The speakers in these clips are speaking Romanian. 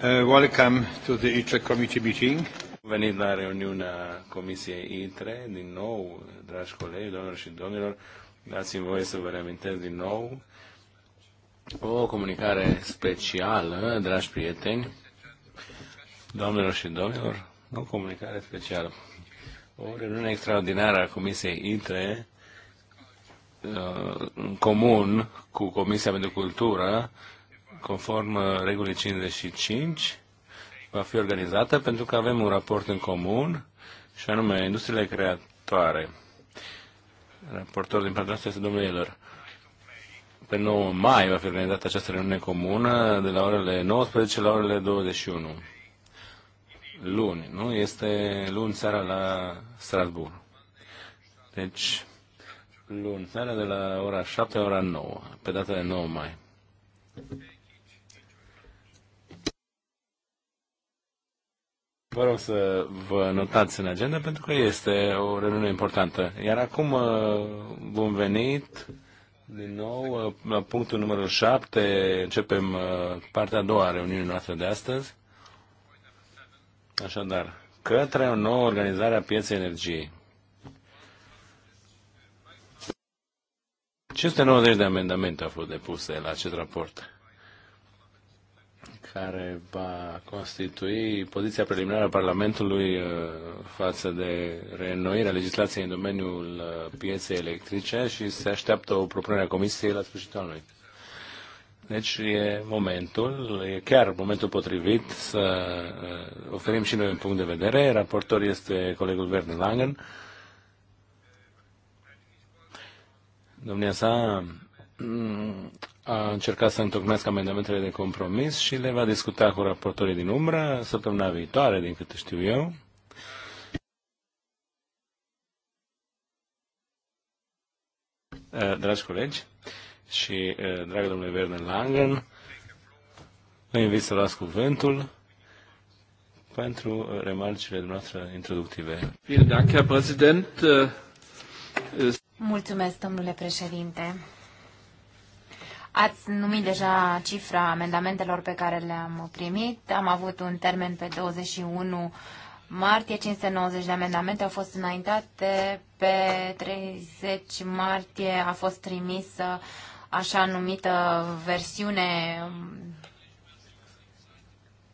Uh, welcome to the ITRE committee meeting. Venit la reuniunea Comisiei ITRE, din nou, dragi colegi, doamnelor și domnilor, dați-mi voie să vă reamintesc din nou o comunicare specială, dragi prieteni, doamnelor și domnilor, o comunicare specială. O reuniune extraordinară a Comisiei ITRE, uh, în comun cu Comisia pentru Cultură, conform uh, regulii 55, va fi organizată pentru că avem un raport în comun, și anume industriile creatoare. Raportor din partea noastră este domnul Eller. Pe 9 mai va fi organizată această reuniune comună de la orele 19 la orele 21. Luni, nu? Este luni seara la Strasbourg. Deci, luni seara de la ora 7 la ora 9, pe data de 9 mai. Vă rog să vă notați în agenda pentru că este o reuniune importantă. Iar acum uh, bun venit din nou uh, la punctul numărul 7. Începem uh, partea a doua a reuniunii noastre de astăzi. Așadar, către o nouă organizare a pieței energiei. 590 de amendamente au fost depuse la acest raport care va constitui poziția preliminară a Parlamentului uh, față de reînnoirea legislației în domeniul uh, pieței electrice și se așteaptă o propunere a Comisiei la sfârșitul anului. Deci e momentul, e chiar momentul potrivit să uh, oferim și noi un punct de vedere. Raportor este colegul Verne Langen. Domnia sa mm, a încercat să întocmească amendamentele de compromis și le va discuta cu raportorii din umbră săptămâna viitoare, din câte știu eu. Uh, dragi colegi și uh, dragă domnule Werner Langen, vă invit să luați cuvântul pentru uh, remarcile noastre introductive. Äh, Mulțumesc, domnule președinte. Ați numit deja cifra amendamentelor pe care le-am primit. Am avut un termen pe 21 martie, 590 de amendamente au fost înaintate, pe 30 martie a fost trimisă așa numită versiune um,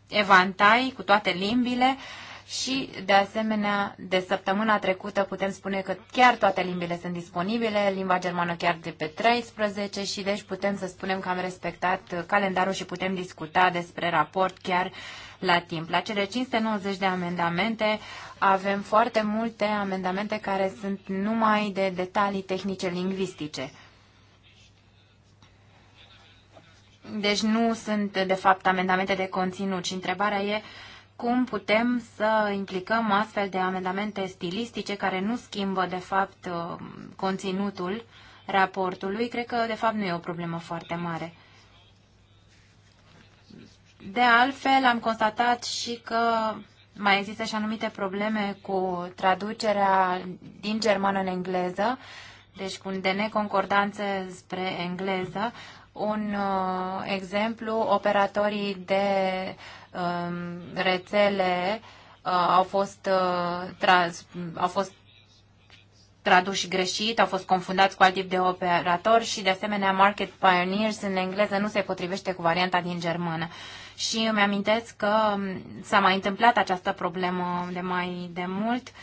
evantai cu toate limbile. Uh, și, de asemenea, de săptămâna trecută putem spune că chiar toate limbile sunt disponibile, limba germană chiar de pe 13 și deci putem să spunem că am respectat calendarul și putem discuta despre raport chiar la timp. La cele 590 de amendamente avem foarte multe amendamente care sunt numai de detalii tehnice lingvistice. Deci nu sunt, de fapt, amendamente de conținut și întrebarea e cum putem să implicăm astfel de amendamente stilistice care nu schimbă, de fapt, uh, conținutul raportului, cred că, de fapt, nu e o problemă foarte mare. De altfel, am constatat și că mai există și anumite probleme cu traducerea din germană în engleză, deci cu de neconcordanțe spre engleză, un uh, exemplu, operatorii de um, rețele uh, au fost, uh, trans, au fost traduși greșit, au fost confundați cu alt tip de operator și, de asemenea, Market Pioneers în engleză nu se potrivește cu varianta din germană. Și îmi amintesc că s-a mai întâmplat această problemă de mai de mult. Uh,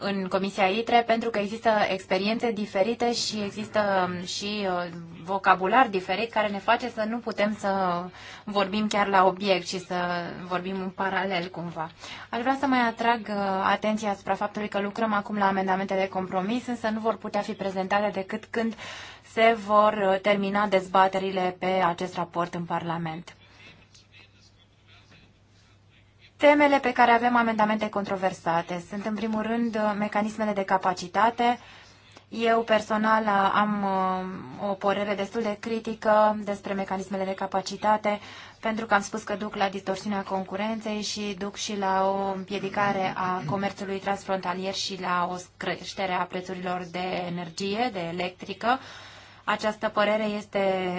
în Comisia ITRE pentru că există experiențe diferite și există um, și uh, vocabular diferit care ne face să nu putem să vorbim chiar la obiect și să vorbim în paralel cumva. Aș vrea să mai atrag uh, atenția asupra faptului că lucrăm acum la amendamente de compromis, însă nu vor putea fi prezentate decât când se vor uh, termina dezbaterile pe acest raport în Parlament. Temele pe care avem amendamente controversate sunt, în primul rând, mecanismele de capacitate. Eu personal am uh, o părere destul de critică despre mecanismele de capacitate, pentru că am spus că duc la distorsiunea concurenței și duc și la o împiedicare a comerțului transfrontalier și la o creștere a prețurilor de energie, de electrică. Această părere este,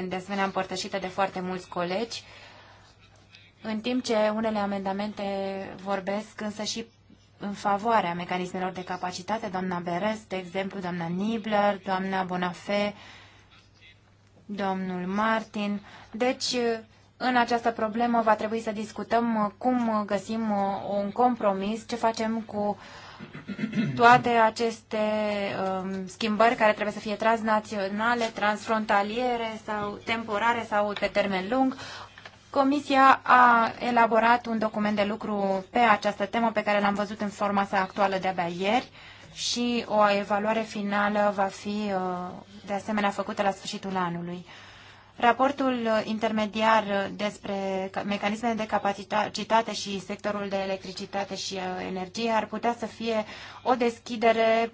de asemenea, împărtășită de foarte mulți colegi. Uh, în timp ce unele amendamente vorbesc însă și în favoarea mecanismelor de capacitate, doamna Beres, de exemplu, doamna Nibler, doamna Bonafé, domnul Martin. Deci, în această problemă va trebui să discutăm cum găsim un compromis, ce facem cu toate aceste um, schimbări care trebuie să fie transnaționale, transfrontaliere sau temporare sau pe termen lung. Comisia a elaborat un document de lucru pe această temă pe care l-am văzut în forma sa actuală de-abia ieri și o evaluare finală va fi uh, de asemenea făcută la sfârșitul anului. Raportul intermediar despre mecanismele de capacitate și sectorul de electricitate și uh, energie ar putea să fie o deschidere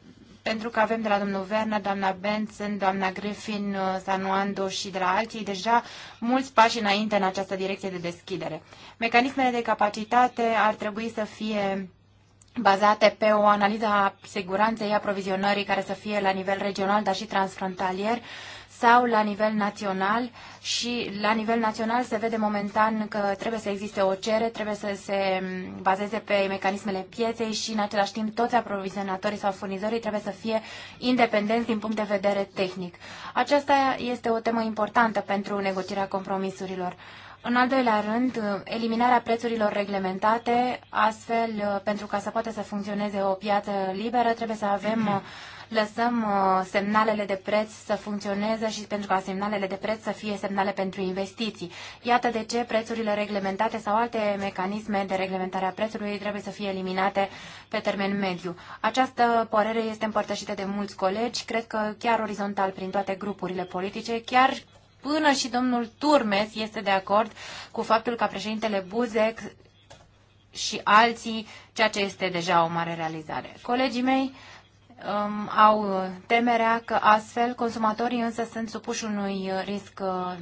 pentru că avem de la domnul Werner, doamna Benson, doamna Griffin, uh, Sanuando și de la alții deja mulți pași înainte în această direcție de deschidere. Mecanismele de capacitate ar trebui să fie bazate pe o analiză a siguranței aprovizionării care să fie la nivel regional, dar și transfrontalier, sau la nivel național și la nivel național se vede momentan că trebuie să existe o cere, trebuie să se bazeze pe mecanismele pieței și în același timp toți aprovizionatorii sau furnizorii trebuie să fie independenți din punct de vedere tehnic. Aceasta este o temă importantă pentru negocierea compromisurilor. În al doilea rând, eliminarea prețurilor reglementate, astfel, pentru ca să poată să funcționeze o piață liberă, trebuie să avem mm-hmm lăsăm uh, semnalele de preț să funcționeze și pentru ca semnalele de preț să fie semnale pentru investiții. Iată de ce prețurile reglementate sau alte mecanisme de reglementare a prețului trebuie să fie eliminate pe termen mediu. Această părere este împărtășită de mulți colegi, cred că chiar orizontal prin toate grupurile politice, chiar până și domnul Turmes este de acord cu faptul ca președintele Buzek și alții, ceea ce este deja o mare realizare. Colegii mei, um, au temerea că astfel consumatorii însă sunt supuși unui risc uh,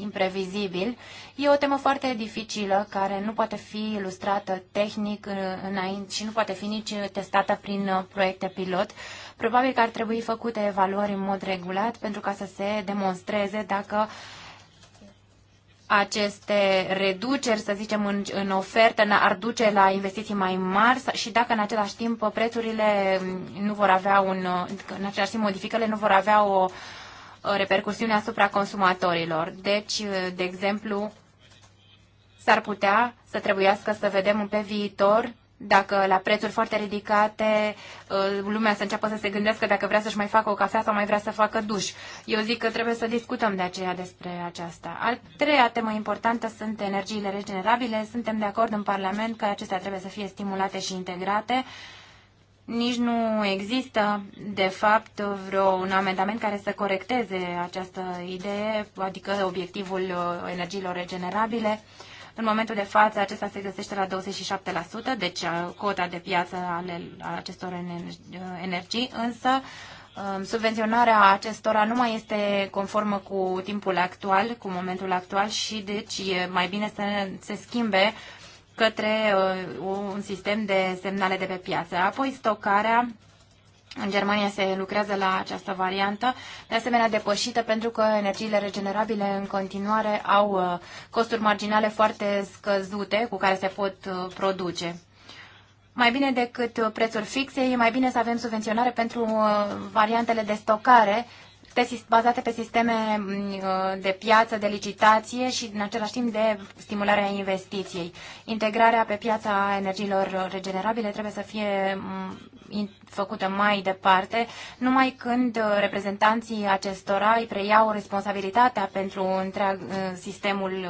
imprevizibil. E o temă foarte dificilă care nu poate fi ilustrată tehnic uh, înainte și nu poate fi nici testată prin uh, proiecte pilot. Probabil că ar trebui făcute evaluări în mod regulat pentru ca să se demonstreze dacă uh, aceste reduceri, să zicem, în, în ofertă ar duce la investiții mai mari și dacă în același timp prețurile nu vor avea un, în același timp modificările nu vor avea o repercusiune asupra consumatorilor. Deci, de exemplu, s-ar putea să trebuiască să vedem pe viitor dacă la prețuri foarte ridicate uh, lumea să înceapă să se gândească dacă vrea să-și mai facă o cafea sau mai vrea să facă duș. Eu zic că trebuie să discutăm de aceea despre aceasta. Al treia temă importantă sunt energiile regenerabile. Suntem de acord în Parlament că acestea trebuie să fie stimulate și integrate. Nici nu există, de fapt, vreo un amendament care să corecteze această idee, adică obiectivul uh, energiilor regenerabile. Uh, în momentul de față, acesta se găsește la 27%, deci uh, cota de piață ale acestor uh, energii, însă um, subvenționarea acestora nu mai este conformă cu timpul actual, cu momentul actual și deci e mai bine să se schimbe către uh, un sistem de semnale de pe piață. Apoi stocarea în Germania se lucrează la această variantă, de asemenea depășită pentru că energiile regenerabile în continuare au uh, costuri marginale foarte scăzute cu care se pot uh, produce. Mai bine decât uh, prețuri fixe, e mai bine să avem subvenționare pentru variantele de stocare pe, bazate pe sisteme mm, uh, de piață, de licitație și în același timp de stimularea investiției. Integrarea pe piața energiilor regenerabile trebuie să fie mm, făcută mai departe, numai când uh, reprezentanții acestora îi preiau responsabilitatea pentru întreag uh, sistemul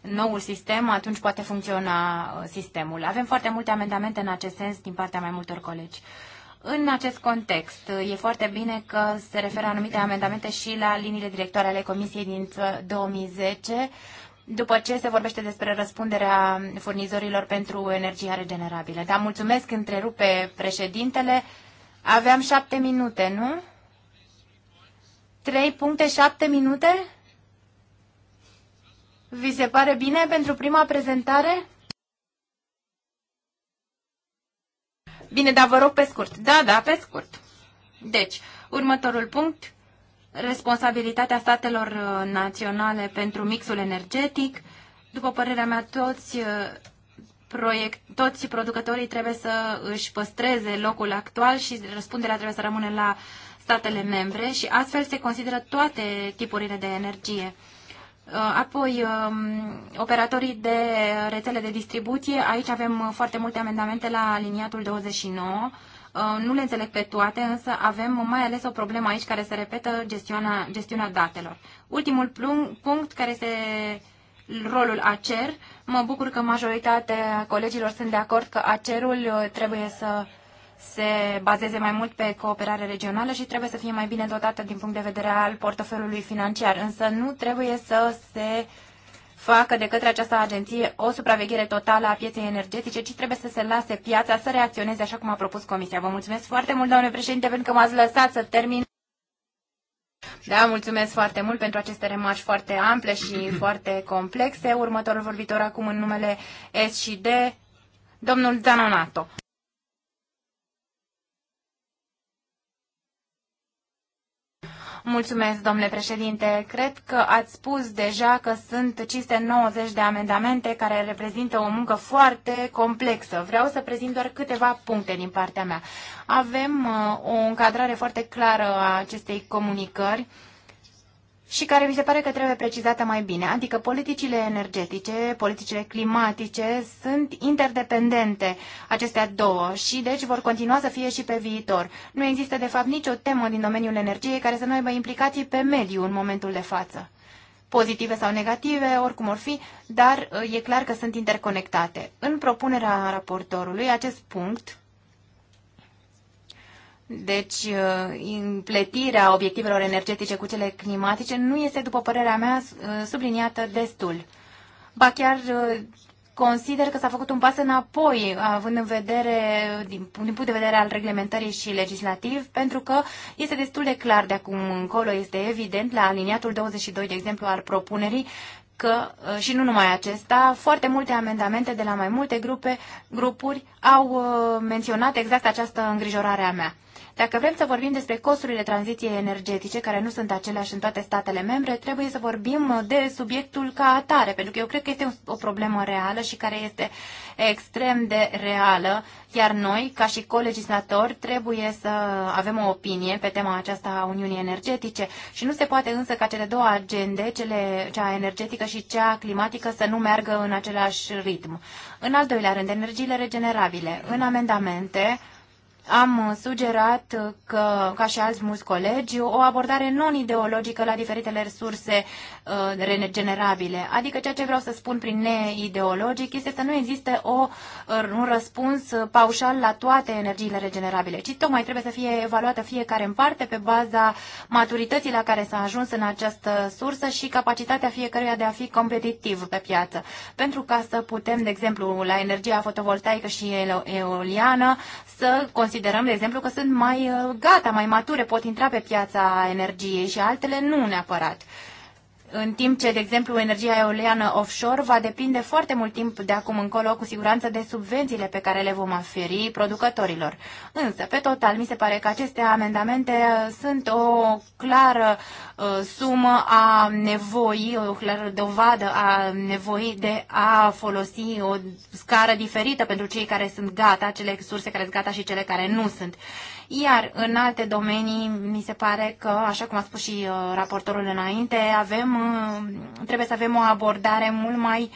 noul sistem, atunci poate funcționa sistemul. Avem foarte multe amendamente în acest sens din partea mai multor colegi. În acest context, e foarte bine că se referă anumite amendamente și la liniile directoare ale Comisiei din 2010, după ce se vorbește despre răspunderea furnizorilor pentru energia regenerabilă. Dar mulțumesc, întrerupe președintele. Aveam șapte minute, nu? Trei puncte, șapte minute? Vi se pare bine pentru prima prezentare? Bine, dar vă rog pe scurt. Da, da, pe scurt. Deci, următorul punct, responsabilitatea statelor uh, naționale pentru mixul energetic. După părerea mea, toți, uh, proiect, toți producătorii trebuie să își păstreze locul actual și răspunderea trebuie să rămână la statele membre și astfel se consideră toate tipurile de energie. Uh, apoi, um, operatorii de rețele de distribuție, aici avem foarte multe amendamente la aliniatul 29. Uh, nu le înțeleg pe toate, însă avem mai ales o problemă aici care se repetă gestiunea, gestiunea datelor. Ultimul punct care este rolul ACER. Mă bucur că majoritatea colegilor sunt de acord că ACER-ul uh, trebuie să se bazeze mai mult pe cooperare regională și trebuie să fie mai bine dotată din punct de vedere al portofelului financiar. Însă nu trebuie să se facă de către această agenție o supraveghere totală a pieței energetice, ci trebuie să se lase piața să reacționeze așa cum a propus Comisia. Vă mulțumesc foarte mult, domnule președinte, pentru că m-ați lăsat să termin. Da, mulțumesc foarte mult pentru aceste remarci foarte ample și foarte complexe. Următorul vorbitor acum în numele S și D, domnul Zanonato. Mulțumesc, domnule președinte. Cred că ați spus deja că sunt 590 de amendamente care reprezintă o muncă foarte complexă. Vreau să prezint doar câteva puncte din partea mea. Avem uh, o încadrare foarte clară a acestei comunicări și care mi se pare că trebuie precizată mai bine. Adică politicile energetice, politicile climatice sunt interdependente acestea două și deci vor continua să fie și pe viitor. Nu există de fapt nicio temă din domeniul energiei care să nu aibă implicații pe mediu în momentul de față pozitive sau negative, oricum or fi, dar e clar că sunt interconectate. În propunerea raportorului, acest punct deci, uh, împletirea obiectivelor energetice cu cele climatice nu este, după părerea mea, uh, subliniată destul. Ba chiar uh, consider că s-a făcut un pas înapoi, având în vedere, din, din punct de vedere al reglementării și legislativ, pentru că este destul de clar de acum încolo, este evident, la aliniatul 22, de exemplu, al propunerii, că, și nu numai acesta, foarte multe amendamente de la mai multe grupe, grupuri au menționat exact această îngrijorare a mea. Dacă vrem să vorbim despre costurile tranziției energetice, care nu sunt aceleași în toate statele membre, trebuie să vorbim de subiectul ca atare, pentru că eu cred că este o problemă reală și care este extrem de reală, iar noi, ca și colegislatori, trebuie să avem o opinie pe tema aceasta a Uniunii Energetice și nu se poate însă ca cele două agende, cele, cea energetică și cea climatică, să nu meargă în același ritm. În al doilea rând, energiile regenerabile. În amendamente, am uh, sugerat uh, că, ca și alți mulți colegi, o abordare non-ideologică la diferitele resurse Uh, regenerabile. Adică ceea ce vreau să spun prin neideologic este să nu existe o, uh, un răspuns uh, paușal la toate energiile regenerabile, ci tocmai trebuie să fie evaluată fiecare în parte pe baza maturității la care s-a ajuns în această sursă și capacitatea fiecăruia de a fi competitiv pe piață. Pentru ca să putem, de exemplu, la energia fotovoltaică și eoliană, să considerăm, de exemplu, că sunt mai gata, mai mature, pot intra pe piața energiei și altele nu neapărat în timp ce, de exemplu, energia eoliană offshore va depinde foarte mult timp de acum încolo, cu siguranță, de subvențiile pe care le vom oferi producătorilor. Însă, pe total, mi se pare că aceste amendamente uh, sunt o clară uh, sumă a nevoii, o clară dovadă a nevoii de a folosi o scară diferită pentru cei care sunt gata, cele surse care sunt gata și cele care nu sunt. Uh, iar în alte domenii, mi se pare că, așa cum a spus și uh, raportorul înainte, avem, uh, trebuie să avem o abordare mult mai uh,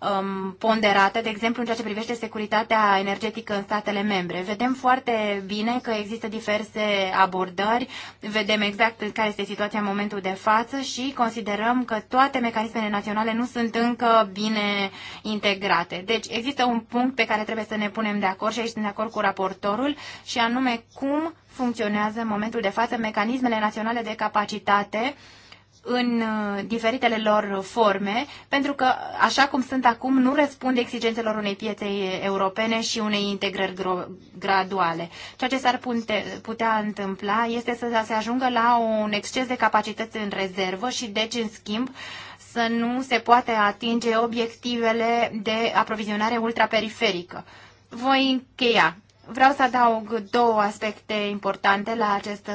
um, ponderată, de exemplu, în ceea ce privește securitatea energetică în statele membre. Vedem foarte bine că există diverse abordări, vedem exact care este situația în momentul de față și considerăm că toate mecanismele naționale nu sunt încă bine integrate. Deci există un punct pe care trebuie să ne punem de acord și aici sunt de acord cu raportorul și anume cum funcționează în momentul de față mecanismele naționale de capacitate uh, în uh, diferitele lor forme, pentru că, așa cum sunt acum, nu răspund exigențelor unei piețe europene și unei integrări graduale. Ceea ce s-ar putea întâmpla este să se ajungă la un exces de capacități în rezervă și, deci, în schimb, să nu se poate atinge obiectivele de aprovizionare ultraperiferică. Voi încheia. Vreau să adaug două aspecte importante la această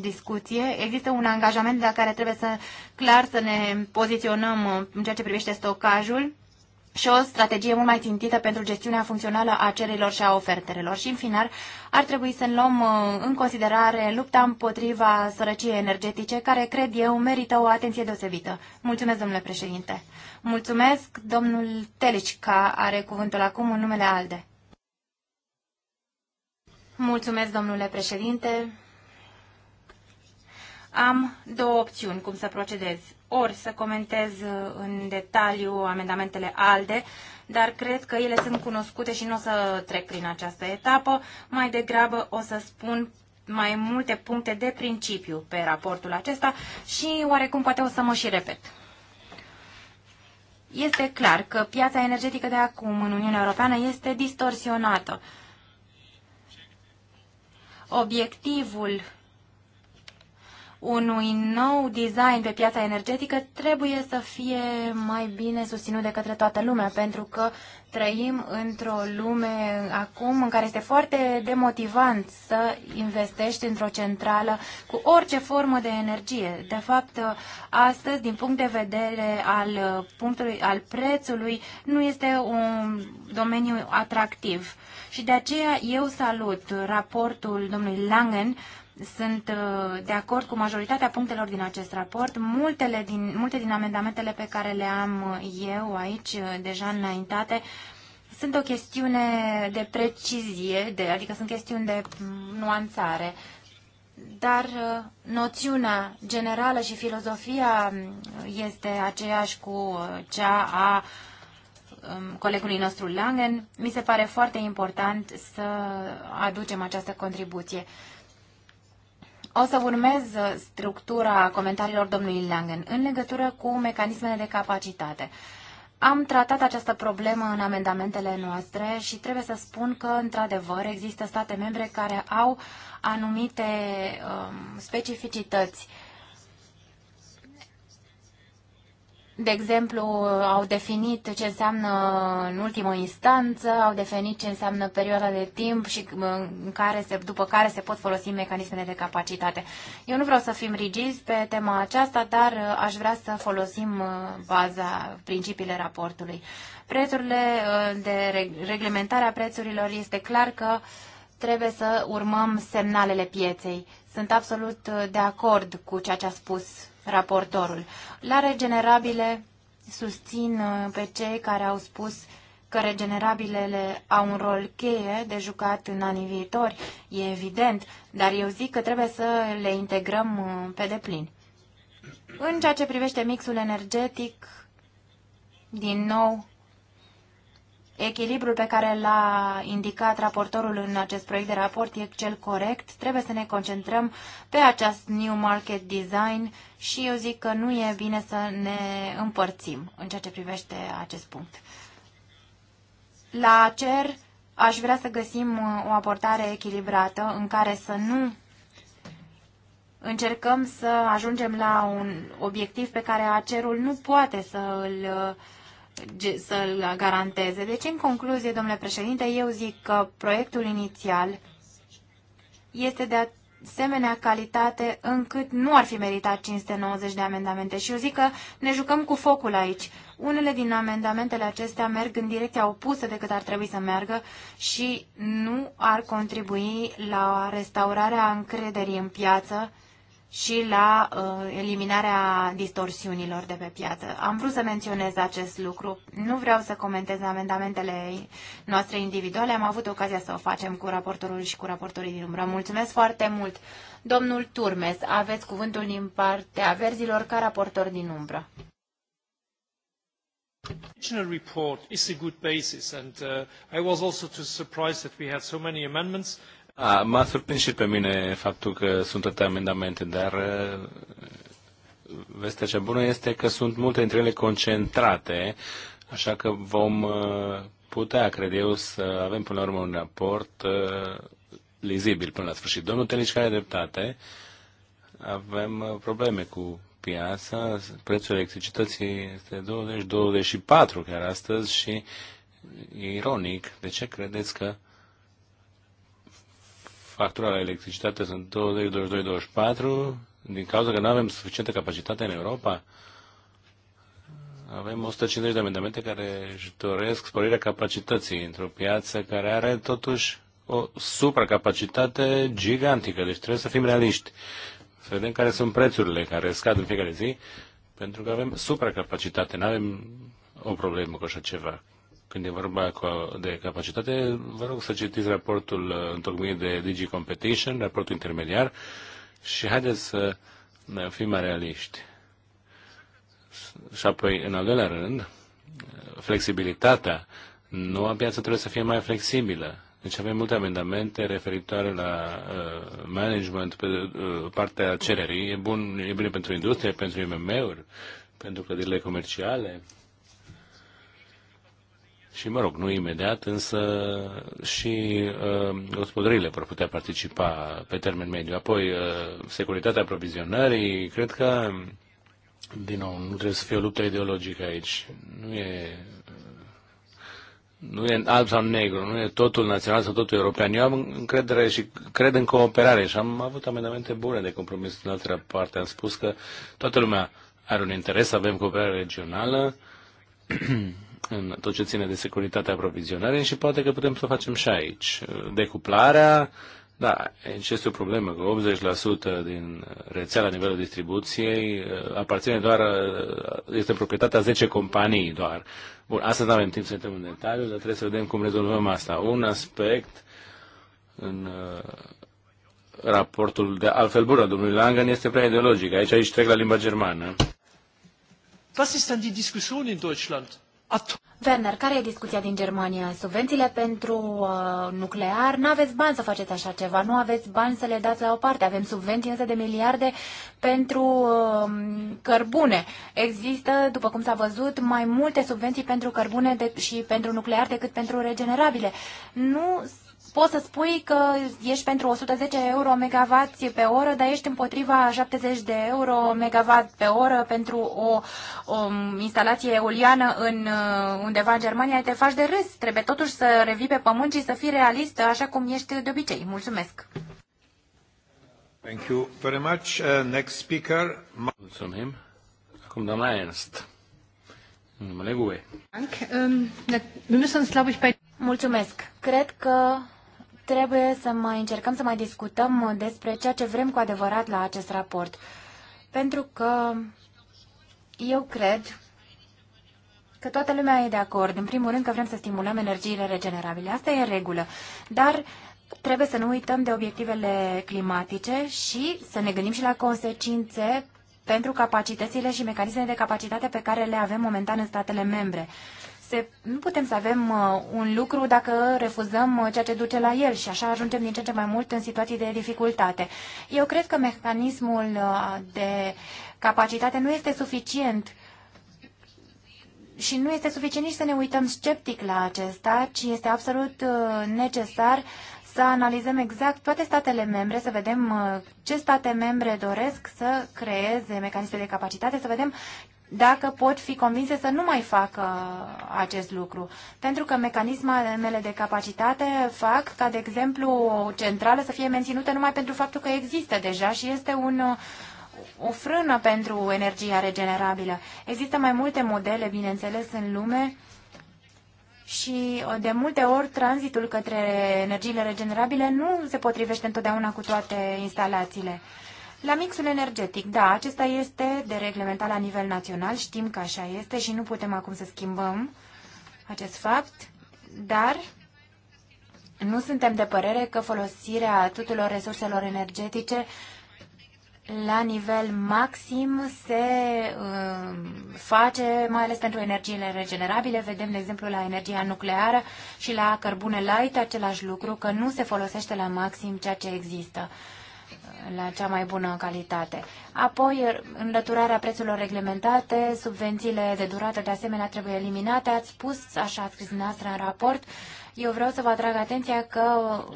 discuție. Există un angajament la care trebuie să clar să ne poziționăm în ceea ce privește stocajul și o strategie mult mai țintită pentru gestiunea funcțională a cererilor și a ofertelor. Și, în final, ar trebui să luăm uh, în considerare lupta împotriva sărăciei energetice, care, cred eu, merită o atenție deosebită. Mulțumesc, domnule președinte. Mulțumesc, domnul că are cuvântul acum în numele ALDE. Mulțumesc, domnule președinte. Am două opțiuni cum să procedez. Ori să comentez uh, în detaliu amendamentele ALDE, dar cred că ele sunt cunoscute și nu o să trec prin această etapă. Mai degrabă o să spun mai multe puncte de principiu pe raportul acesta și oarecum poate o să mă și repet. Este clar că piața energetică de acum în Uniunea Europeană este distorsionată obiectivul unui nou design pe piața energetică trebuie să fie mai bine susținut de către toată lumea, pentru că trăim într-o lume acum în care este foarte demotivant să investești într-o centrală cu orice formă de energie. De fapt, astăzi, din punct de vedere al, punctului, al prețului, nu este un domeniu atractiv. Și de aceea eu salut raportul domnului Langen, sunt uh, de acord cu majoritatea punctelor din acest raport. Multele din, multe din amendamentele pe care le am uh, eu aici uh, deja înaintate sunt o chestiune de precizie, de, adică sunt chestiuni de mm, nuanțare dar noțiunea generală și filozofia mm, este aceeași cu cea a um, colegului nostru Langen. Mi se pare foarte important să aducem această contribuție. O să urmez uh, structura comentariilor domnului Langen în legătură cu mecanismele de capacitate. Am tratat această problemă în amendamentele noastre și trebuie să spun că, într-adevăr, există state membre care au anumite um, specificități uh, de exemplu, au definit ce înseamnă în ultimă instanță, au definit ce înseamnă perioada de timp și uh, în care se, după care se pot folosi mecanismele de capacitate. Eu nu vreau să fim rigizi pe tema aceasta, dar uh, aș vrea să folosim uh, baza, principiile raportului. Prețurile de a prețurilor este clar că trebuie să urmăm semnalele pieței. Sunt absolut de acord cu ceea ce a spus raportorul. La regenerabile susțin uh, pe cei care au spus că regenerabilele au un rol cheie de jucat în anii viitori, e evident, dar eu zic că trebuie să le integrăm uh, pe deplin. În ceea ce privește mixul energetic, din nou, Echilibrul pe care l-a indicat raportorul în acest proiect de raport e cel corect. Trebuie să ne concentrăm pe acest new market design și eu zic că nu e bine să ne împărțim în ceea ce privește acest punct. La CER aș vrea să găsim uh, o abordare echilibrată în care să nu încercăm să ajungem la un obiectiv pe care acerul nu poate să îl uh, să-l garanteze. Deci, în concluzie, domnule președinte, eu zic că proiectul inițial este de asemenea calitate încât nu ar fi meritat 590 de amendamente. Și eu zic că ne jucăm cu focul aici. Unele din amendamentele acestea merg în direcția opusă decât ar trebui să meargă și nu ar contribui la restaurarea încrederii în piață și la uh, eliminarea distorsiunilor de pe piață. Am vrut să menționez acest lucru. Nu vreau să comentez amendamentele noastre individuale. Am avut ocazia să o facem cu raportorul și cu raportorii din umbră. Mulțumesc foarte mult. Domnul Turmes, aveți cuvântul din partea verzilor ca raportor din umbră. Original report is a good basis and uh, I was also too surprised that we had so many amendments. M-a surprins și pe mine faptul că sunt toate amendamente, dar vestea cea bună este că sunt multe dintre ele concentrate, așa că vom putea, cred eu, să avem până la urmă un raport lizibil până la sfârșit. Domnul Telici, care dreptate, avem probleme cu piața, prețul electricității este 20-24 chiar astăzi și e ironic, de ce credeți că factura la electricitate sunt 20, 22, 24 din cauza că nu avem suficientă capacitate în Europa. Avem 150 de amendamente care își doresc sporirea capacității într-o piață care are totuși o supracapacitate gigantică, deci trebuie să fim realiști. Să vedem care sunt prețurile care scad în fiecare zi, pentru că avem supracapacitate, nu avem o problemă cu așa ceva când e vorba de capacitate, vă rog să citiți raportul uh, întocmit de Digi Competition, raportul intermediar, și haideți să uh, fim mai realiști. Și apoi, în al doilea rând, uh, flexibilitatea. Noua piață trebuie să fie mai flexibilă. Deci avem multe amendamente referitoare la uh, management, pe uh, partea cererii. E, bun, e bine pentru industrie, pentru IMM-uri, pentru clădirile comerciale, și, mă rog, nu imediat, însă și uh, gospodările vor putea participa pe termen mediu. Apoi, uh, securitatea aprovizionării, cred că, din nou, nu trebuie să fie o luptă ideologică aici. Nu e, nu e alb sau negru, nu e totul național sau totul european. Eu am încredere și cred în cooperare și am avut amendamente bune de compromis în altă parte. Am spus că toată lumea are un interes să avem cooperare regională în tot ce ține de securitatea aprovizionării și poate că putem să o facem și aici. Decuplarea, da, aici este o problemă, că 80% din rețea la nivelul distribuției uh, aparține doar, uh, este proprietatea 10 companii doar. Bun, astăzi nu avem timp să intrăm în detaliu, dar trebuie să vedem cum rezolvăm asta. Un aspect în uh, raportul de altfel bună, domnului Langen, este prea ideologic. Aici, aici trec la limba germană. Was ist dann die Diskussion in Deutschland? Werner, care e discuția din Germania? Subvențiile pentru uh, nuclear? Nu aveți bani să faceți așa ceva, nu aveți bani să le dați la o parte. Avem subvenții însă de miliarde pentru uh, cărbune. Există, după cum s-a văzut, mai multe subvenții pentru cărbune de, și pentru nuclear decât pentru regenerabile. Nu poți să spui că ești pentru 110 euro megawatt pe oră, dar ești împotriva 70 de euro megawatt pe oră pentru o, o instalație eoliană în, uh, undeva în Germania, te faci de râs. Trebuie totuși să revii pe pământ și să fii realistă așa cum ești de obicei. Mulțumesc! Thank you very much. Uh, next speaker. Mulțumim. Acum doamna Ernst. Ähm, Mulțumesc. Cred că trebuie să mai încercăm să mai discutăm despre ceea ce vrem cu adevărat la acest raport. Pentru că eu cred că toată lumea e de acord. În primul rând că vrem să stimulăm energiile regenerabile. Asta e în regulă. Dar trebuie să nu uităm de obiectivele climatice și să ne gândim și la consecințe pentru capacitățile și mecanismele de capacitate pe care le avem momentan în statele membre se, nu putem să avem uh, un lucru dacă refuzăm uh, ceea ce duce la el și așa ajungem din ce în ce mai mult în situații de dificultate. Eu cred că mecanismul uh, de capacitate nu este suficient și nu este suficient nici să ne uităm sceptic la acesta, ci este absolut necesar să analizăm exact toate statele membre, să vedem ce state membre doresc să creeze mecanisme de capacitate, să vedem dacă pot fi convinse să nu mai facă acest lucru. Pentru că mecanismele de capacitate fac ca, de exemplu, o centrală să fie menținută numai pentru faptul că există deja și este un, o frână pentru energia regenerabilă. Există mai multe modele, bineînțeles, în lume și uh, de multe ori tranzitul către energiile regenerabile nu se potrivește întotdeauna cu toate instalațiile. La mixul energetic, da, acesta este de reglementat la nivel național, știm că așa este și nu putem acum să schimbăm acest fapt, dar nu suntem de părere că folosirea tuturor resurselor energetice la nivel maxim se uh, face, mai ales pentru energiile regenerabile. Vedem, de exemplu, la energia nucleară și la cărbune light același lucru, că nu se folosește la maxim ceea ce există. Uh, la cea mai bună calitate. Apoi, înlăturarea prețurilor reglementate, subvențiile de durată de asemenea trebuie eliminate. Ați spus, așa ați scris dumneavoastră în raport, eu vreau să vă atrag atenția că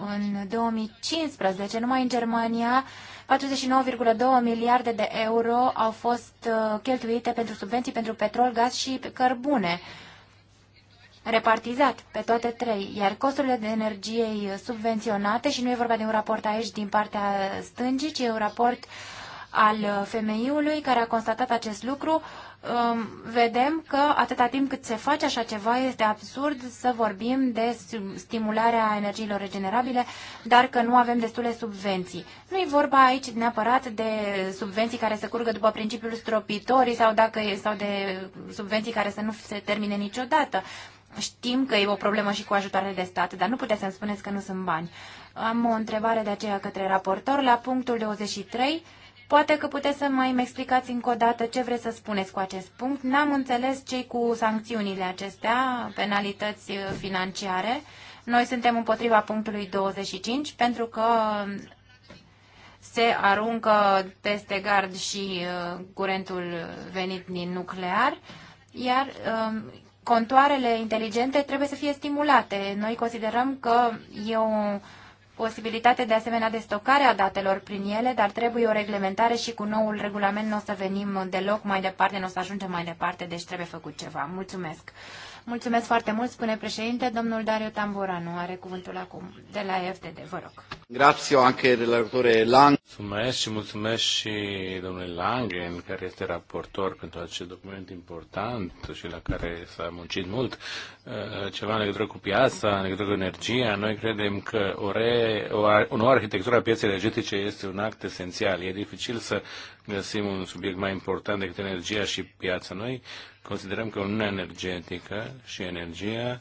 în 2015, numai în Germania, 49,2 miliarde de euro au fost uh, cheltuite pentru subvenții pentru petrol, gaz și cărbune repartizat pe toate trei, iar costurile de energie subvenționate, și nu e vorba de un raport aici din partea stângii, ci e un raport al femeiului care a constatat acest lucru, um, vedem că atâta timp cât se face așa ceva este absurd să vorbim de stimularea energiilor regenerabile, dar că nu avem destule subvenții. Nu e vorba aici neapărat de subvenții care se curgă după principiul stropitorii sau, dacă, sau de subvenții care să nu se termine niciodată. Știm că e o problemă și cu ajutoarele de stat, dar nu puteți să-mi spuneți că nu sunt bani. Am o întrebare de aceea către raportor. La punctul 23, poate că puteți să mai îmi explicați încă o dată ce vreți să spuneți cu acest punct. N-am înțeles cei cu sancțiunile acestea, penalități financiare. Noi suntem împotriva punctului 25 pentru că se aruncă peste gard și uh, curentul venit din nuclear, iar um, contoarele inteligente trebuie să fie stimulate. Noi considerăm că e o posibilitate de asemenea de stocare a datelor prin ele, dar trebuie o reglementare și cu noul regulament nu o să venim deloc mai departe, nu o să ajungem mai departe, deci trebuie făcut ceva. Mulțumesc! Mulțumesc foarte mult, spune președinte. Domnul Dario Tamburanu are cuvântul acum de la FDD. Vă rog. Grazie anche relatore Lang. Mulțumesc și mulțumesc și domnului Langen, care este raportor pentru acest document important și la care s-a muncit mult. Uh, ceva în legătură cu piața, în legătură cu energia. Noi credem că o, re, o, o nouă arhitectură a pieței energetice este un act esențial. E dificil să găsim un subiect mai important decât energia și piața. Noi Considerăm că Uniunea Energetică și energia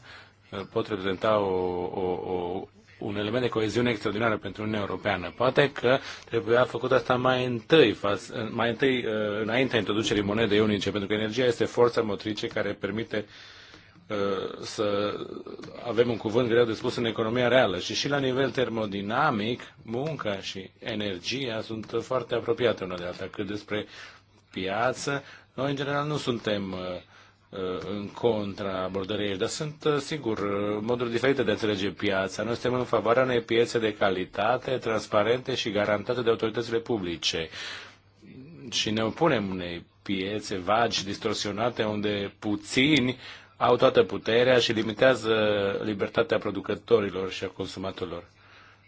uh, pot reprezenta o, o, o, un element de coeziune extraordinară pentru Uniunea Europeană. Poate că trebuia făcut asta mai întâi, uh, mai întâi uh, înaintea introducerii monedei unice, pentru că energia este forța motrice care permite să avem un cuvânt greu de spus în economia reală. Și și la nivel termodinamic, munca și energia sunt foarte apropiate una de alta. Cât despre piață. Noi, în general, nu suntem uh, uh, în contra abordării dar sunt, uh, sigur, moduri diferite de a înțelege piața. Noi suntem în favoarea unei piețe de calitate, transparente și garantate de autoritățile publice. Și ne opunem unei piețe vagi, distorsionate, unde puțini au toată puterea și limitează libertatea producătorilor și a consumatorilor.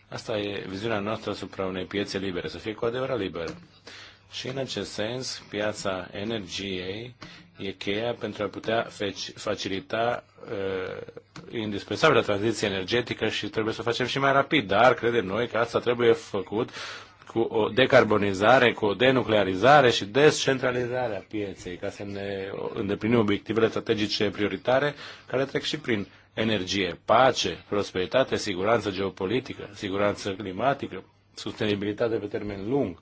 Asta e viziunea noastră asupra unei piețe libere, să fie cu adevărat liberă. Și în acest sens, piața energiei e cheia pentru a putea facilita uh, indispensabilă tranziție energetică și trebuie să o facem și mai rapid, dar credem noi că asta trebuie făcut cu o decarbonizare, cu o denuclearizare și descentralizare a pieței, ca să ne îndeplinim obiectivele strategice prioritare care trec și prin energie, pace, prosperitate, siguranță geopolitică, siguranță climatică, sustenibilitate pe termen lung.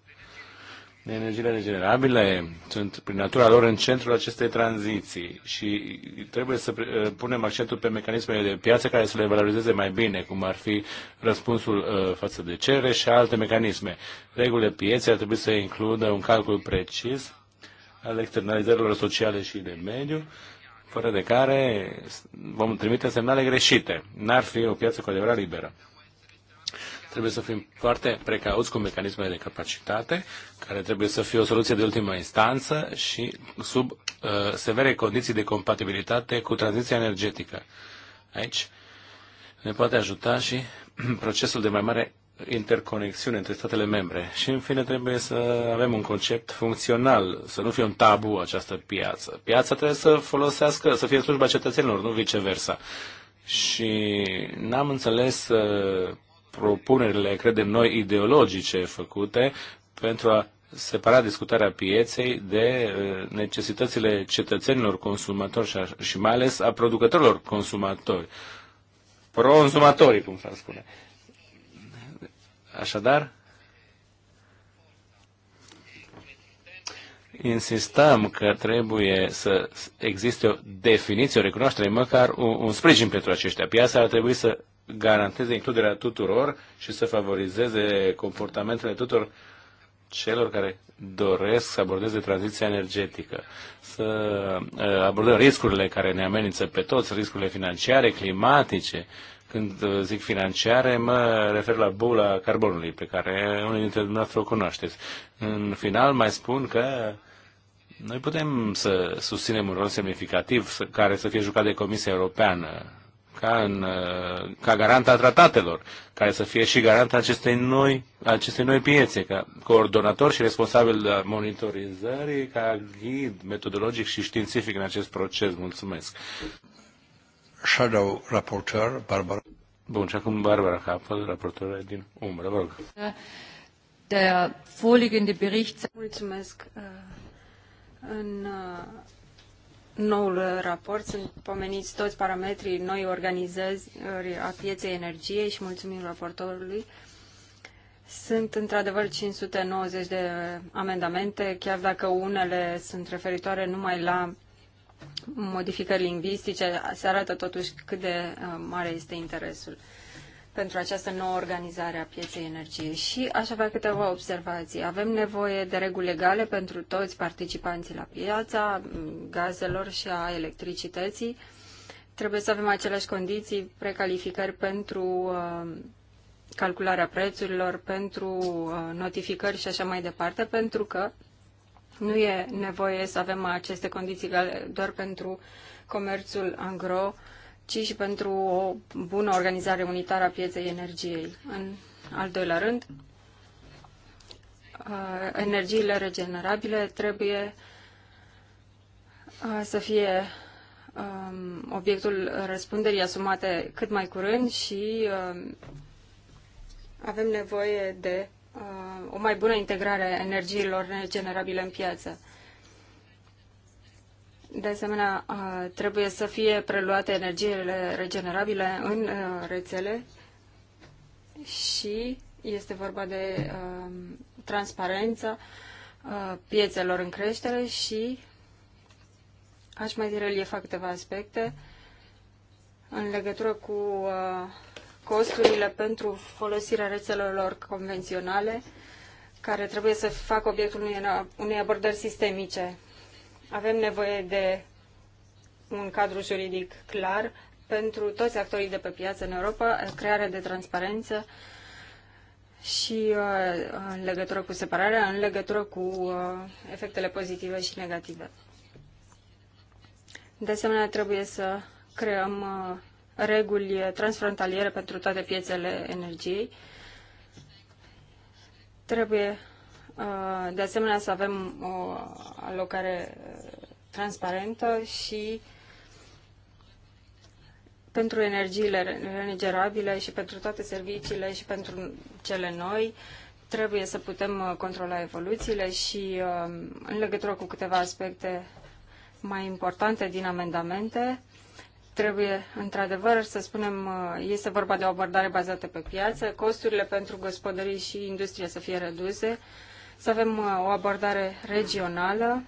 Energiile regenerabile sunt prin natura lor în centrul acestei tranziții și trebuie să uh, punem accentul pe mecanismele de piață care să le valorizeze mai bine, cum ar fi răspunsul uh, față de cerere și alte mecanisme. Regulile pieței ar trebui să includă un calcul precis al externalizărilor sociale și de mediu, fără de care vom trimite semnale greșite. N-ar fi o piață cu adevărat liberă. Trebuie să fim foarte precauți cu mecanismele de capacitate, care trebuie să fie o soluție de ultimă instanță și sub uh, severe condiții de compatibilitate cu tranziția energetică. Aici ne poate ajuta și procesul de mai mare interconexiune între statele membre. Și, în fine, trebuie să avem un concept funcțional, să nu fie un tabu această piață. Piața trebuie să folosească, să fie în slujba cetățenilor, nu viceversa. Și n-am înțeles uh, propunerile, credem noi, ideologice făcute pentru a separa discutarea pieței de uh, necesitățile cetățenilor consumatori și mai ales a producătorilor consumatori. Consumatorii, cum s-ar spune. Așadar, insistăm că trebuie să existe o definiție, o recunoaștere, măcar un, un sprijin pentru aceștia. Piața ar trebui să garanteze includerea tuturor și să favorizeze comportamentele tuturor celor care doresc să abordeze tranziția energetică, să uh, abordăm riscurile care ne amenință pe toți, riscurile financiare, climatice. Când uh, zic financiare, mă refer la bula carbonului, pe care unii dintre dumneavoastră o cunoașteți. În final, mai spun că noi putem să susținem un rol semnificativ care să fie jucat de Comisia Europeană ca, în, uh, ca garanta tratatelor, care să fie și garanta acestei noi, acestei noi piețe, ca coordonator și responsabil de monitorizării, ca ghid metodologic și științific în acest proces. Mulțumesc. Shadow Rapporteur, Barbara. Bun, și acum Barbara Capăl, raportoarea din umbră, vă rog. Der vorliegende Bericht... Mulțumesc. În noul raport. Sunt pomeniți toți parametrii noi organizări a pieței energiei și mulțumim raportorului. Sunt într-adevăr 590 de amendamente, chiar dacă unele sunt referitoare numai la modificări lingvistice, se arată totuși cât de uh, mare este interesul pentru această nouă organizare a pieței energiei și aș avea câteva observații. Avem nevoie de reguli legale pentru toți participanții la piața gazelor și a electricității. Trebuie să avem aceleași condiții, precalificări pentru uh, calcularea prețurilor, pentru uh, notificări și așa mai departe, pentru că nu e nevoie să avem aceste condiții doar pentru comerțul angro, uh, ci și pentru o bună organizare unitară a pieței energiei. În al doilea rând, energiile regenerabile trebuie să fie obiectul răspunderii asumate cât mai curând și avem nevoie de o mai bună integrare a energiilor regenerabile în piață. De asemenea, trebuie să fie preluate energiile regenerabile în rețele și este vorba de transparența piețelor în creștere și aș mai fac câteva aspecte în legătură cu costurile pentru folosirea rețelelor convenționale care trebuie să facă obiectul unei abordări sistemice avem nevoie de un cadru juridic clar pentru toți actorii de pe piață în Europa, crearea de transparență și uh, în legătură cu separarea, în legătură cu uh, efectele pozitive și negative. De asemenea, trebuie să creăm uh, reguli transfrontaliere pentru toate piețele energiei. Trebuie Uh, de asemenea, să avem o alocare uh, transparentă și pentru energiile regenerabile și pentru toate serviciile și pentru cele noi, trebuie să putem uh, controla evoluțiile și în legătură cu câteva aspecte mai importante din amendamente, trebuie într-adevăr să spunem, este vorba de o abordare bazată pe piață, costurile pentru gospodării și industrie să fie reduse, să avem uh, o abordare regională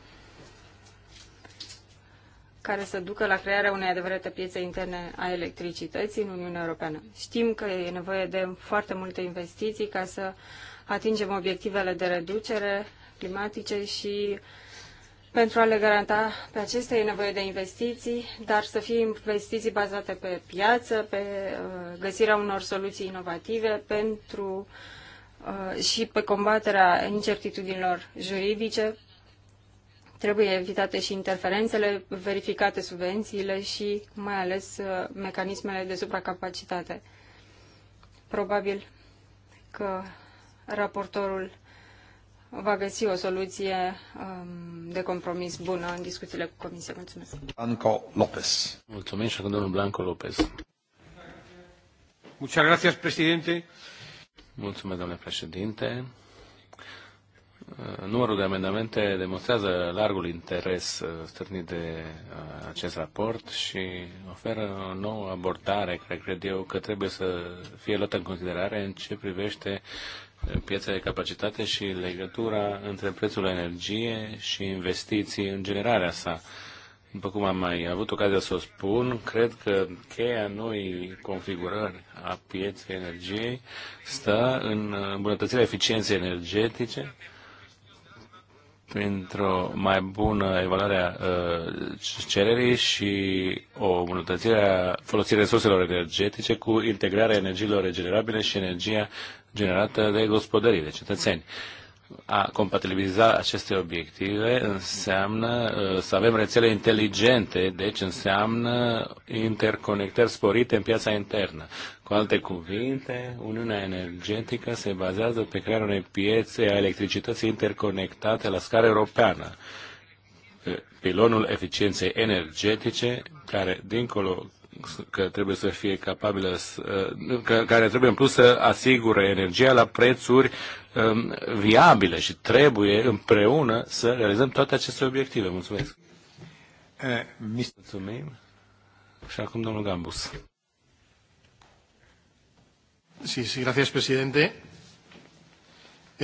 care să ducă la crearea unei adevărate piețe interne a electricității în Uniunea Europeană. Știm că e nevoie de foarte multe investiții ca să atingem obiectivele de reducere climatice și pentru a le garanta pe acestea e nevoie de investiții, dar să fie investiții bazate pe piață, pe uh, găsirea unor soluții inovative pentru uh, Uh, și pe combaterea incertitudinilor juridice. Trebuie evitate și interferențele, verificate subvențiile și mai ales uh, mecanismele de supracapacitate. Probabil că raportorul va găsi o soluție um, de compromis bună în discuțiile cu Comisia. Mulțumesc. Blanco Lopez. Mulțumesc și domnul Blanco Lopez. Muchas gracias, presidente. Mulțumesc, domnule președinte. Uh, numărul de amendamente demonstrează largul interes uh, stârnit de uh, acest raport și oferă o nouă abordare, cred, cred eu, că trebuie să fie luată în considerare în ce privește piața de capacitate și legătura între prețul energiei și investiții în generarea sa după cum am mai avut ocazia să o spun, cred că cheia noi configurări a pieței energiei stă în îmbunătățirea eficienței energetice printr-o mai bună evaluare a ă, cererii și o îmbunătățire a folosirii resurselor energetice cu integrarea energiilor regenerabile și energia generată de gospodării, de cetățeni a compatibiliza aceste obiective înseamnă uh, să avem rețele inteligente, deci înseamnă interconectări sporite în piața internă. Cu alte cuvinte, Uniunea Energetică se bazează pe crearea unei piețe a electricității interconectate la scară europeană. Pilonul eficienței energetice, care, dincolo că trebuie să fie capabilă, să, uh, care trebuie în plus să asigure energia la prețuri um, viabile și trebuie împreună să realizăm toate aceste obiective. Mulțumesc! Eh, Mulțumim! Și acum domnul Gambus. Sí, sí, gracias, presidente.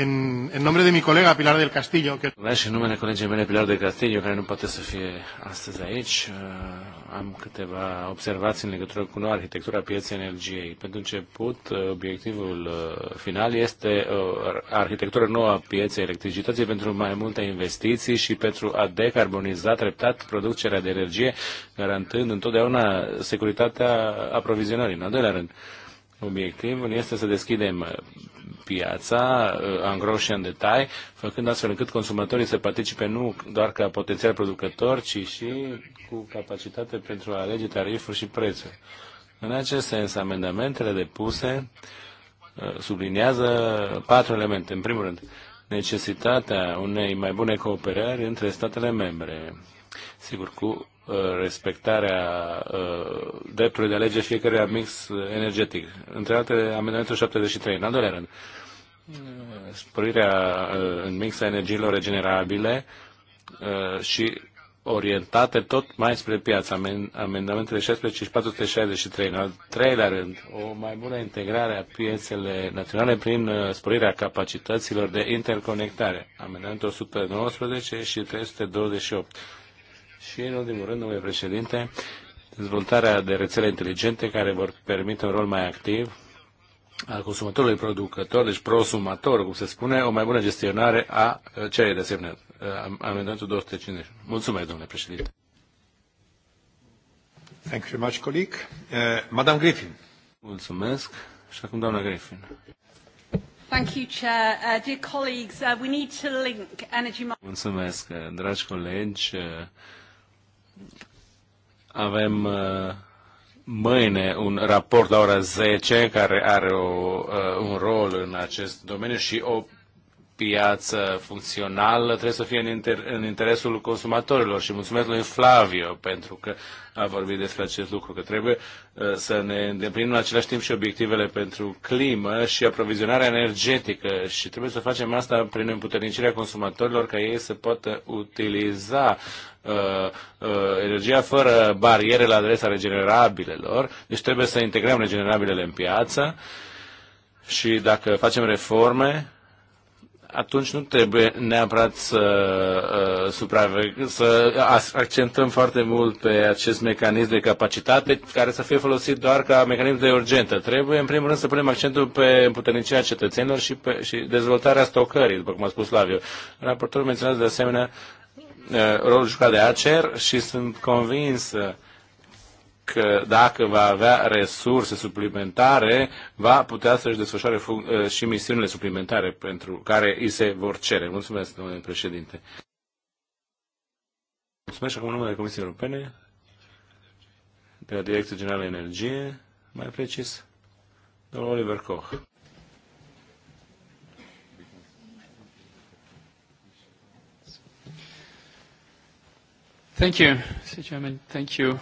În, în numele de mi colega Pilar del Castillo. Că... și în numele colegii mele Pilar del Castillo, care nu poate să fie astăzi aici, uh, am câteva observații în legătură cu noua arhitectura pieței energiei. Pentru început, uh, obiectivul uh, final este arhitectura nouă a pieței electricității pentru mai multe investiții și pentru a decarboniza treptat producerea de energie, garantând întotdeauna securitatea aprovizionării. În al doilea rând, Obiectivul este să deschidem piața, angroșe uh, și în detai, făcând astfel încât consumatorii să participe nu doar ca potențial producător, ci și cu capacitate pentru a alege tarifuri și prețuri. În acest sens, amendamentele depuse uh, subliniază patru elemente. În primul rând, necesitatea unei mai bune cooperări între statele membre. Sigur, cu uh, respectarea uh, dreptului de alege fiecare mix energetic. Între altele, amendamentul 73. În al doilea rând, sporirea uh, în mix a energiilor regenerabile uh, și orientate tot mai spre piață. Amendamentele 16 și 463. În al treilea rând, o mai bună integrare a piețele naționale prin uh, sporirea capacităților de interconectare. Amendamentul 119 și 328. Și, în ultimul rând, domnule președinte, dezvoltarea de rețele inteligente care vor permite un rol mai activ al consumatorului producător, deci prosumator, cum se spune, o mai bună gestionare a ce de asemenea amendamentul 250. Mulțumesc, domnule președinte. Thank you very much, colleague. Uh, Madame Griffin. Mulțumesc. Și acum doamna Griffin. Thank you, Chair. Uh, dear colleagues, uh, we need to link energy Mulțumesc, uh, dragi colegi. Uh, avem uh, mâine un raport la ora 10 care are o, uh, un rol în acest domeniu și o piață funcțională trebuie să fie în, inter- în interesul consumatorilor și mulțumesc lui Flavio pentru că a vorbit despre acest lucru, că trebuie uh, să ne îndeplinim în același timp și obiectivele pentru climă și aprovizionarea energetică și trebuie să facem asta prin împuternicirea consumatorilor ca ei să poată utiliza uh, uh, energia fără bariere la adresa regenerabilelor, deci trebuie să integrăm regenerabilele în piață și dacă facem reforme, atunci nu trebuie neapărat să, uh, să accentăm foarte mult pe acest mecanism de capacitate care să fie folosit doar ca mecanism de urgentă. Trebuie, în primul rând, să punem accentul pe împuternicirea cetățenilor și, pe, și dezvoltarea stocării, după cum a spus Laviu. Raportorul menționează de asemenea uh, rolul jucat de ACER și sunt convins uh, că dacă va avea resurse suplimentare, va putea să-și desfășoare eh, și misiunile suplimentare pentru care îi se vor cere. Mulțumesc, domnule președinte. Mulțumesc acum numele Comisiei Europene, de la Direcția Generală Energie, mai precis, domnul Oliver Koch. Thank you, Mr. Chairman. Thank you.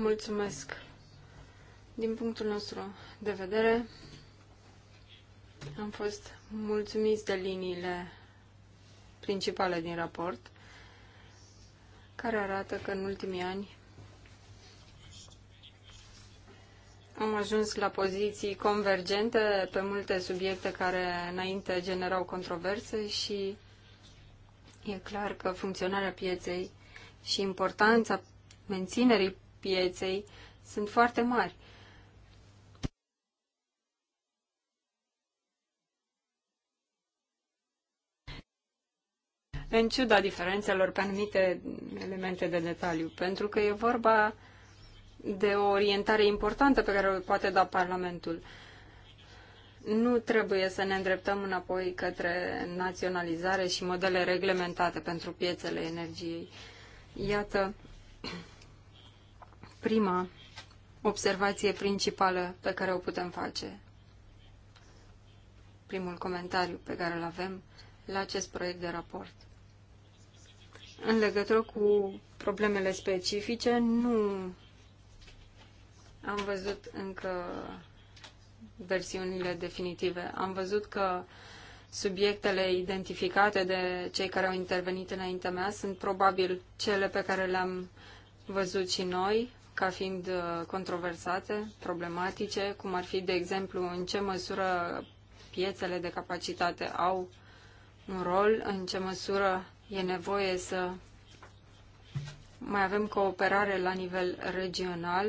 Mulțumesc. Din punctul nostru de vedere, am fost mulțumiți de liniile principale din raport, care arată că în ultimii ani am ajuns la poziții convergente pe multe subiecte care înainte generau controverse și e clar că funcționarea pieței și importanța menținerii pieței sunt foarte mari. în ciuda diferențelor pe anumite elemente de detaliu, pentru că e vorba de o orientare importantă pe care o poate da Parlamentul. Nu trebuie să ne îndreptăm înapoi către naționalizare și modele reglementate pentru piețele energiei. Iată prima observație principală pe care o putem face, primul comentariu pe care îl avem la acest proiect de raport. În legătură cu problemele specifice, nu am văzut încă versiunile definitive. Am văzut că subiectele identificate de cei care au intervenit înaintea mea sunt probabil cele pe care le-am văzut și noi, ca fiind uh, controversate, problematice, cum ar fi, de exemplu, în ce măsură piețele de capacitate au un rol, în ce măsură e nevoie să mai avem cooperare la nivel regional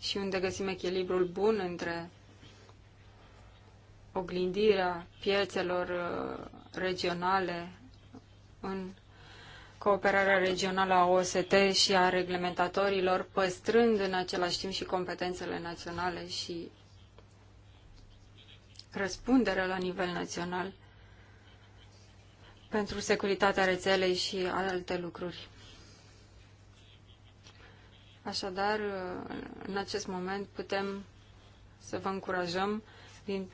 și unde găsim echilibrul bun între oglindirea piețelor uh, regionale în cooperarea regională a OST și a reglementatorilor, păstrând în același timp și competențele naționale și răspunderea la nivel național pentru securitatea rețelei și alte lucruri. Așadar, în acest moment putem să vă încurajăm din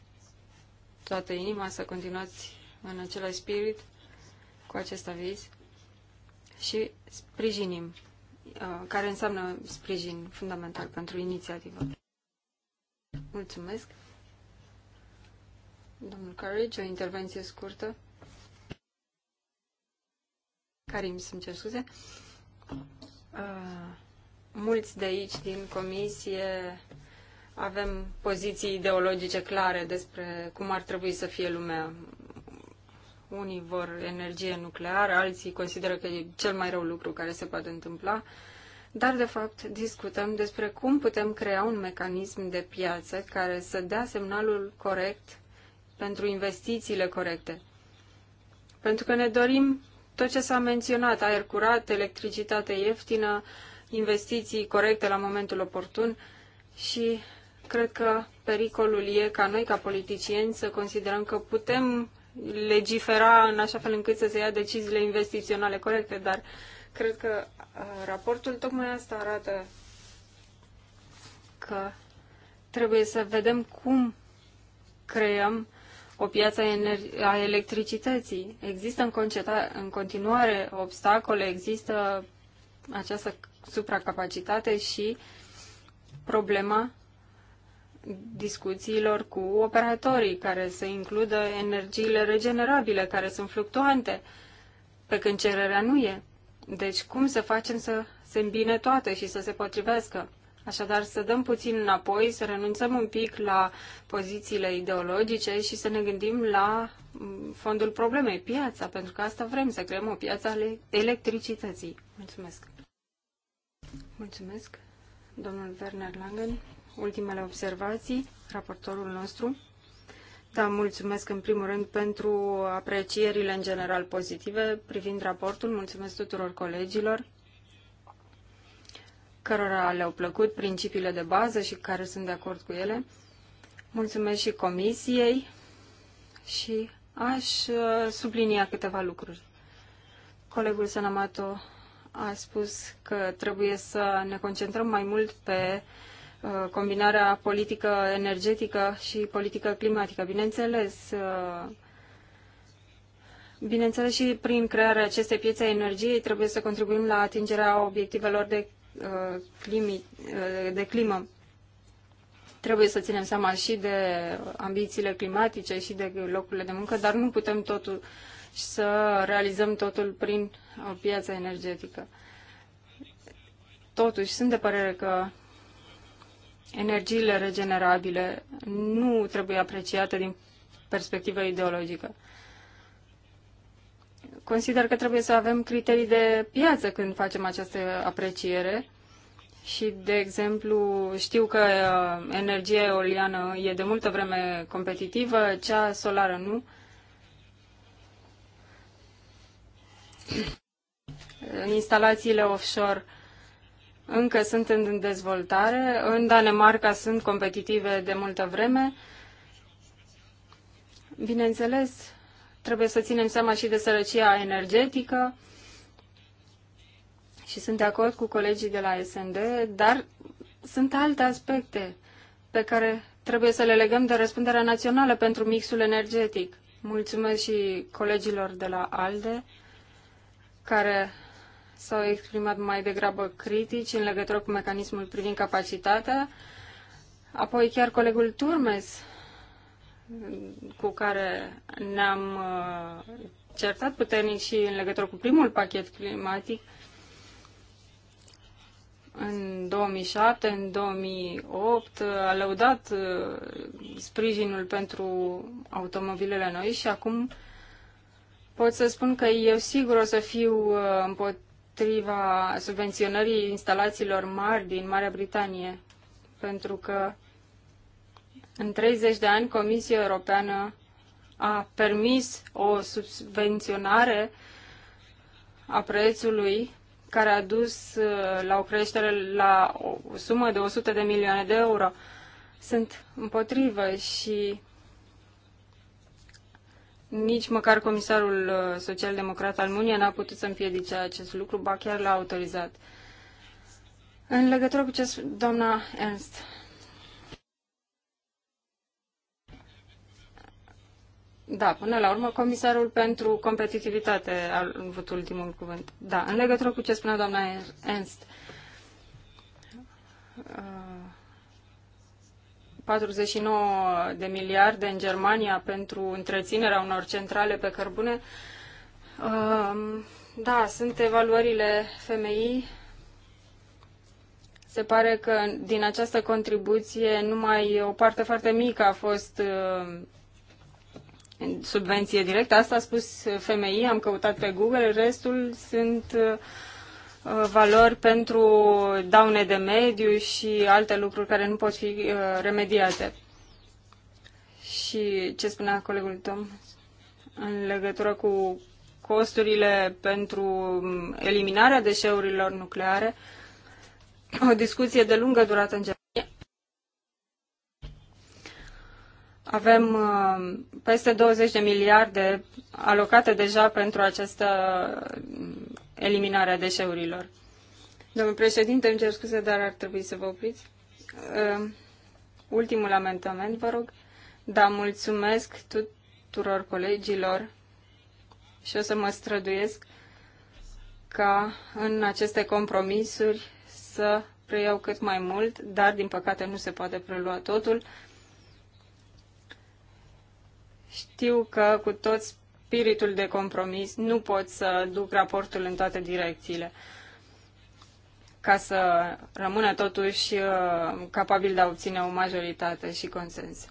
toată inima să continuați în același spirit cu acest aviz și sprijinim, uh, care înseamnă sprijin fundamental pentru inițiativă. Mulțumesc. Domnul Courage, o intervenție scurtă. Karim, să-mi cer scuze. Uh, mulți de aici din comisie avem poziții ideologice clare despre cum ar trebui să fie lumea. Unii vor energie nucleară, alții consideră că e cel mai rău lucru care se poate întâmpla, dar de fapt discutăm despre cum putem crea un mecanism de piață care să dea semnalul corect pentru investițiile corecte. Pentru că ne dorim tot ce s-a menționat, aer curat, electricitate ieftină, investiții corecte la momentul oportun și cred că pericolul e ca noi, ca politicieni, să considerăm că putem legifera în așa fel încât să se ia deciziile investiționale corecte, dar cred că uh, raportul tocmai asta arată că trebuie să vedem cum creăm o piață a electricității. Există în, conceta, în continuare obstacole, există această supracapacitate și problema discuțiilor cu operatorii, care să includă energiile regenerabile, care sunt fluctuante, pe când cererea nu e. Deci cum să facem să se îmbine toate și să se potrivească? Așadar, să dăm puțin înapoi, să renunțăm un pic la pozițiile ideologice și să ne gândim la mm, fondul problemei, piața, pentru că asta vrem, să creăm o piață ale electricității. Mulțumesc! Mulțumesc, domnul Werner Langen ultimele observații, raportorul nostru. Da, mulțumesc în primul rând pentru aprecierile în general pozitive privind raportul. Mulțumesc tuturor colegilor cărora le-au plăcut principiile de bază și care sunt de acord cu ele. Mulțumesc și comisiei și aș uh, sublinia câteva lucruri. Colegul Sanamato a spus că trebuie să ne concentrăm mai mult pe uh, Uh, combinarea politică energetică și politică climatică. Bineînțeles, uh, bineînțeles și prin crearea acestei piețe a energiei trebuie să contribuim la atingerea obiectivelor de, uh, climi, de climă. Trebuie să ținem seama și de ambițiile climatice și de locurile de muncă, dar nu putem totul să realizăm totul prin piața energetică. Totuși, sunt de părere că energiile regenerabile nu trebuie apreciate din perspectivă ideologică. Consider că trebuie să avem criterii de piață când facem această apreciere și, de exemplu, știu că uh, energia eoliană e de multă vreme competitivă, cea solară nu. Instalațiile offshore încă sunt în dezvoltare. În Danemarca sunt competitive de multă vreme. Bineînțeles, trebuie să ținem seama și de sărăcia energetică și sunt de acord cu colegii de la SND, dar sunt alte aspecte pe care trebuie să le legăm de răspunderea națională pentru mixul energetic. Mulțumesc și colegilor de la ALDE care s-au exprimat mai degrabă critici în legătură cu mecanismul privind capacitatea. Apoi chiar colegul Turmes, cu care ne-am uh, certat puternic și în legătură cu primul pachet climatic, în 2007, în 2008, a lăudat uh, sprijinul pentru automobilele noi și acum pot să spun că eu sigur o să fiu uh, împot- împotriva subvenționării instalațiilor mari din Marea Britanie, pentru că în 30 de ani Comisia Europeană a permis o subvenționare a prețului care a dus uh, la o creștere la o sumă de 100 de milioane de euro. Sunt împotrivă și nici măcar comisarul uh, social-democrat Almunia n-a putut să împiedice acest lucru, ba chiar l-a autorizat. În legătură cu ce doamna Ernst, Da, până la urmă, comisarul pentru competitivitate a avut ultimul cuvânt. Da, în legătură cu ce spunea doamna Ernst, uh, 49 de miliarde în Germania pentru întreținerea unor centrale pe cărbune. Um, da, sunt evaluările FMI. Se pare că din această contribuție numai o parte foarte mică a fost um, subvenție directă. Asta a spus FMI, am căutat pe Google, restul sunt uh, Uh, valori pentru daune de mediu și alte lucruri care nu pot fi uh, remediate. Și ce spunea colegul Tom în legătură cu costurile pentru um, eliminarea deșeurilor nucleare, o discuție de lungă durată în Germania. Avem um, peste 20 de miliarde alocate deja pentru această eliminarea deșeurilor. Domnul președinte, îmi cer scuze, dar ar trebui să vă opriți. Uh, ultimul amendament, vă rog. Da, mulțumesc tuturor colegilor și o să mă străduiesc ca în aceste compromisuri să preiau cât mai mult, dar din păcate nu se poate prelua totul. Știu că cu toți spiritul de compromis, nu pot să duc raportul în toate direcțiile ca să rămână totuși uh, capabil de a obține o majoritate și consens.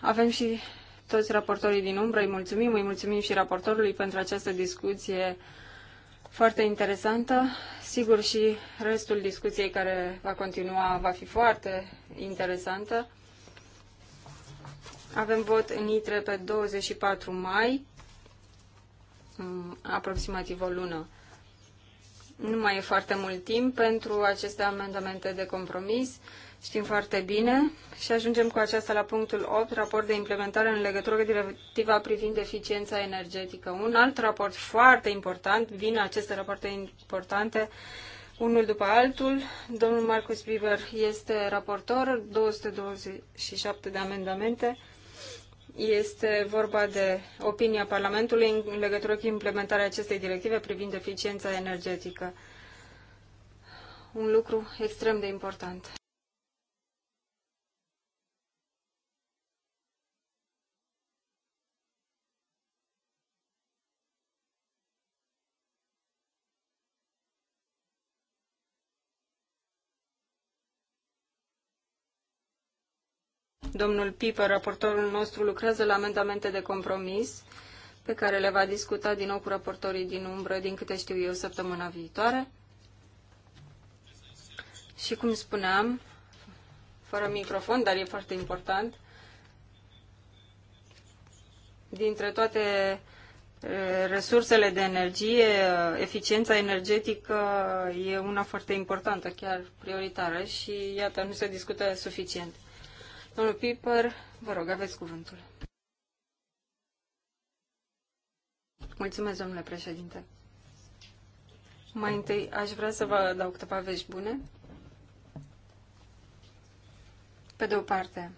Avem și toți raportorii din umbră, îi mulțumim, îi mulțumim și raportorului pentru această discuție foarte interesantă. Sigur și restul discuției care va continua va fi foarte interesantă. Avem vot în ITRE pe 24 mai, mm, aproximativ o lună. Nu mai e foarte mult timp pentru aceste amendamente de compromis. Știm foarte bine și ajungem cu aceasta la punctul 8, raport de implementare în legătură cu directiva privind eficiența energetică. Un alt raport foarte important, vin aceste rapoarte importante, unul după altul. Domnul Marcus Bieber este raportor, 227 de amendamente. Este vorba de opinia Parlamentului în legătură cu implementarea acestei directive privind eficiența energetică. Un lucru extrem de important. Domnul Piper, raportorul nostru, lucrează la amendamente de compromis pe care le va discuta din nou cu raportorii din umbră, din câte știu eu, săptămâna viitoare. Și cum spuneam, fără microfon, dar e foarte important, dintre toate resursele de energie, eficiența energetică e una foarte importantă, chiar prioritară și iată, nu se discută suficient. Domnul Piper, vă rog, aveți cuvântul. Mulțumesc, domnule președinte. Mai întâi, aș vrea să vă dau câteva vești bune. Pe de o parte,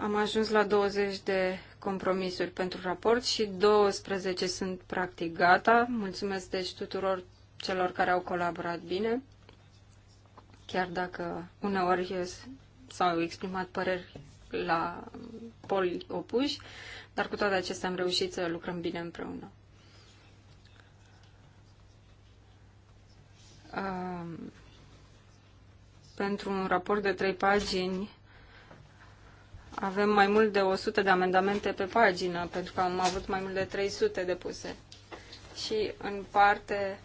am ajuns la 20 de compromisuri pentru raport și 12 sunt practic gata. Mulțumesc deci tuturor celor care au colaborat bine chiar dacă uneori s-au exprimat păreri la poli opuși, dar cu toate acestea am reușit să lucrăm bine împreună. Pentru un raport de trei pagini avem mai mult de 100 de amendamente pe pagină, pentru că am avut mai mult de 300 depuse. Și în parte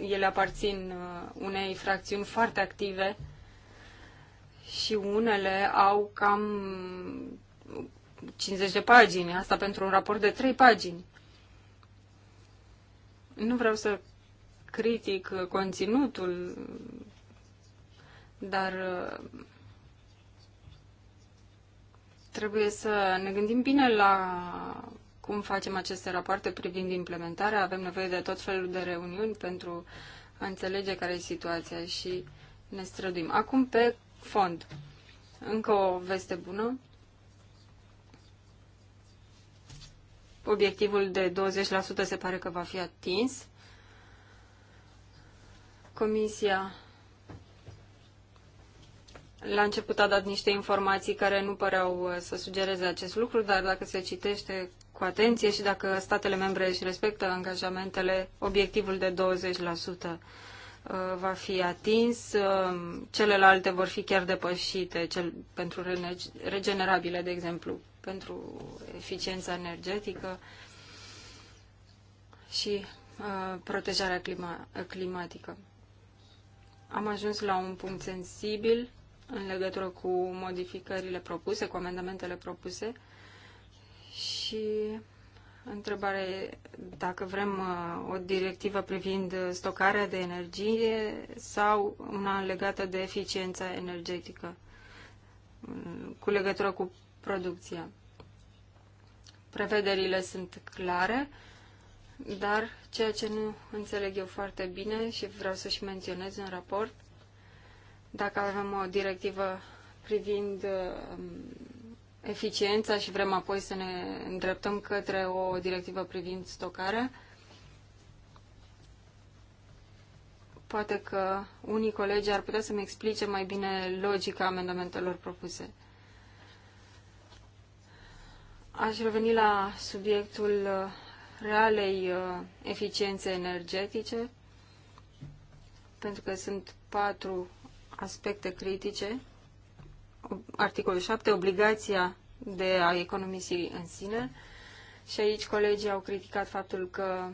ele aparțin unei fracțiuni foarte active și unele au cam 50 de pagini, asta pentru un raport de 3 pagini. Nu vreau să critic conținutul, dar trebuie să ne gândim bine la cum facem aceste rapoarte privind implementarea. Avem nevoie de tot felul de reuniuni pentru a înțelege care e situația și ne străduim. Acum pe fond. Încă o veste bună. Obiectivul de 20% se pare că va fi atins. Comisia la început a dat niște informații care nu păreau uh, să sugereze acest lucru, dar dacă se citește cu atenție și dacă statele membre își respectă angajamentele, obiectivul de 20% uh, va fi atins, uh, celelalte vor fi chiar depășite, cel pentru regenerabile, de exemplu, pentru eficiența energetică și uh, protejarea clima, climatică. Am ajuns la un punct sensibil în legătură cu modificările propuse, cu amendamentele propuse și întrebarea e dacă vrem uh, o directivă privind stocarea de energie sau una legată de eficiența energetică mm, cu legătură cu producția. Prevederile sunt clare, dar ceea ce nu înțeleg eu foarte bine și vreau să și menționez în raport, dacă avem o directivă privind uh, eficiența și vrem apoi să ne îndreptăm către o directivă privind stocarea. Poate că unii colegi ar putea să-mi explice mai bine logica amendamentelor propuse. Aș reveni la subiectul realei uh, eficiențe energetice, pentru că sunt patru aspecte critice articolul 7, obligația de a economisi în sine. Și aici colegii au criticat faptul că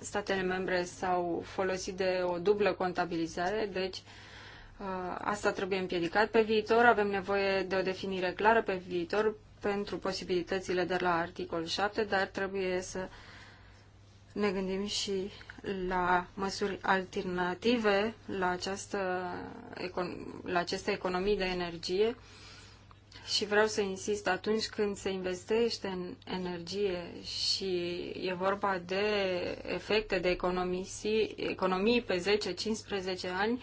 statele membre s-au folosit de o dublă contabilizare, deci uh, asta trebuie împiedicat pe viitor. Avem nevoie de o definire clară pe viitor pentru posibilitățile de la articolul 7, dar trebuie să ne gândim și la măsuri alternative la, această, la aceste economii de energie și vreau să insist, atunci când se investește în energie și e vorba de efecte de economii, economii pe 10-15 ani,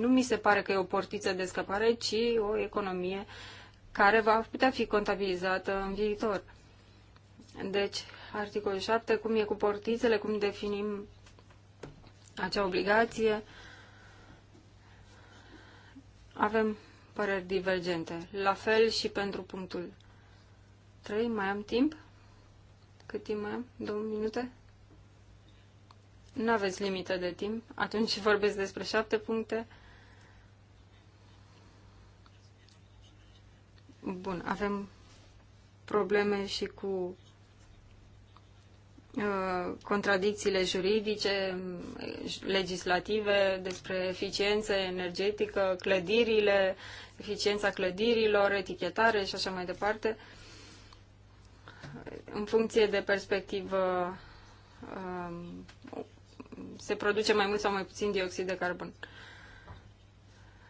nu mi se pare că e o portiță de scăpare, ci o economie care va putea fi contabilizată în viitor. Deci, articol 7, cum e cu portițele, cum definim acea obligație. Avem păreri divergente. La fel și pentru punctul 3. Mai am timp? Cât timp mai am? Două minute? Nu aveți limită de timp. Atunci vorbesc despre șapte puncte. Bun, avem probleme și cu Uh, contradicțiile juridice, legislative, despre eficiență energetică, clădirile, eficiența clădirilor, etichetare și așa mai departe, în funcție de perspectivă um, se produce mai mult sau mai puțin dioxid de carbon.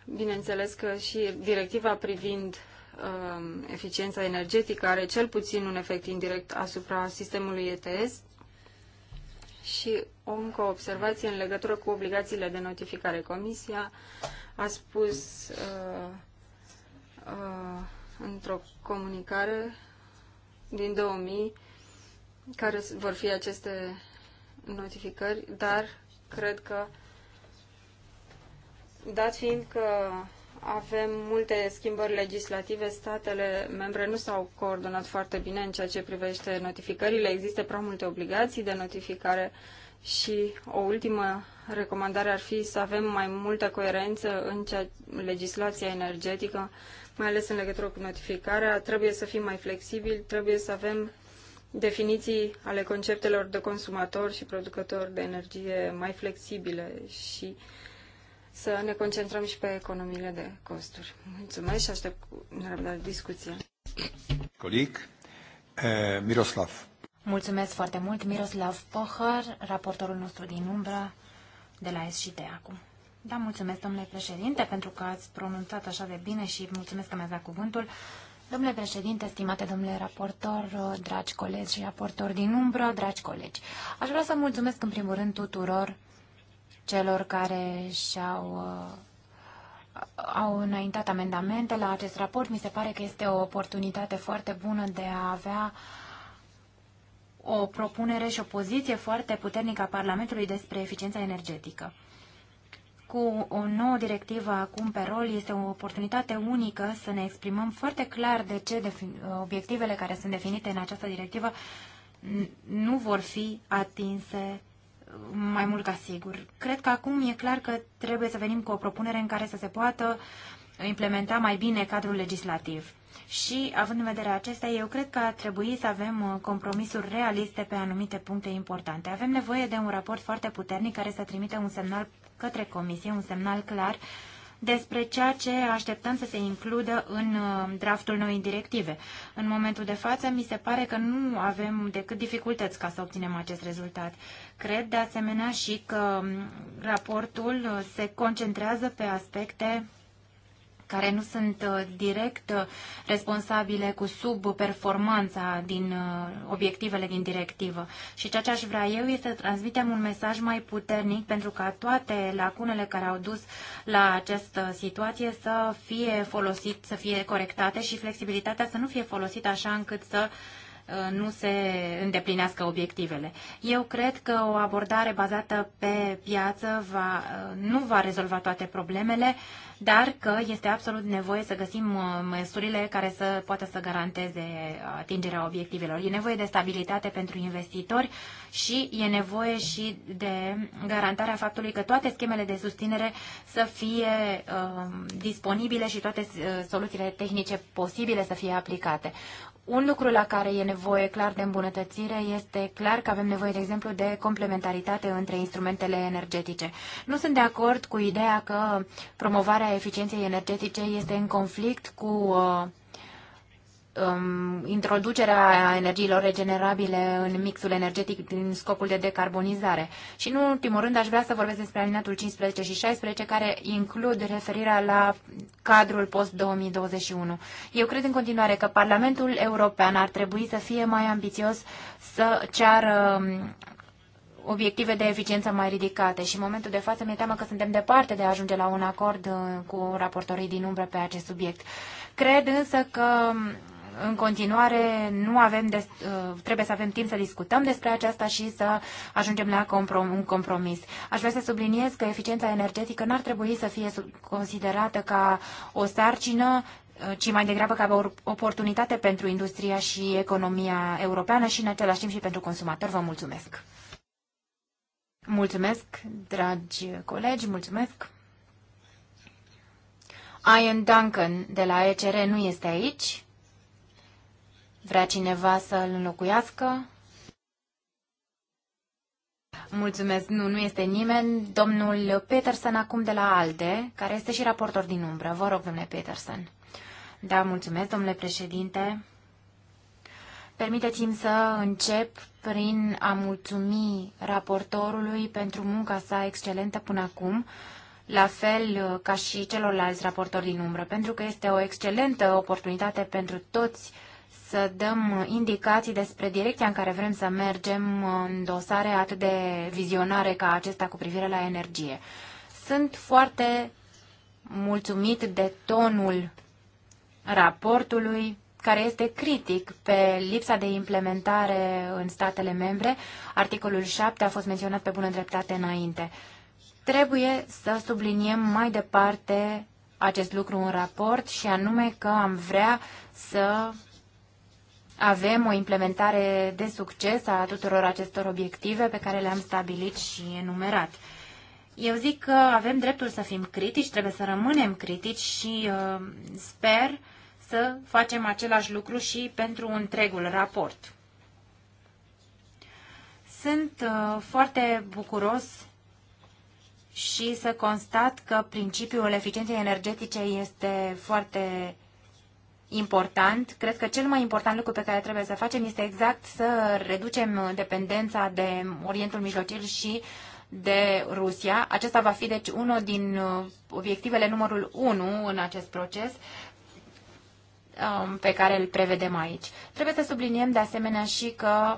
Bineînțeles că și directiva privind um, eficiența energetică are cel puțin un efect indirect asupra sistemului ETS, și o încă observație în legătură cu obligațiile de notificare. Comisia a spus uh, uh, într-o comunicare din 2000 care vor fi aceste notificări, dar cred că dat fiind că avem multe schimbări legislative, statele membre nu s-au coordonat foarte bine în ceea ce privește notificările, există prea multe obligații de notificare și o ultimă recomandare ar fi să avem mai multă coerență în cea, legislația energetică, mai ales în legătură cu notificarea. Trebuie să fim mai flexibili, trebuie să avem definiții ale conceptelor de consumator și producător de energie mai flexibile și uh, să ne concentrăm și pe economiile de costuri. Mulțumesc și aștept cu nerăbdare discuția. Colic, eh, Miroslav. Mulțumesc foarte mult, Miroslav Pohăr, raportorul nostru din umbră de la SCT acum. Da, mulțumesc, domnule președinte, pentru că ați pronunțat așa de bine și mulțumesc că mi-ați dat cuvântul. Domnule președinte, stimate domnule raportor, dragi colegi și raportori din umbră, dragi colegi, aș vrea să mulțumesc în primul rând tuturor celor care și-au uh, au înaintat amendamente la acest raport. Mi se pare că este o oportunitate foarte bună de a avea o propunere și o poziție foarte puternică a Parlamentului despre eficiența energetică. Cu o nouă directivă acum pe rol este o oportunitate unică să ne exprimăm foarte clar de ce obiectivele care sunt definite în această directivă nu vor fi atinse mai mult ca sigur. Cred că acum e clar că trebuie să venim cu o propunere în care să se poată implementa mai bine cadrul legislativ. Și, având în vedere acestea, eu cred că ar trebui să avem uh, compromisuri realiste pe anumite puncte importante. Avem nevoie de un raport foarte puternic care să trimite un semnal către Comisie, un semnal clar uh, despre ceea ce așteptăm să se includă în uh, draftul noii directive. În momentul de față, mi se pare că nu avem decât dificultăți ca să obținem acest rezultat. Cred, de asemenea, și că um, raportul uh, se concentrează pe aspecte care nu sunt uh, direct uh, responsabile cu subperformanța din uh, obiectivele din directivă. Și ceea ce aș vrea eu este să transmitem un mesaj mai puternic pentru ca toate lacunele care au dus la această situație să fie folosit, să fie corectate și flexibilitatea să nu fie folosită așa încât să Uh, nu se îndeplinească obiectivele. Eu cred că o abordare bazată pe piață va, uh, nu va rezolva toate problemele, dar că este absolut nevoie să găsim uh, măsurile care să poată să garanteze atingerea obiectivelor. E nevoie de stabilitate pentru investitori și e nevoie și de garantarea faptului că toate schemele de susținere să fie uh, disponibile și toate soluțiile tehnice posibile să fie aplicate. Un lucru la care e nevoie clar de îmbunătățire este clar că avem nevoie, de exemplu, de complementaritate între instrumentele energetice. Nu sunt de acord cu ideea că promovarea eficienței energetice este în conflict cu uh, um, introducerea energiilor regenerabile în mixul energetic din scopul de decarbonizare. Și în ultimul rând aș vrea să vorbesc despre alineatul 15 și 16 care includ referirea la cadrul post-2021. Eu cred în continuare că Parlamentul European ar trebui să fie mai ambițios să ceară um, obiective de eficiență mai ridicate și în momentul de față mi-e teamă că suntem departe de a ajunge la un acord uh, cu raportorii din umbră pe acest subiect. Cred însă că um, în continuare nu avem de, uh, trebuie să avem timp să discutăm despre aceasta și să ajungem la comprom un compromis. Aș vrea să subliniez că eficiența energetică n-ar trebui să fie considerată ca o sarcină uh, ci mai degrabă ca o oportunitate pentru industria și economia europeană și în același timp și pentru consumator. Vă mulțumesc! Mulțumesc, dragi colegi, mulțumesc! Ian Duncan de la ECR nu este aici. Vrea cineva să îl înlocuiască? Mulțumesc, nu, nu este nimeni. Domnul Peterson acum de la ALDE, care este și raportor din umbră. Vă rog, domnule Peterson. Da, mulțumesc, domnule președinte. Permiteți-mi să încep prin a mulțumi raportorului pentru munca sa excelentă până acum, la fel ca și celorlalți raportori din umbră, pentru că este o excelentă oportunitate pentru toți uh, să dăm indicații despre direcția în care vrem să mergem în dosare atât de vizionare ca acesta cu privire la energie. Sunt foarte mulțumit de tonul raportului care este critic pe lipsa de implementare în statele membre. Articolul 7 a fost menționat pe bună dreptate înainte. Trebuie să subliniem mai departe acest lucru în raport și anume că am vrea să avem o implementare de succes a tuturor acestor obiective pe care le-am stabilit și enumerat. Eu zic că avem dreptul să fim critici, trebuie să rămânem critici și uh, sper să facem același lucru și pentru întregul raport. Sunt uh, foarte bucuros și să constat că principiul eficienței energetice este foarte important. Cred că cel mai important lucru pe care trebuie să facem este exact să reducem dependența de Orientul Mijlociu și de Rusia. Acesta va fi, deci, unul din uh, obiectivele numărul 1 în acest proces um, pe care îl prevedem aici. Trebuie să subliniem, de asemenea, și că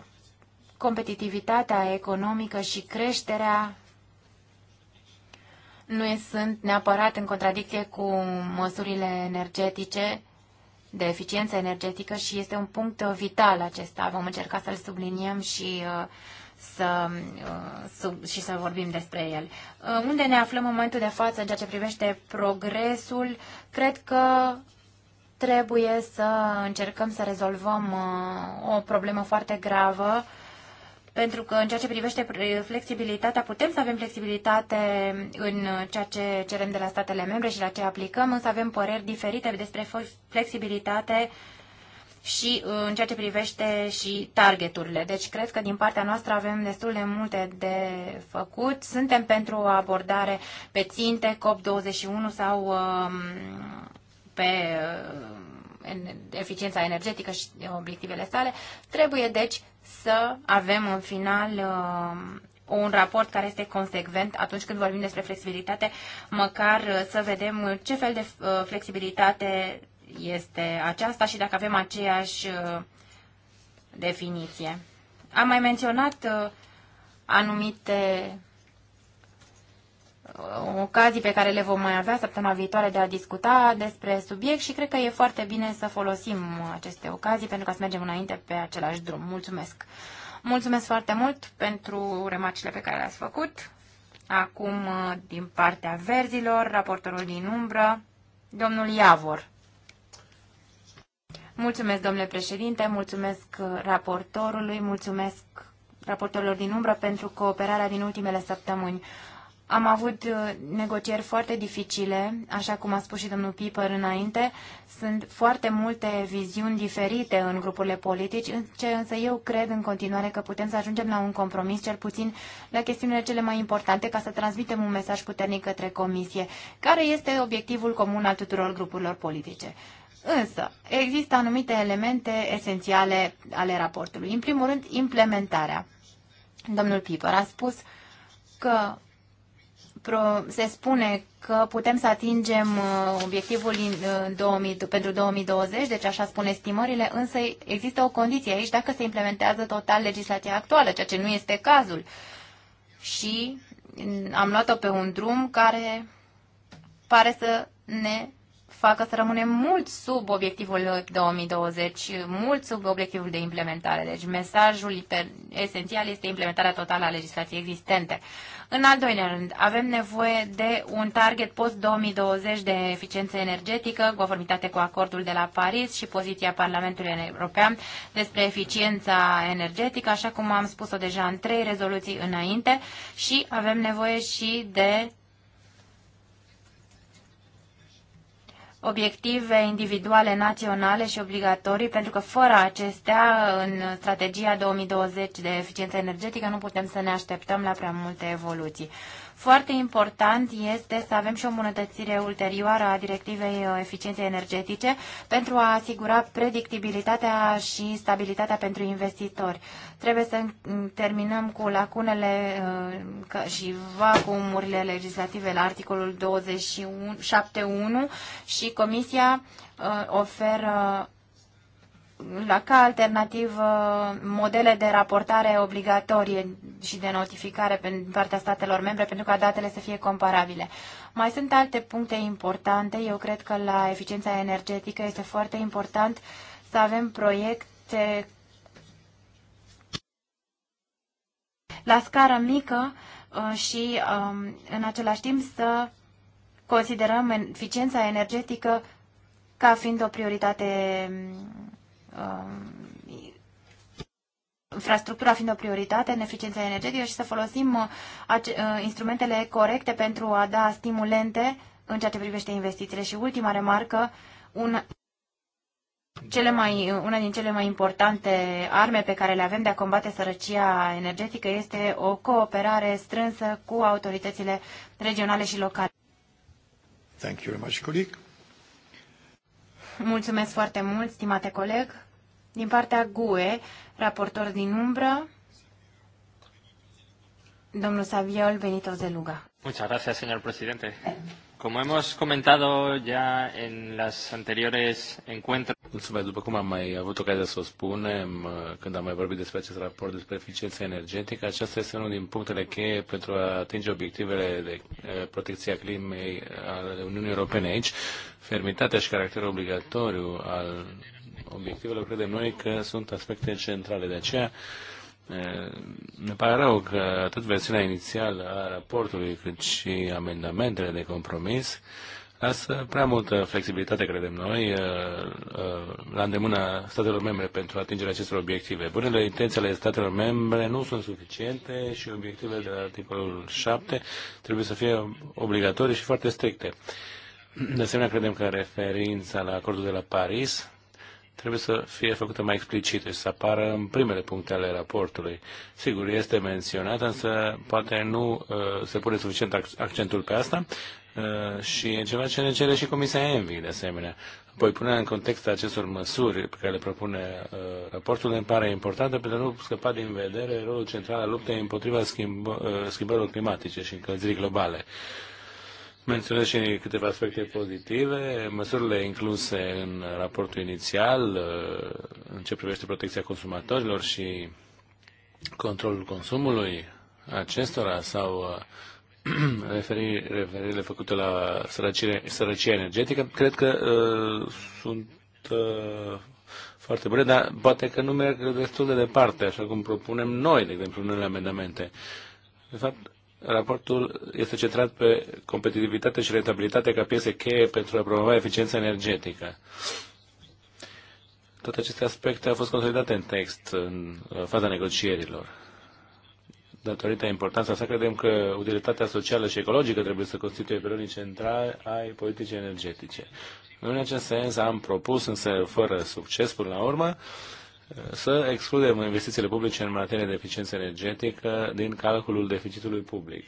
competitivitatea economică și creșterea nu sunt neapărat în contradicție cu măsurile energetice de eficiență energetică și este un punct uh, vital acesta. Vom încerca să-l subliniem și uh, să, uh, sub, și să vorbim despre el. Unde ne aflăm în momentul de față în ceea ce privește progresul? Cred că trebuie să încercăm să rezolvăm o problemă foarte gravă pentru că în ceea ce privește flexibilitatea, putem să avem flexibilitate în uh, ceea ce cerem de la statele membre și la ce aplicăm, însă avem păreri diferite despre flexibilitate și uh, în ceea ce privește și targeturile. Deci cred că din partea noastră avem destul de multe de făcut. Suntem pentru o abordare pe ținte COP21 sau um, pe uh, eficiența energetică și obiectivele sale. Trebuie, deci, să avem în final uh, un raport care este consecvent atunci când vorbim despre flexibilitate, măcar uh, să vedem ce fel de uh, flexibilitate este aceasta și dacă avem aceeași definiție. Am mai menționat anumite Uh, ocazii pe care le vom mai avea săptămâna viitoare de a discuta despre subiect și cred că e foarte bine să folosim aceste ocazii pentru ca să mergem înainte pe același drum. Mulțumesc! Mulțumesc foarte mult pentru remarcile pe care le-ați făcut. Acum, uh, din partea verzilor, raportorul din umbră, domnul Iavor. Mulțumesc, domnule președinte, mulțumesc raportorului, mulțumesc raportorilor din umbră pentru cooperarea din ultimele săptămâni. Am avut uh, negocieri foarte dificile, așa cum a spus și domnul Piper înainte. Sunt foarte multe viziuni diferite în grupurile politici, ce însă eu cred în continuare că putem să ajungem la un compromis, cel puțin la chestiunile cele mai importante, ca să transmitem un mesaj puternic către Comisie, care este obiectivul comun al tuturor grupurilor politice. Însă, există anumite elemente esențiale ale raportului. În primul rând, implementarea. Domnul Piper a spus că se spune că putem să atingem uh, obiectivul în 2000, uh, pentru 2020, deci așa spun estimările, însă există o condiție aici dacă se implementează total legislația actuală, ceea ce nu este cazul. Și mm, am luat-o pe un drum care pare să ne facă să rămânem mult sub obiectivul 2020, mult sub obiectivul de implementare. Deci mesajul esențial este implementarea totală a legislației existente. În al doilea rând, avem nevoie de un target post-2020 de eficiență energetică, conformitate cu acordul de la Paris și poziția Parlamentului European despre eficiența energetică, așa cum am spus-o deja în trei rezoluții înainte și avem nevoie și de obiective individuale naționale și obligatorii, pentru că fără acestea, în strategia 2020 de eficiență energetică, nu putem să ne așteptăm la prea multe evoluții. Foarte important este să avem și o îmbunătățire ulterioară a directivei uh, eficienței energetice pentru a asigura predictibilitatea și stabilitatea pentru investitori. Trebuie să terminăm cu lacunele uh, și vacumurile legislative la articolul 27.1 și Comisia uh, oferă la ca alternativ modele de raportare obligatorie și de notificare din partea statelor membre pentru ca datele să fie comparabile. Mai sunt alte puncte importante. Eu cred că la eficiența energetică este foarte important să avem proiecte la scară mică uh, și um, în același timp să considerăm eficiența energetică ca fiind o prioritate um, Um, infrastructura fiind o prioritate în eficiența energetică și să folosim uh, uh, instrumentele corecte pentru a da stimulente în ceea ce privește investițiile. Și ultima remarcă, un, cele mai, una din cele mai importante arme pe care le avem de a combate sărăcia energetică este o cooperare strânsă cu autoritățile regionale și locale. Thank you very much, colleague. Mulțumesc foarte mult, stimate coleg. Din partea GUE, raportor din umbră, domnul Saviol Benito de Luga. Muchas gracias, señor presidente. Como hemos comentado ya en las anteriores encuentros... Mulțumesc. După cum am mai avut ocazia să o spunem uh, când am mai vorbit despre acest raport despre eficiența energetică, acesta este unul din punctele cheie pentru a atinge obiectivele de uh, protecție a climei uh, ale Uniunii Europene aici. Fermitatea și caracterul obligatoriu al obiectivelor, credem noi că sunt aspecte centrale. De aceea, ne pare rău că atât versiunea inițială a raportului, cât și amendamentele de compromis lasă prea multă flexibilitate, credem noi, la îndemâna statelor membre pentru atingerea acestor obiective. Bunele intenții ale statelor membre nu sunt suficiente și obiectivele de la articolul 7 trebuie să fie obligatorii și foarte stricte. De asemenea, credem că referința la acordul de la Paris trebuie să fie făcută mai explicită și să apară în primele puncte ale raportului. Sigur, este menționată, însă poate nu uh, se pune suficient accentul pe asta uh, și e ceva ce ne cere și Comisia Envi, de asemenea. Apoi, pune în context acestor măsuri pe care le propune uh, raportul ne pare importantă pentru a nu scăpa din vedere rolul central al luptei împotriva schimb, uh, schimbărilor climatice și încălzirii globale. Uh, Menționez și câteva aspecte pozitive. Măsurile incluse în raportul inițial uh, în ce privește protecția consumatorilor și controlul consumului acestora sau uh, referirile făcute la sărăcie, sărăcia energetică, cred că uh, sunt uh, foarte bune, dar poate că nu merg destul de departe, așa cum propunem noi, de exemplu, unele amendamente. De fapt, Raportul este centrat pe competitivitate și rentabilitate ca piese cheie pentru a promova eficiența energetică. Toate aceste aspecte au fost consolidate în text în uh, faza negocierilor. Datorită importanța sa, credem că utilitatea socială și ecologică trebuie să constituie perioadă centrală ai politicii energetice. În acest sens am propus, însă fără succes până la urmă, să excludem investițiile publice în materie de eficiență energetică din calculul deficitului public.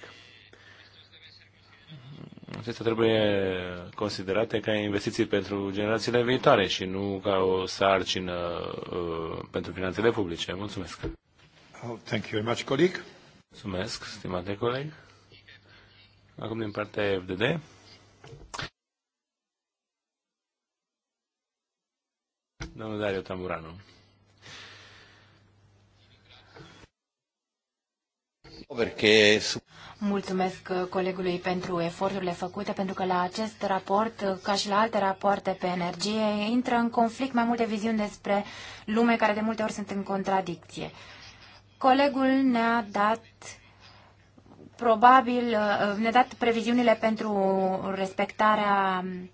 Acestea trebuie considerate ca investiții pentru generațiile viitoare și nu ca o sarcină uh, pentru finanțele publice. Mulțumesc. Oh, thank you very much, coleg. Mulțumesc, stimate coleg. Acum din partea FDD. Domnul Dario Tamburanu. Mulțumesc uh, colegului pentru eforturile făcute, pentru că la acest raport, uh, ca și la alte rapoarte pe energie, intră în conflict mai multe viziuni despre lume care de multe ori sunt în contradicție. Colegul ne-a dat probabil, uh, ne-a dat previziunile pentru respectarea um,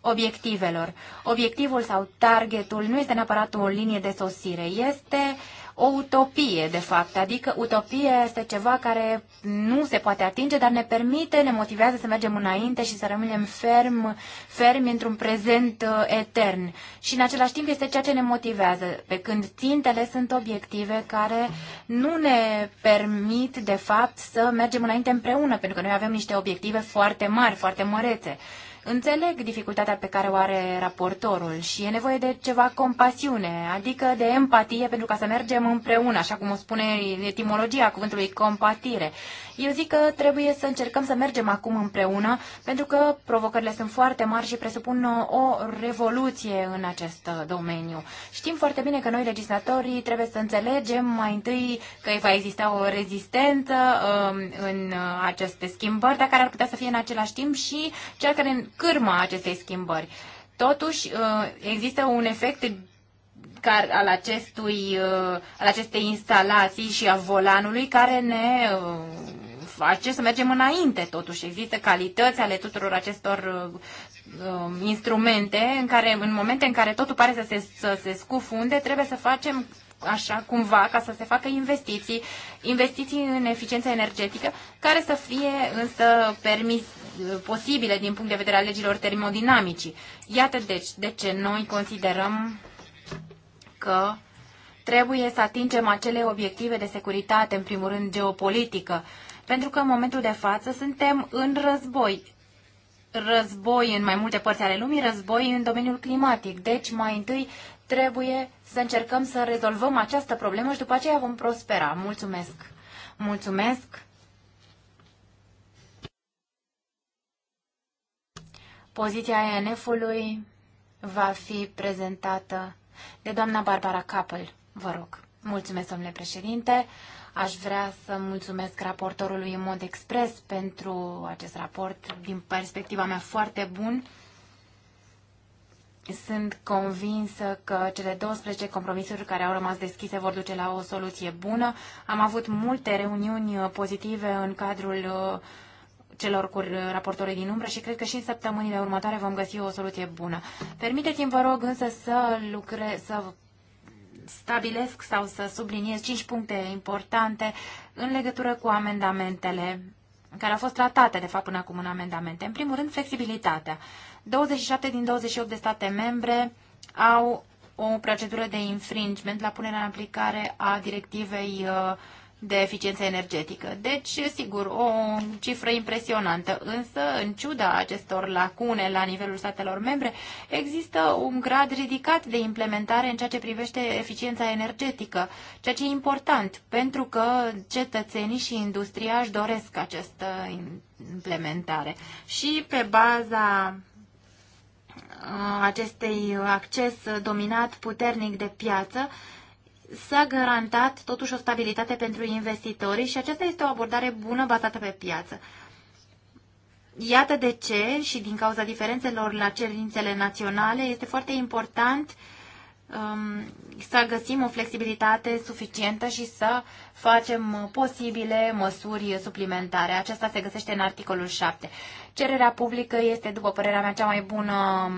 obiectivelor. Obiectivul sau targetul nu este neapărat o linie de sosire, este uh, o utopie, de fapt. Adică utopia este ceva care nu se poate atinge, dar ne permite, ne motivează să mergem înainte și să rămânem ferm, fermi într-un prezent uh, etern. Și în același timp este ceea ce ne motivează, pe când țintele sunt obiective care nu ne permit, de fapt, să mergem înainte împreună, pentru că noi avem niște obiective foarte mari, foarte mărețe. Înțeleg dificultatea pe care o are raportorul și e nevoie de ceva compasiune, adică de empatie pentru ca să mergem împreună, așa cum o spune etimologia cuvântului compatire. Eu zic că trebuie să încercăm să mergem acum împreună, pentru că provocările sunt foarte mari și presupun o revoluție în acest domeniu. Știm foarte bine că noi, legislatorii, trebuie să înțelegem mai întâi că va exista o rezistență um, în aceste schimbări, dar care ar putea să fie în același timp și cel care cârma acestei schimbări. Totuși, uh, există un efect care, al, acestui, uh, al acestei instalații și a volanului care ne uh, face să mergem înainte totuși. Există calități ale tuturor acestor um, instrumente în care în momente în care totul pare să se, să se scufunde, trebuie să facem așa cumva ca să se facă investiții, investiții în eficiență energetică, care să fie însă permis, posibile din punct de vedere al legilor termodinamicii. Iată deci de ce noi considerăm că trebuie să atingem acele obiective de securitate, în primul rând geopolitică, pentru că în momentul de față suntem în război. Război în mai multe părți ale lumii, război în domeniul climatic. Deci, mai întâi Trebuie să încercăm să rezolvăm această problemă și după aceea vom prospera. Mulțumesc! Mulțumesc! Poziția ENF-ului va fi prezentată de doamna Barbara Capel. Vă rog. Mulțumesc, domnule președinte. Aș vrea să mulțumesc raportorului în mod expres pentru acest raport, din perspectiva mea foarte bun. Sunt convinsă că cele 12 compromisuri care au rămas deschise vor duce la o soluție bună. Am avut multe reuniuni uh, pozitive în cadrul uh, celor cu raportorii din umbră și cred că și în săptămânile următoare vom găsi o soluție bună. Permiteți-mi, vă rog, însă să lucre, să stabilesc sau să subliniez cinci puncte importante în legătură cu amendamentele care au fost tratate, de fapt, până acum în amendamente. În primul rând, flexibilitatea. 27 din 28 de state membre au o procedură de infringement la punerea în aplicare a directivei uh, de eficiență energetică. Deci, sigur, o cifră impresionantă, însă, în ciuda acestor lacune la nivelul statelor membre, există un grad ridicat de implementare în ceea ce privește eficiența energetică, ceea ce e important, pentru că cetățenii și industria își doresc această implementare. Și pe baza Uh, acestei acces dominat puternic de piață, s-a garantat totuși o stabilitate pentru investitorii și aceasta este o abordare bună bazată pe piață. Iată de ce și din cauza diferențelor la cerințele naționale este foarte important uh, Um, să găsim o flexibilitate suficientă și să facem posibile măsuri suplimentare. Aceasta se găsește în articolul 7. Cererea publică este, după părerea mea, cea mai bună, um,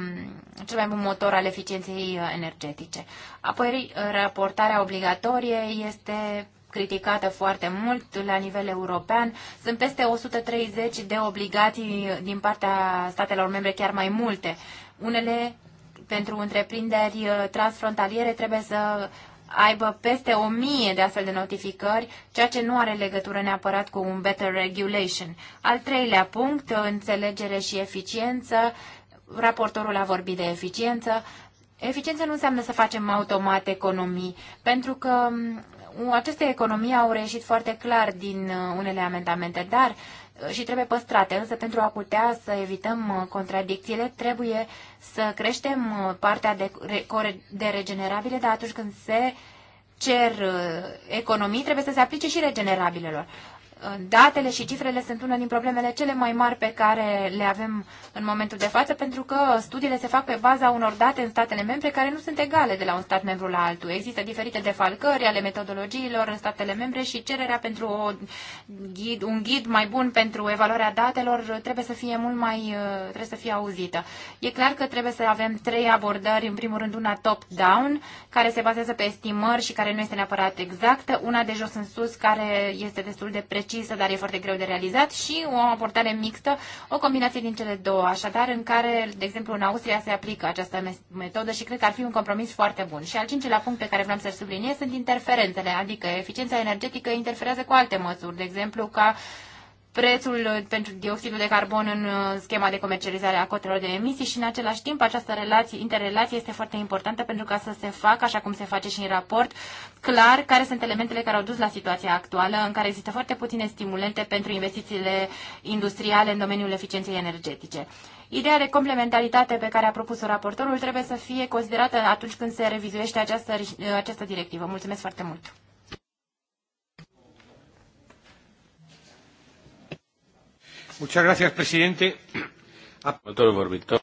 cel mai bun motor al eficienței energetice. Apoi, raportarea obligatorie este criticată foarte mult la nivel european. Sunt peste 130 de obligații din partea statelor membre, chiar mai multe. Unele pentru întreprinderi uh, transfrontaliere trebuie să aibă peste o mie de astfel de notificări, ceea ce nu are legătură neapărat cu un better regulation. Al treilea punct, uh, înțelegere și eficiență. Raportorul a vorbit de eficiență. Eficiență nu înseamnă să facem automat economii, pentru că um, aceste economii au reieșit foarte clar din uh, unele amendamente, dar uh, și trebuie păstrate, însă pentru a putea să evităm uh, contradicțiile, trebuie să creștem uh, partea de, de regenerabile, dar atunci când se cer uh, economii, trebuie să se aplice și regenerabilelor datele și cifrele sunt una din problemele cele mai mari pe care le avem în momentul de față, pentru că studiile se fac pe baza unor date în statele membre care nu sunt egale de la un stat membru la altul. Există diferite defalcări ale metodologiilor în statele membre și cererea pentru o ghid, un ghid mai bun pentru evaluarea datelor trebuie să fie mult mai uh, trebuie să fie auzită. E clar că trebuie să avem trei abordări, în primul rând una top-down, care se bazează pe estimări și care nu este neapărat exactă, una de jos în sus, care este destul de precisă precisă, dar e foarte greu de realizat, și o abordare mixtă, o combinație din cele două, așadar, în care, de exemplu, în Austria se aplică această metodă și cred că ar fi un compromis foarte bun. Și al cincilea punct pe care vreau să-l subliniez sunt interferențele, adică eficiența energetică interferează cu alte măsuri, de exemplu, ca uh, prețul pentru dioxidul de carbon în uh, schema de comercializare a cotelor de emisii și în același timp această relație, interrelație este foarte importantă pentru ca să se facă, așa cum se face și în raport, clar care sunt elementele care au dus la situația actuală în care există foarte puține stimulente pentru investițiile industriale în domeniul eficienței energetice. Ideea de complementaritate pe care a propus-o raportorul trebuie să fie considerată atunci când se revizuiește această, această directivă. Mulțumesc foarte mult! Următorul vorbitor,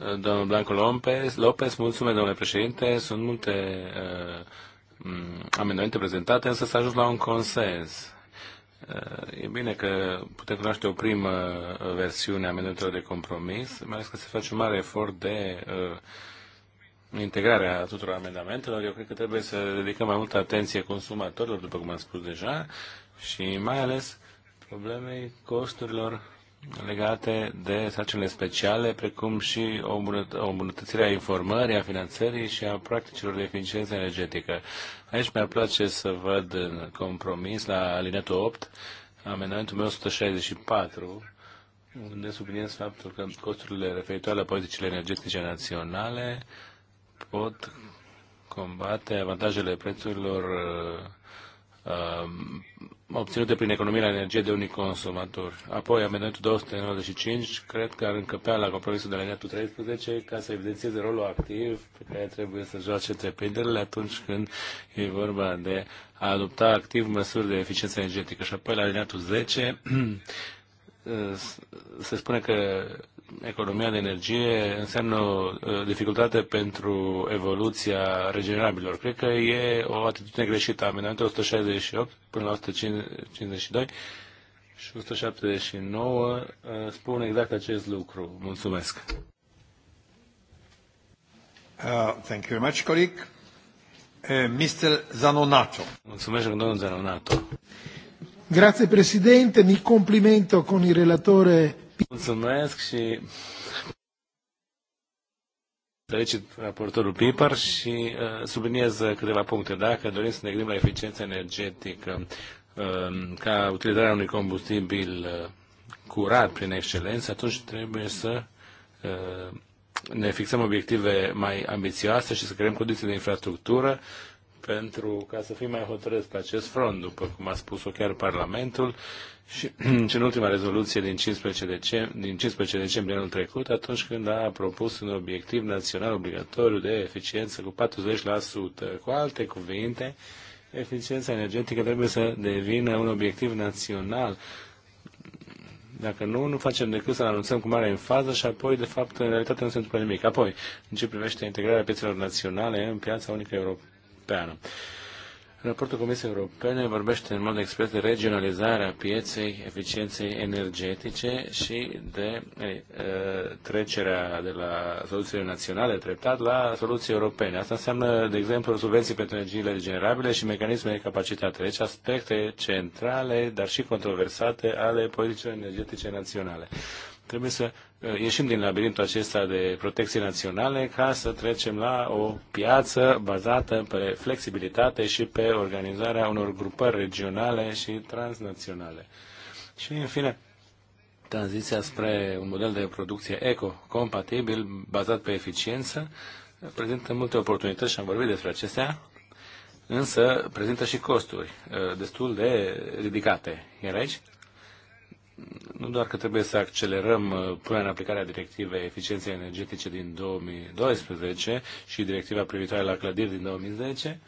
domnul Blanco López. López, mulțumesc, domnule președinte. Sunt multe uh, amendamente prezentate, însă s-a ajuns la un consens. Uh, e bine că putem cunoaște o primă versiune a amendamentelor de compromis, mai ales că se face un mare efort de uh, integrare a tuturor amendamentelor. Eu cred că trebuie să dedicăm mai multă atenție consumatorilor, după cum am spus deja, și mai ales problemei costurilor legate de sarcinile speciale, precum și o îmbunătățire a informării, a finanțării și a practicilor de eficiență energetică. Aici mi-ar place să văd compromis la alineatul 8, amendamentul meu 164, unde subliniez faptul că costurile referitoare la politicile energetice naționale pot combate avantajele prețurilor uh, Um, obținute prin economia la energie de unii consumatori. Apoi, amendamentul 295, cred că ar încăpea la compromisul de la 13 ca să evidențieze rolul activ pe care trebuie să joace întreprinderile atunci când e vorba de a adopta activ măsuri de eficiență energetică. Și apoi, la alineatul 10, se spune că economia de energie înseamnă o uh, dificultate pentru evoluția regenerabilor. Cred că e o atitudine greșită. Amendamentul 168 până la 152 și 179 uh, spun exact acest lucru. Mulțumesc. Uh, thank you very much, colleague. Uh, Mr. Zanonato. Mulțumesc, domnul Zanonato. Grazie Presidente, mi complimento con il relatore Mulțumesc și felicit raportorul Pipar și uh, subliniez câteva puncte. Dacă dorim să ne gândim la eficiența energetică um, ca utilizarea unui combustibil uh, curat prin excelență, atunci trebuie să uh, ne fixăm obiective mai ambițioase și să creăm condiții de infrastructură pentru ca să fim mai hotărâți pe acest front, după cum a spus-o chiar Parlamentul și, și în ultima rezoluție din 15, decembrie, din 15 decembrie anul trecut, atunci când a propus un obiectiv național obligatoriu de eficiență cu 40%. Cu alte cuvinte, eficiența energetică trebuie să devină un obiectiv național. Dacă nu, nu facem decât să-l anunțăm cu mare în fază și apoi, de fapt, în realitate nu se întâmplă nimic. Apoi, în ce privește integrarea piețelor naționale în piața unică europeană. Raportul Comisiei Europene vorbește în mod expres de regionalizarea pieței eficienței energetice și de e, trecerea de la soluțiile naționale treptat la soluții europene. Asta înseamnă, de exemplu, subvenții pentru energiile regenerabile și mecanisme de capacitate, deci aspecte centrale, dar și controversate ale politicilor energetice naționale. Trebuie să Uh, ieșim din labirintul acesta de protecție naționale ca să trecem la o piață bazată pe flexibilitate și pe organizarea unor grupări regionale și transnaționale. Și, în fine, tranziția spre un model de producție eco-compatibil, bazat pe eficiență, prezintă multe oportunități și am vorbit despre acestea, însă prezintă și costuri uh, destul de ridicate. Iar aici nu doar că trebuie să accelerăm uh, punerea în aplicare a directivei eficienței energetice din 2012 și directiva privitoare la clădiri din 2010,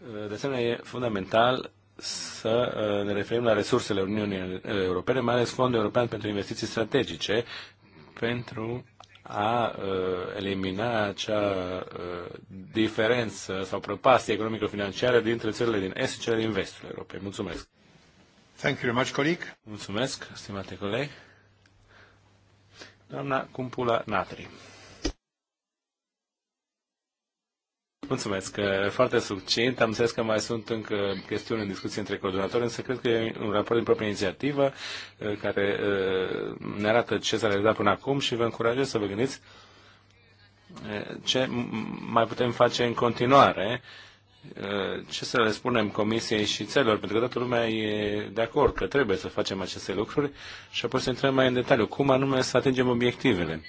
uh, de asemenea e fundamental să uh, ne referim la resursele Uniunii Europene, mai ales Fondul European pentru Investiții Strategice, pentru a elimina acea diferență sau prăpastie economico-financiară dintre țările din Est și cele din Vestul Europei. Mulțumesc! Thank you very much, colleague. Mulțumesc, stimate coleg. Doamna Cumpula Natri. Mulțumesc. Eh, foarte succint. Am înțeles că mai sunt încă chestiuni în discuție între coordonatori, însă cred că e un raport din proprie inițiativă eh, care eh, ne arată ce s-a realizat până acum și vă încurajez să vă gândiți ce mai putem face în continuare Eh, ce să le spunem Comisiei și țelor, pentru că toată lumea e de acord că trebuie să facem aceste lucruri și apoi să intrăm mai în detaliu, cum anume să atingem obiectivele.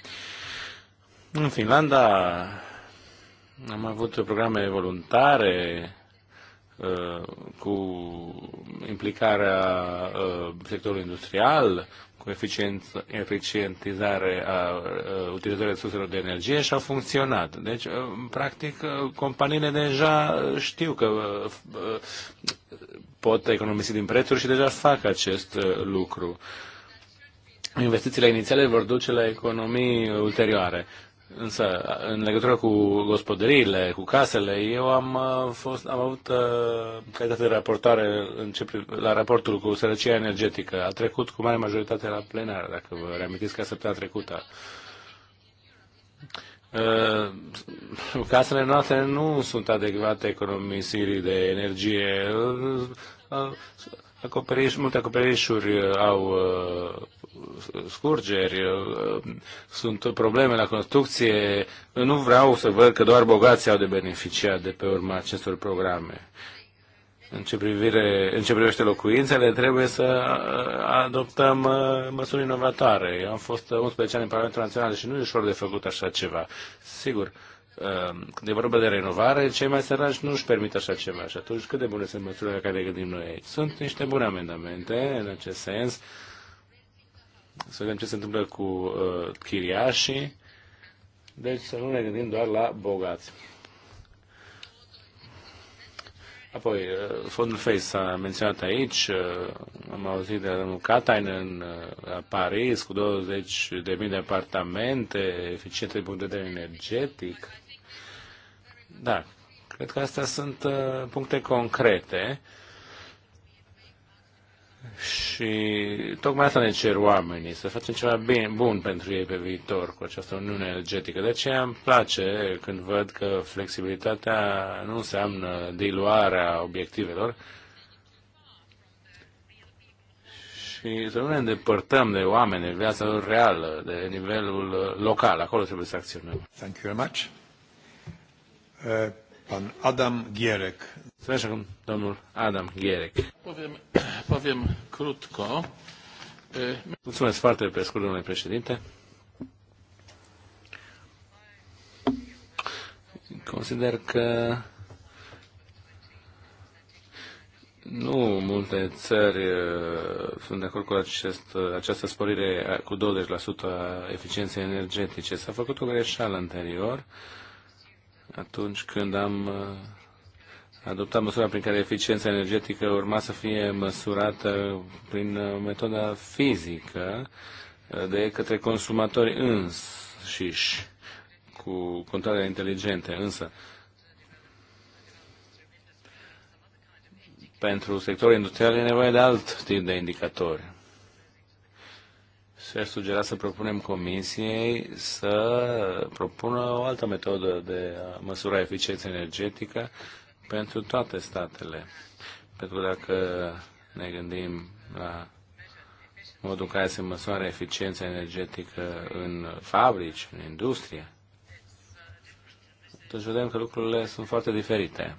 În Finlanda am avut programe voluntare eh, cu implicarea eh, sectorului industrial, cu eficientizare a utilizării resurselor de energie și au funcționat. Deci, practic, companiile deja știu că pot economisi din prețuri și deja fac acest lucru. Investițiile inițiale vor duce la economii ulterioare. Însă, în legătură cu gospodăriile, cu casele, eu am, uh, fost, am avut uh, calitate de raportare în ce, la raportul cu sărăcia energetică. A trecut cu mare majoritate la plenar, dacă vă reamintiți ca săptămâna trecută. Uh, casele noastre nu sunt adecvate economisirii de energie. Uh, acoperiș, multe acoperișuri au uh, scurgeri, uh, sunt probleme la construcție. Nu vreau să văd că doar bogații au de beneficiat de pe urma acestor programe. În ce, privire, în ce privește locuințele, trebuie să uh, adoptăm uh, măsuri inovatoare. Eu am fost 11 ani în Parlamentul Național și nu e ușor de făcut așa ceva. Sigur, când e vorba de renovare, cei mai săraci nu își permit așa ceva. Și atunci cât de bune sunt măsurile care le gândim noi aici? Sunt niște bune amendamente în acest sens să vedem ce se întâmplă cu uh, chiriașii, deci să nu ne gândim doar la bogați. Apoi, uh, fondul FACE s-a menționat aici, uh, am auzit de la Catain în uh, la Paris cu 20 de mii de apartamente, eficiente din punct de vedere energetic. Da, cred că astea sunt puncte concrete și tocmai asta ne cer oamenii, să facem ceva bine, bun pentru ei pe viitor cu această uniune energetică. De aceea îmi place când văd că flexibilitatea nu înseamnă diluarea obiectivelor și să nu ne îndepărtăm de oameni, de viața lor reală, de nivelul local. Acolo trebuie să acționăm. Thank you very much. Uh, pan Adam Gierek. Să domnul Adam Gierek. Poviem, poviem crutco. Mulțumesc foarte pe scurt, domnule președinte. Consider că nu multe țări uh, sunt de acord cu acest, uh, această sporire cu 20% a eficienței energetice. S-a făcut o greșeală anterior atunci când am uh, adoptat măsura prin care eficiența energetică urma să fie măsurată prin uh, metoda fizică uh, de către consumatori înșiși cu controle inteligente, însă pentru sectorul industrial e nevoie de alt tip de indicatori. Și aș sugera să propunem comisiei să propună o altă metodă de a măsura eficiența energetică pentru toate statele. Pentru că dacă ne gândim la modul în care se măsoară eficiența energetică în fabrici, în industrie, atunci vedem că lucrurile sunt foarte diferite.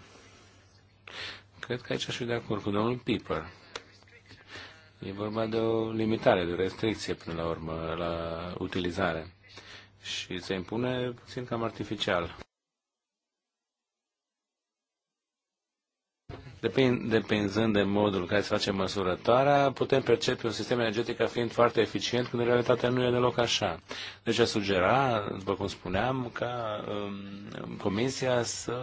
Cred că aici aș fi de acord cu domnul Piper. E vorba de o limitare, de o restricție, până la urmă, la utilizare. Și se impune puțin cam artificial. Depind, depinzând de modul care se face măsurătoarea, putem percepe un sistem energetic ca fiind foarte eficient, când în realitate nu e deloc așa. Deci a sugera, după cum spuneam, ca um, Comisia să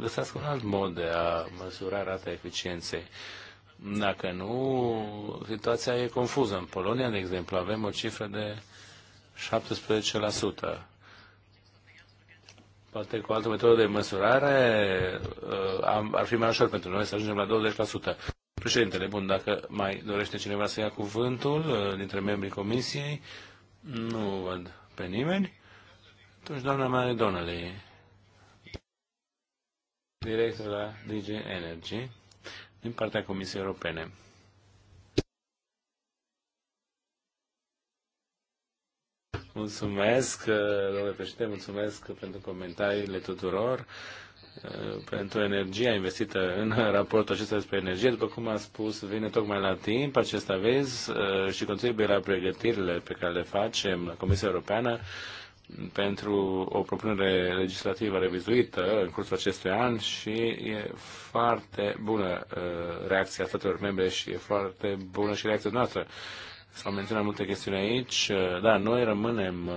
găsească un alt mod de a măsura rata eficienței. Dacă nu, situația e confuză. În Polonia, de exemplu, avem o cifră de 17% poate cu altă metodă de măsurare uh, ar fi mai ușor pentru noi să ajungem la 20%. Președintele, bun, dacă mai dorește cineva să ia cuvântul uh, dintre membrii comisiei, nu văd pe nimeni. Atunci, doamna Mary Donnelly, director la DG Energy, din partea Comisiei Europene. Mulțumesc, uh, domnule președinte, mulțumesc pentru comentariile tuturor, uh, pentru energia investită în raportul acesta despre energie. După cum am spus, vine tocmai la timp acest aviz uh, și contribuie la pregătirile pe care le facem la Comisia Europeană pentru o propunere legislativă revizuită în cursul acestui an și e foarte bună reacția statelor membre și e foarte bună și reacția noastră. S-au menționat multe chestiuni aici. Da, noi rămânem uh,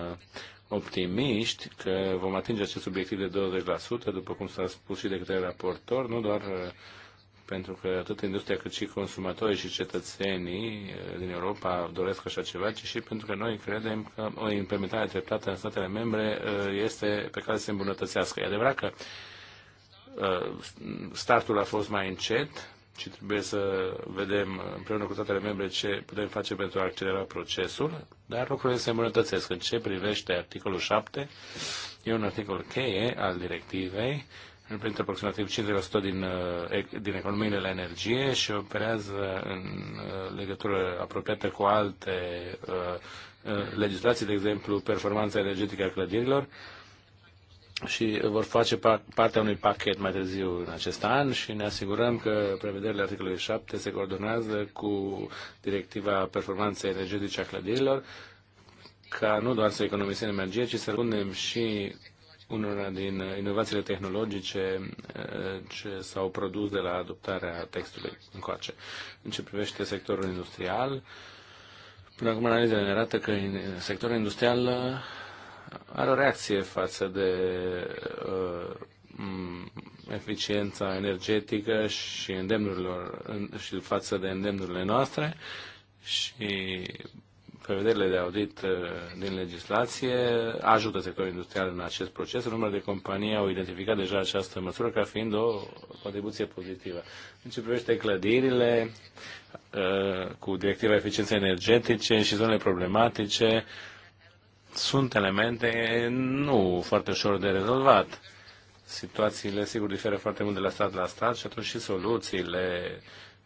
optimiști că vom atinge acest obiectiv de 20%, după cum s-a spus și de către raportor, nu doar uh, pentru că atât industria cât și consumatorii și cetățenii uh, din Europa doresc așa ceva, ci și pentru că noi credem că o implementare treptată în statele membre este pe care se îmbunătățească. E adevărat că startul a fost mai încet, și trebuie să vedem împreună cu statele membre ce putem face pentru a accelera procesul, dar lucrurile se îmbunătățesc. În ce privește articolul 7, e un articol cheie al directivei, reprezintă aproximativ 50% din, uh, din economiile la energie și operează în uh, legătură apropiată cu alte uh, legislații, de exemplu, performanța energetică a clădirilor, uh, și vor face partea unui pachet mai târziu în acest an și ne asigurăm că prevederile articolului 7 se coordonează cu directiva performanței energetice a clădirilor, ca nu doar să economisim energie, ci să punem și unora din inovațiile tehnologice eh, ce s-au produs de la adoptarea textului încoace. În ce privește sectorul industrial, până acum analizele ne arată că sectorul industrial are o reacție față de uh, eficiența energetică și îndemnurilor și față de îndemnurile noastre și prevederile de audit uh, din legislație ajută sectorul industrial în acest proces. număr de companii au identificat deja această măsură ca fiind o contribuție pozitivă. În ce privește clădirile, uh, cu directiva eficienței energetice și zonele problematice, sunt elemente nu foarte ușor de rezolvat. Situațiile, sigur, diferă foarte mult de la stat la stat și atunci și soluțiile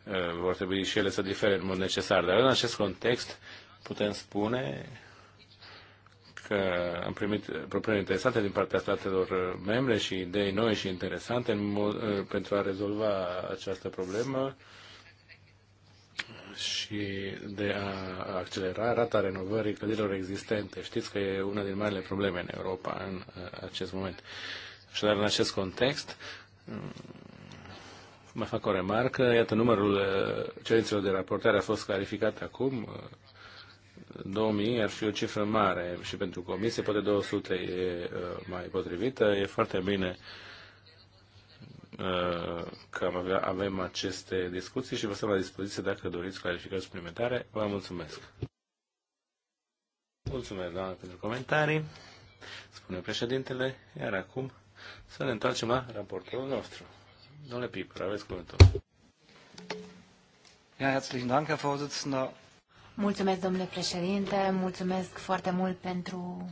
uh, vor trebui și ele să difere în mod necesar. Dar în acest context putem spune că am primit propuneri interesante din partea statelor membre și idei noi și interesante în mod, uh, pentru a rezolva această problemă și de a accelera rata renovării clădirilor existente. Știți că e una din marile probleme în Europa în uh, acest moment. Și dar în acest context, mm, mai fac o remarcă. Iată, numărul uh, cerințelor de raportare a fost clarificat acum. 2000 uh, ar fi o cifră mare și pentru comisie, poate 200 e mai potrivită. E foarte bine că avem aceste discuții și vă stăm la dispoziție dacă doriți clarificări suplimentare. Vă mulțumesc! Mulțumesc, doamna, pentru comentarii, spune președintele, iar acum să ne întoarcem la raportul nostru. Domnule Piper, aveți cuvântul. Ja, herzlichen Dank, Herr Vorsitzender. Mulțumesc, domnule președinte, mulțumesc foarte mult pentru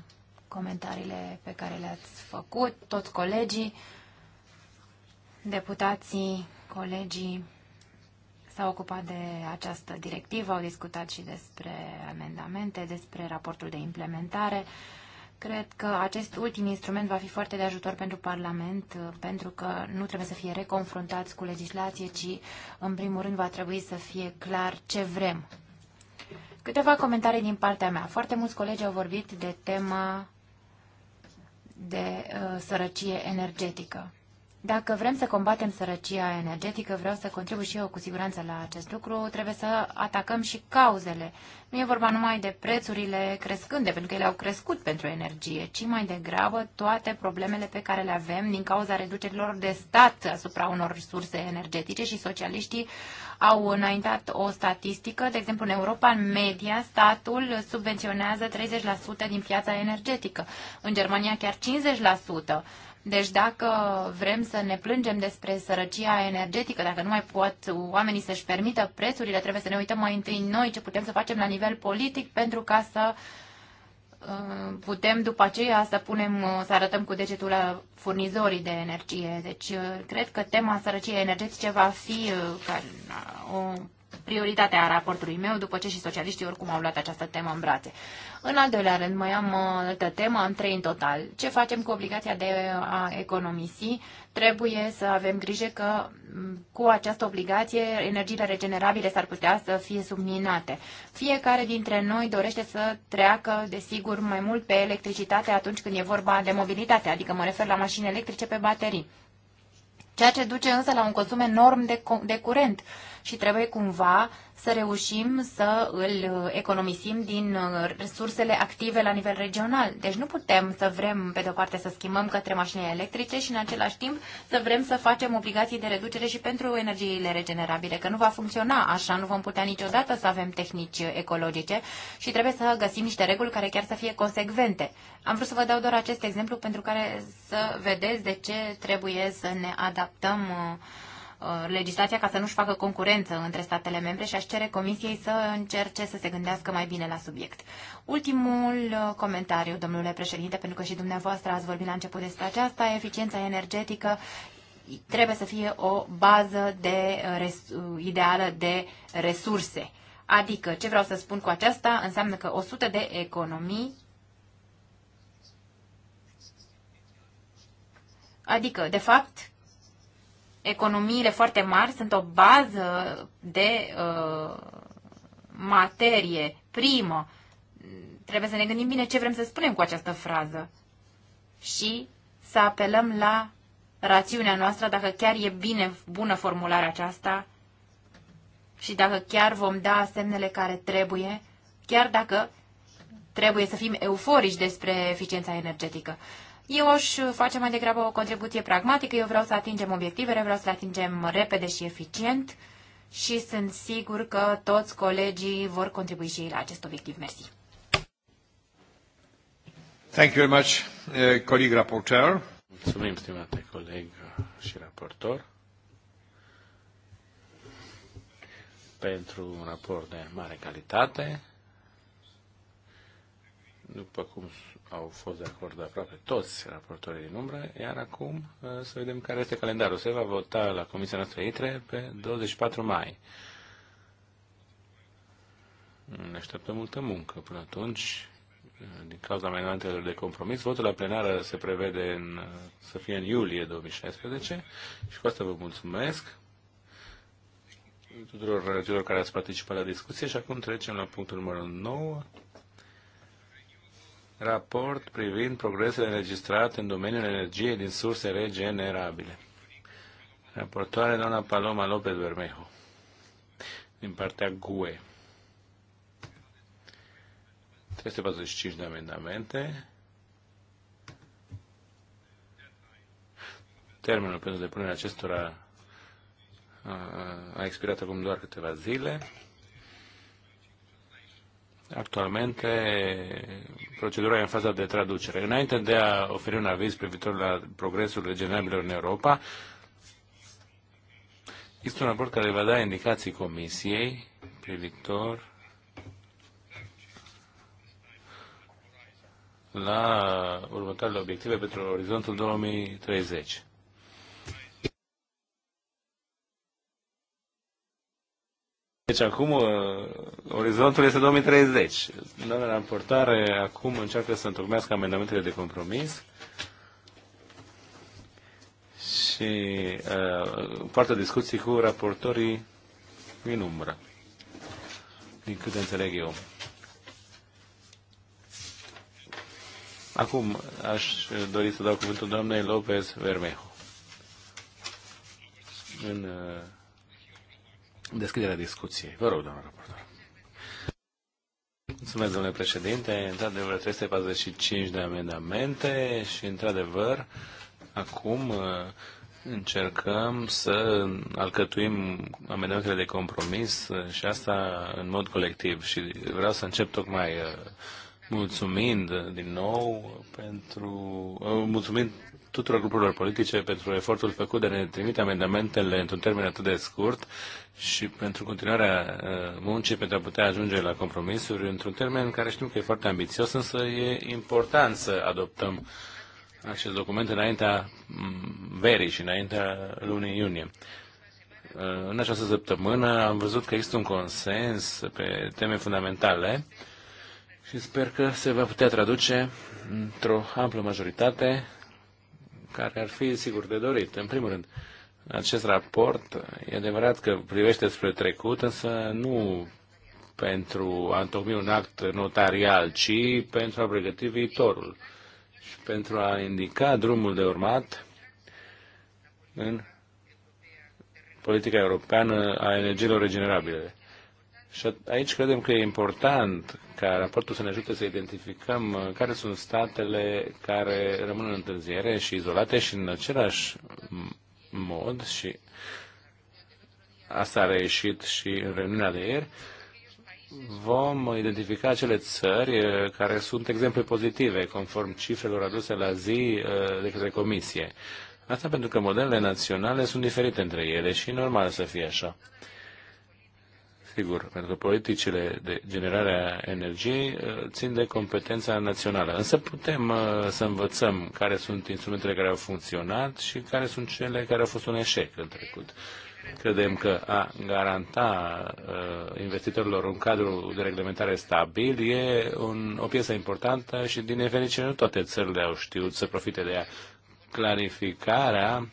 comentariile pe care le-ați făcut, toți colegii. Deputații, colegii s-au ocupat de această directivă, au discutat și despre amendamente, despre raportul de implementare. Cred că acest ultim instrument va fi foarte de ajutor pentru Parlament, pentru că nu trebuie să fie reconfruntați cu legislație, ci, în primul rând, va trebui să fie clar ce vrem. Câteva comentarii din partea mea. Foarte mulți colegi au vorbit de tema de uh, sărăcie energetică. Dacă vrem să combatem sărăcia energetică, vreau să contribui și eu cu siguranță la acest lucru, trebuie să atacăm și cauzele. Nu e vorba numai de prețurile crescânde, pentru că ele au crescut pentru energie, ci mai degrabă toate problemele pe care le avem din cauza reducerilor de stat asupra unor surse energetice și socialiștii au înaintat o statistică. De exemplu, în Europa, în media, statul subvenționează 30% din piața energetică. În Germania chiar 50%. Deci dacă vrem să ne plângem despre sărăcia energetică, dacă nu mai pot oamenii să-și permită prețurile, trebuie să ne uităm mai întâi noi ce putem să facem la nivel politic pentru ca să uh, putem după aceea să punem, uh, să arătăm cu degetul la furnizorii de energie. Deci uh, cred că tema sărăciei energetice va fi o Prioritatea a raportului meu, după ce și socialiștii oricum au luat această temă în brațe. În al doilea rând, mai am uh, altă temă, am trei în total. Ce facem cu obligația de a economisi? Trebuie să avem grijă că mm, cu această obligație energiile regenerabile s-ar putea să fie subminate. Fiecare dintre noi dorește să treacă, desigur, mai mult pe electricitate atunci când e vorba de mobilitate, adică mă refer la mașini electrice pe baterii. Ceea ce duce însă la un consum enorm de, de curent. Uh, și trebuie cumva să reușim să îl uh, economisim din uh, resursele active la nivel regional. Deci nu putem să vrem, pe de o parte, să schimbăm către mașinile electrice și, în același timp, să vrem să facem obligații de reducere și pentru energiile regenerabile, că nu va funcționa așa, nu vom putea niciodată să avem tehnici ecologice și trebuie să găsim niște reguli care chiar să fie consecvente. Am vrut să vă dau doar acest exemplu pentru care să vedeți de ce trebuie să ne adaptăm uh, Uh, legislația ca să nu-și facă concurență între statele membre și aș cere Comisiei să încerce să se gândească mai bine la subiect. Ultimul uh, comentariu, domnule președinte, pentru că și dumneavoastră ați vorbit la început despre aceasta, eficiența energetică trebuie să fie o bază de uh, ideală de resurse. Adică, ce vreau să spun cu aceasta, înseamnă că 100 de economii Adică, de fapt, economiile foarte mari sunt o bază de uh, materie primă. Trebuie să ne gândim bine ce vrem să spunem cu această frază și să apelăm la rațiunea noastră dacă chiar e bine bună formularea aceasta și dacă chiar vom da semnele care trebuie, chiar dacă trebuie să fim euforici despre eficiența energetică. Eu aș face mai degrabă o contribuție pragmatică, eu vreau să atingem obiectivele, vreau să le atingem repede și eficient și sunt sigur că toți colegii vor contribui și ei la acest obiectiv. Mersi. Thank you very much, uh, colleague rapporteur. Mulțumim, stimate coleg și raportor, pentru un raport de mare calitate. După cum au fost de acord aproape toți raportorii din umbră, iar acum uh, să vedem care este calendarul. Se va vota la Comisia noastră ITRE pe 24 mai. Ne așteptăm multă muncă până atunci. Uh, din cauza amendamentelor de compromis, votul la plenară se prevede în, uh, să fie în iulie 2016 și cu asta vă mulțumesc tuturor celor care ați participat la discuție și acum trecem la punctul numărul 9 raport privind progresele înregistrate în domeniul energiei din surse regenerabile. Raportoare doamna Paloma López Bermejo, din partea GUE. 345 de amendamente. Termenul pentru depunerea acestora uh, uh, a expirat acum doar câteva zile. Actualmente, procedura e în faza de traducere. Înainte de a oferi un aviz privitor la progresul regenerabilor în Europa, este un raport care va da indicații Comisiei privitor la următoarele obiective pentru orizontul 2030. Deci acum uh, orizontul este 2030. Doamna raportare acum încearcă să întocmească amendamentele de compromis și uh, poartă discuții cu raportorii din umbră, din câte înțeleg eu. Acum aș dori să dau cuvântul doamnei Lopez Vermejo. În, uh, deschiderea discuției. Vă rog, doamnă raportor. Mulțumesc, domnule președinte. Într-adevăr, 345 de amendamente și, într-adevăr, acum uh, încercăm să alcătuim amendamentele de compromis uh, și asta în mod colectiv. Și vreau să încep tocmai uh, mulțumind din nou pentru, mulțumind tuturor grupurilor politice pentru efortul făcut de a ne trimite amendamentele într-un termen atât de scurt și pentru continuarea uh, muncii pentru a putea ajunge la compromisuri într-un termen care știm că e foarte ambițios, însă e important să adoptăm acest document înaintea mm, verii și înaintea lunii iunie. Uh, în această săptămână am văzut că există un consens pe teme fundamentale și sper că se va putea traduce într-o amplă majoritate care ar fi, sigur, de dorit. În primul rând, acest raport e adevărat că privește spre trecut, însă nu pentru a întocmi un act notarial, ci pentru a pregăti viitorul și pentru a indica drumul de urmat în politica europeană a energiilor regenerabile. Și aici credem că e important ca raportul să ne ajute să identificăm uh, care sunt statele care rămân în întârziere și izolate și în același mod și asta a reieșit și în reuniunea de ieri, vom identifica acele țări uh, care sunt exemple pozitive, conform cifrelor aduse la zi uh, de către Comisie. Asta pentru că modelele naționale sunt diferite între ele și e normal să fie așa. Sigur, pentru că politicile de generare a energiei uh, țin de competența națională. Însă putem uh, să învățăm care sunt instrumentele care au funcționat și care sunt cele care au fost un eșec în trecut. Credem că a garanta uh, investitorilor un cadru de reglementare stabil e un, o piesă importantă și din nefericire nu toate țările au știut să profite de ea. Clarificarea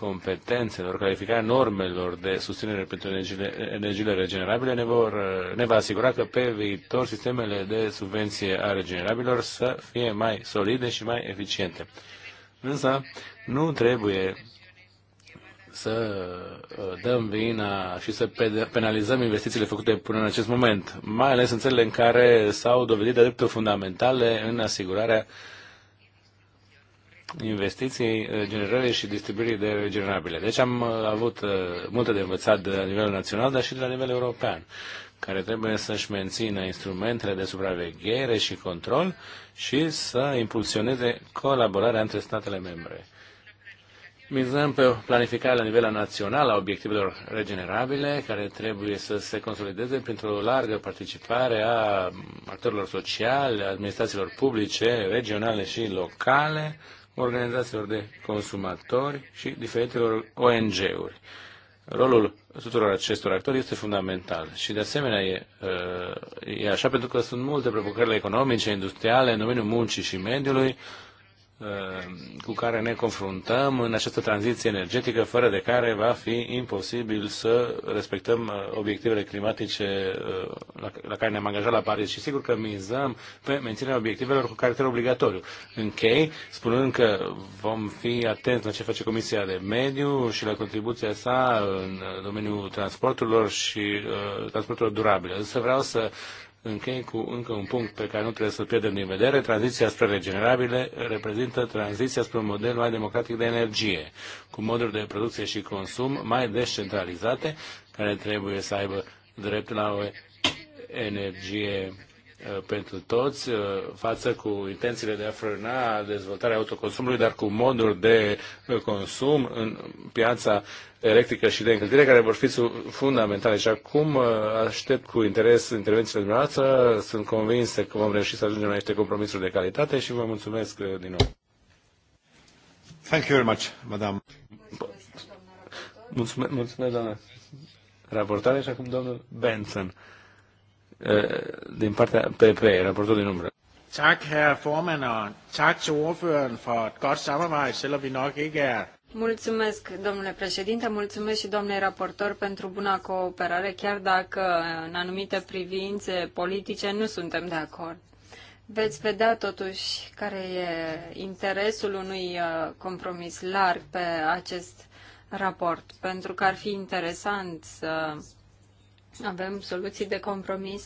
competențelor, calificarea normelor de susținere pentru energiile, energiile regenerabile ne, vor, ne va asigura că pe viitor sistemele de subvenție a regenerabilor să fie mai solide și mai eficiente. Însă nu trebuie să uh, dăm vina și să penalizăm investițiile făcute până în acest moment, mai ales în țările în care s-au dovedit drepturi fundamentale în asigurarea uh, investiției, eh, generării și distribuirii de regenerabile. Deci am eh, avut eh, multe de învățat de la nivel național, dar și de la nivel european, care trebuie să-și mențină instrumentele de supraveghere și control și să impulsioneze colaborarea între statele membre. Mizăm pe planificarea la nivel național a obiectivelor regenerabile, care trebuie să se consolideze printr-o largă participare a actorilor sociale, administrațiilor publice, regionale și locale, organizațiilor de consumatori și diferitelor ONG-uri. Rolul tuturor acestor actori este fundamental și de asemenea e, uh, e așa pentru că sunt multe provocările economice, industriale, în domeniul muncii și mediului, Uh, cu care ne confruntăm în această tranziție energetică, fără de care va fi imposibil să respectăm uh, obiectivele climatice uh, la care ne-am angajat la Paris. Și sigur că mizăm pe menținerea obiectivelor cu caracter obligatoriu. Închei, spunând că vom fi atenți la ce face Comisia de Mediu și la contribuția sa în domeniul transporturilor și transporturilor durabile. Însă vreau să Închei cu încă un punct pe care nu trebuie să pierdem din vedere. Tranziția spre regenerabile reprezintă tranziția spre un model mai democratic de energie, cu moduri de producție și consum mai descentralizate, care trebuie să aibă drept la o energie Uh, pentru toți uh, față cu intențiile de a frâna dezvoltarea autoconsumului, dar cu moduri de uh, consum în piața electrică și de încălzire care vor fi fundamentale. Și acum aștept cu interes intervențiile dumneavoastră. Sunt convins că vom reuși să ajungem la niște compromisuri de calitate și vă mulțumesc din nou. Thank you very much, madam. Mulțumesc, mulțumesc doamnă raportare și acum domnul Benson. Øh, din partea PP, raportul din umbră. Tak, formand, og tak til ordføreren for et godt samarbejde, selvom vi nok ikke er Mulțumesc, domnule președinte, mulțumesc și domnului raportor pentru buna cooperare, chiar dacă în anumite privințe politice nu suntem de acord. Veți vedea totuși care e interesul unui uh, compromis larg pe acest raport, pentru că ar fi interesant să avem soluții de compromis,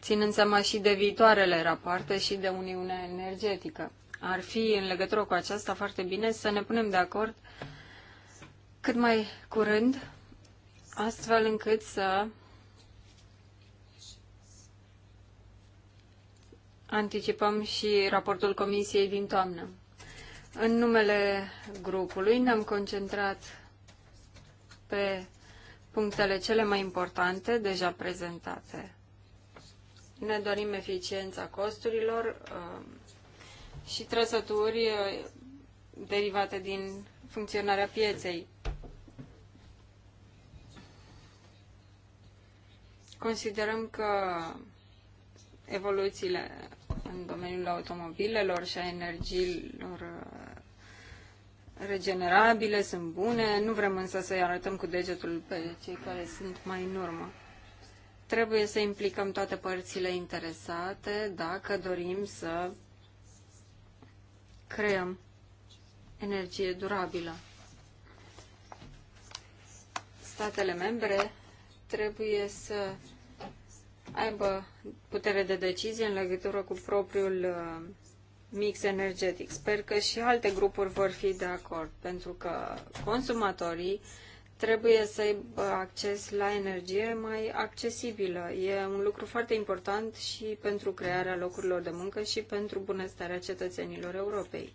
ținând seama și de viitoarele rapoarte și de Uniunea Energetică. Ar fi, în legătură cu aceasta, foarte bine să ne punem de acord cât mai curând, astfel încât să anticipăm și raportul Comisiei din toamnă. În numele grupului ne-am concentrat pe punctele cele mai importante deja prezentate. Ne dorim eficiența costurilor um, și trăsături uh, derivate din funcționarea pieței. Considerăm că evoluțiile în domeniul automobilelor și a energiilor uh, regenerabile, sunt bune, nu vrem însă să-i arătăm cu degetul pe cei care sunt mai în urmă. Trebuie să implicăm toate părțile interesate dacă dorim să creăm energie durabilă. Statele membre trebuie să aibă putere de decizie în legătură cu propriul uh, mix energetic. Sper că și alte grupuri vor fi de acord, pentru că consumatorii trebuie să aibă acces la energie mai accesibilă. E un lucru foarte important și pentru crearea locurilor de muncă și pentru bunăstarea cetățenilor Europei.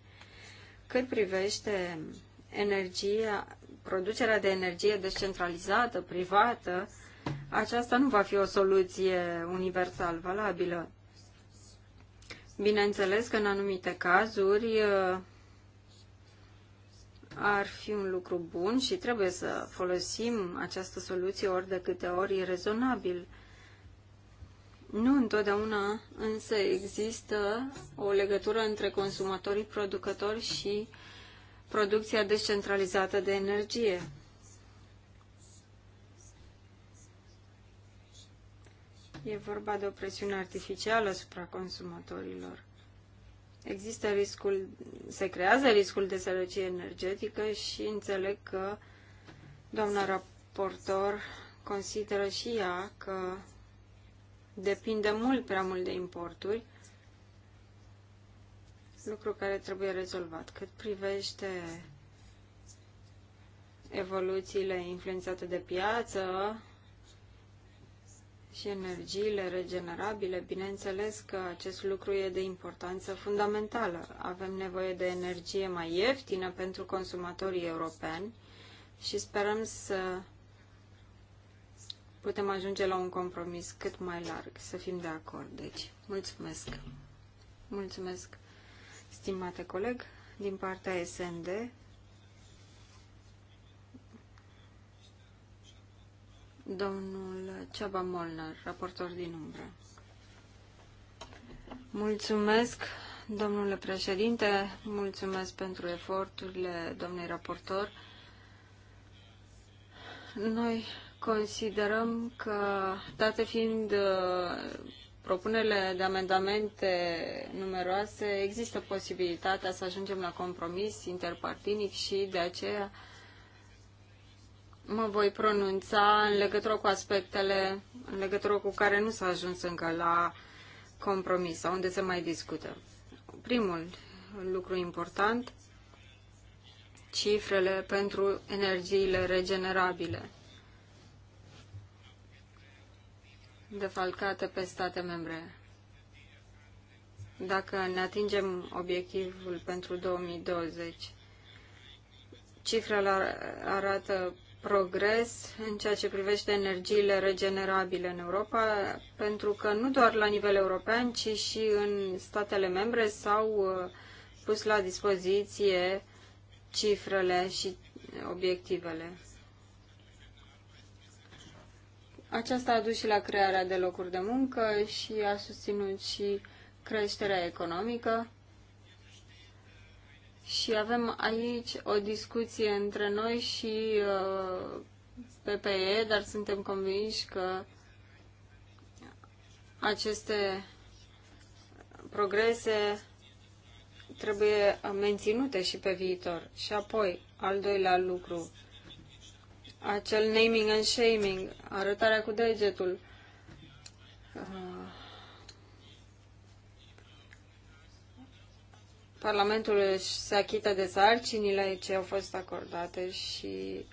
Cât privește energia, producerea de energie descentralizată, privată, aceasta nu va fi o soluție universal valabilă. Bineînțeles că în anumite cazuri uh, ar fi un lucru bun și trebuie să folosim această soluție ori de câte ori e rezonabil. Nu întotdeauna însă există o legătură între consumatorii producători și producția descentralizată de energie. E vorba de o presiune artificială asupra consumatorilor. Există riscul, se creează riscul de sărăcie energetică și înțeleg că doamna raportor consideră și ea că depinde mult prea mult de importuri, lucru care trebuie rezolvat. Cât privește evoluțiile influențate de piață, și energiile regenerabile, bineînțeles că acest lucru e de importanță fundamentală. Avem nevoie de energie mai ieftină pentru consumatorii europeni și sperăm să putem ajunge la un compromis cât mai larg, să fim de acord. Deci, mulțumesc! Mulțumesc, stimate coleg, din partea SND, Domnul Ceaba Molnar, raportor din umbră. Mulțumesc, domnule președinte, mulțumesc pentru eforturile domnului raportor. Noi considerăm că, date fiind uh, propunerile de amendamente numeroase, există posibilitatea să ajungem la compromis interpartinic și de aceea mă voi pronunța în legătură cu aspectele în legătură cu care nu s-a ajuns încă la compromis sau unde se mai discută. Primul lucru important, cifrele pentru energiile regenerabile defalcate pe state membre. Dacă ne atingem obiectivul pentru 2020, cifrele arată progres în ceea ce privește energiile regenerabile în Europa, pentru că nu doar la nivel european, ci și în statele membre s-au uh, pus la dispoziție cifrele și obiectivele. Aceasta a dus și la crearea de locuri de muncă și a susținut și creșterea economică și avem aici o discuție între noi și uh, PPE, dar suntem convinși că aceste progrese trebuie menținute și pe viitor. Și apoi, al doilea lucru, acel naming and shaming, arătarea cu degetul. Uh, Parlamentul își se achită de sarcinile ce au fost acordate și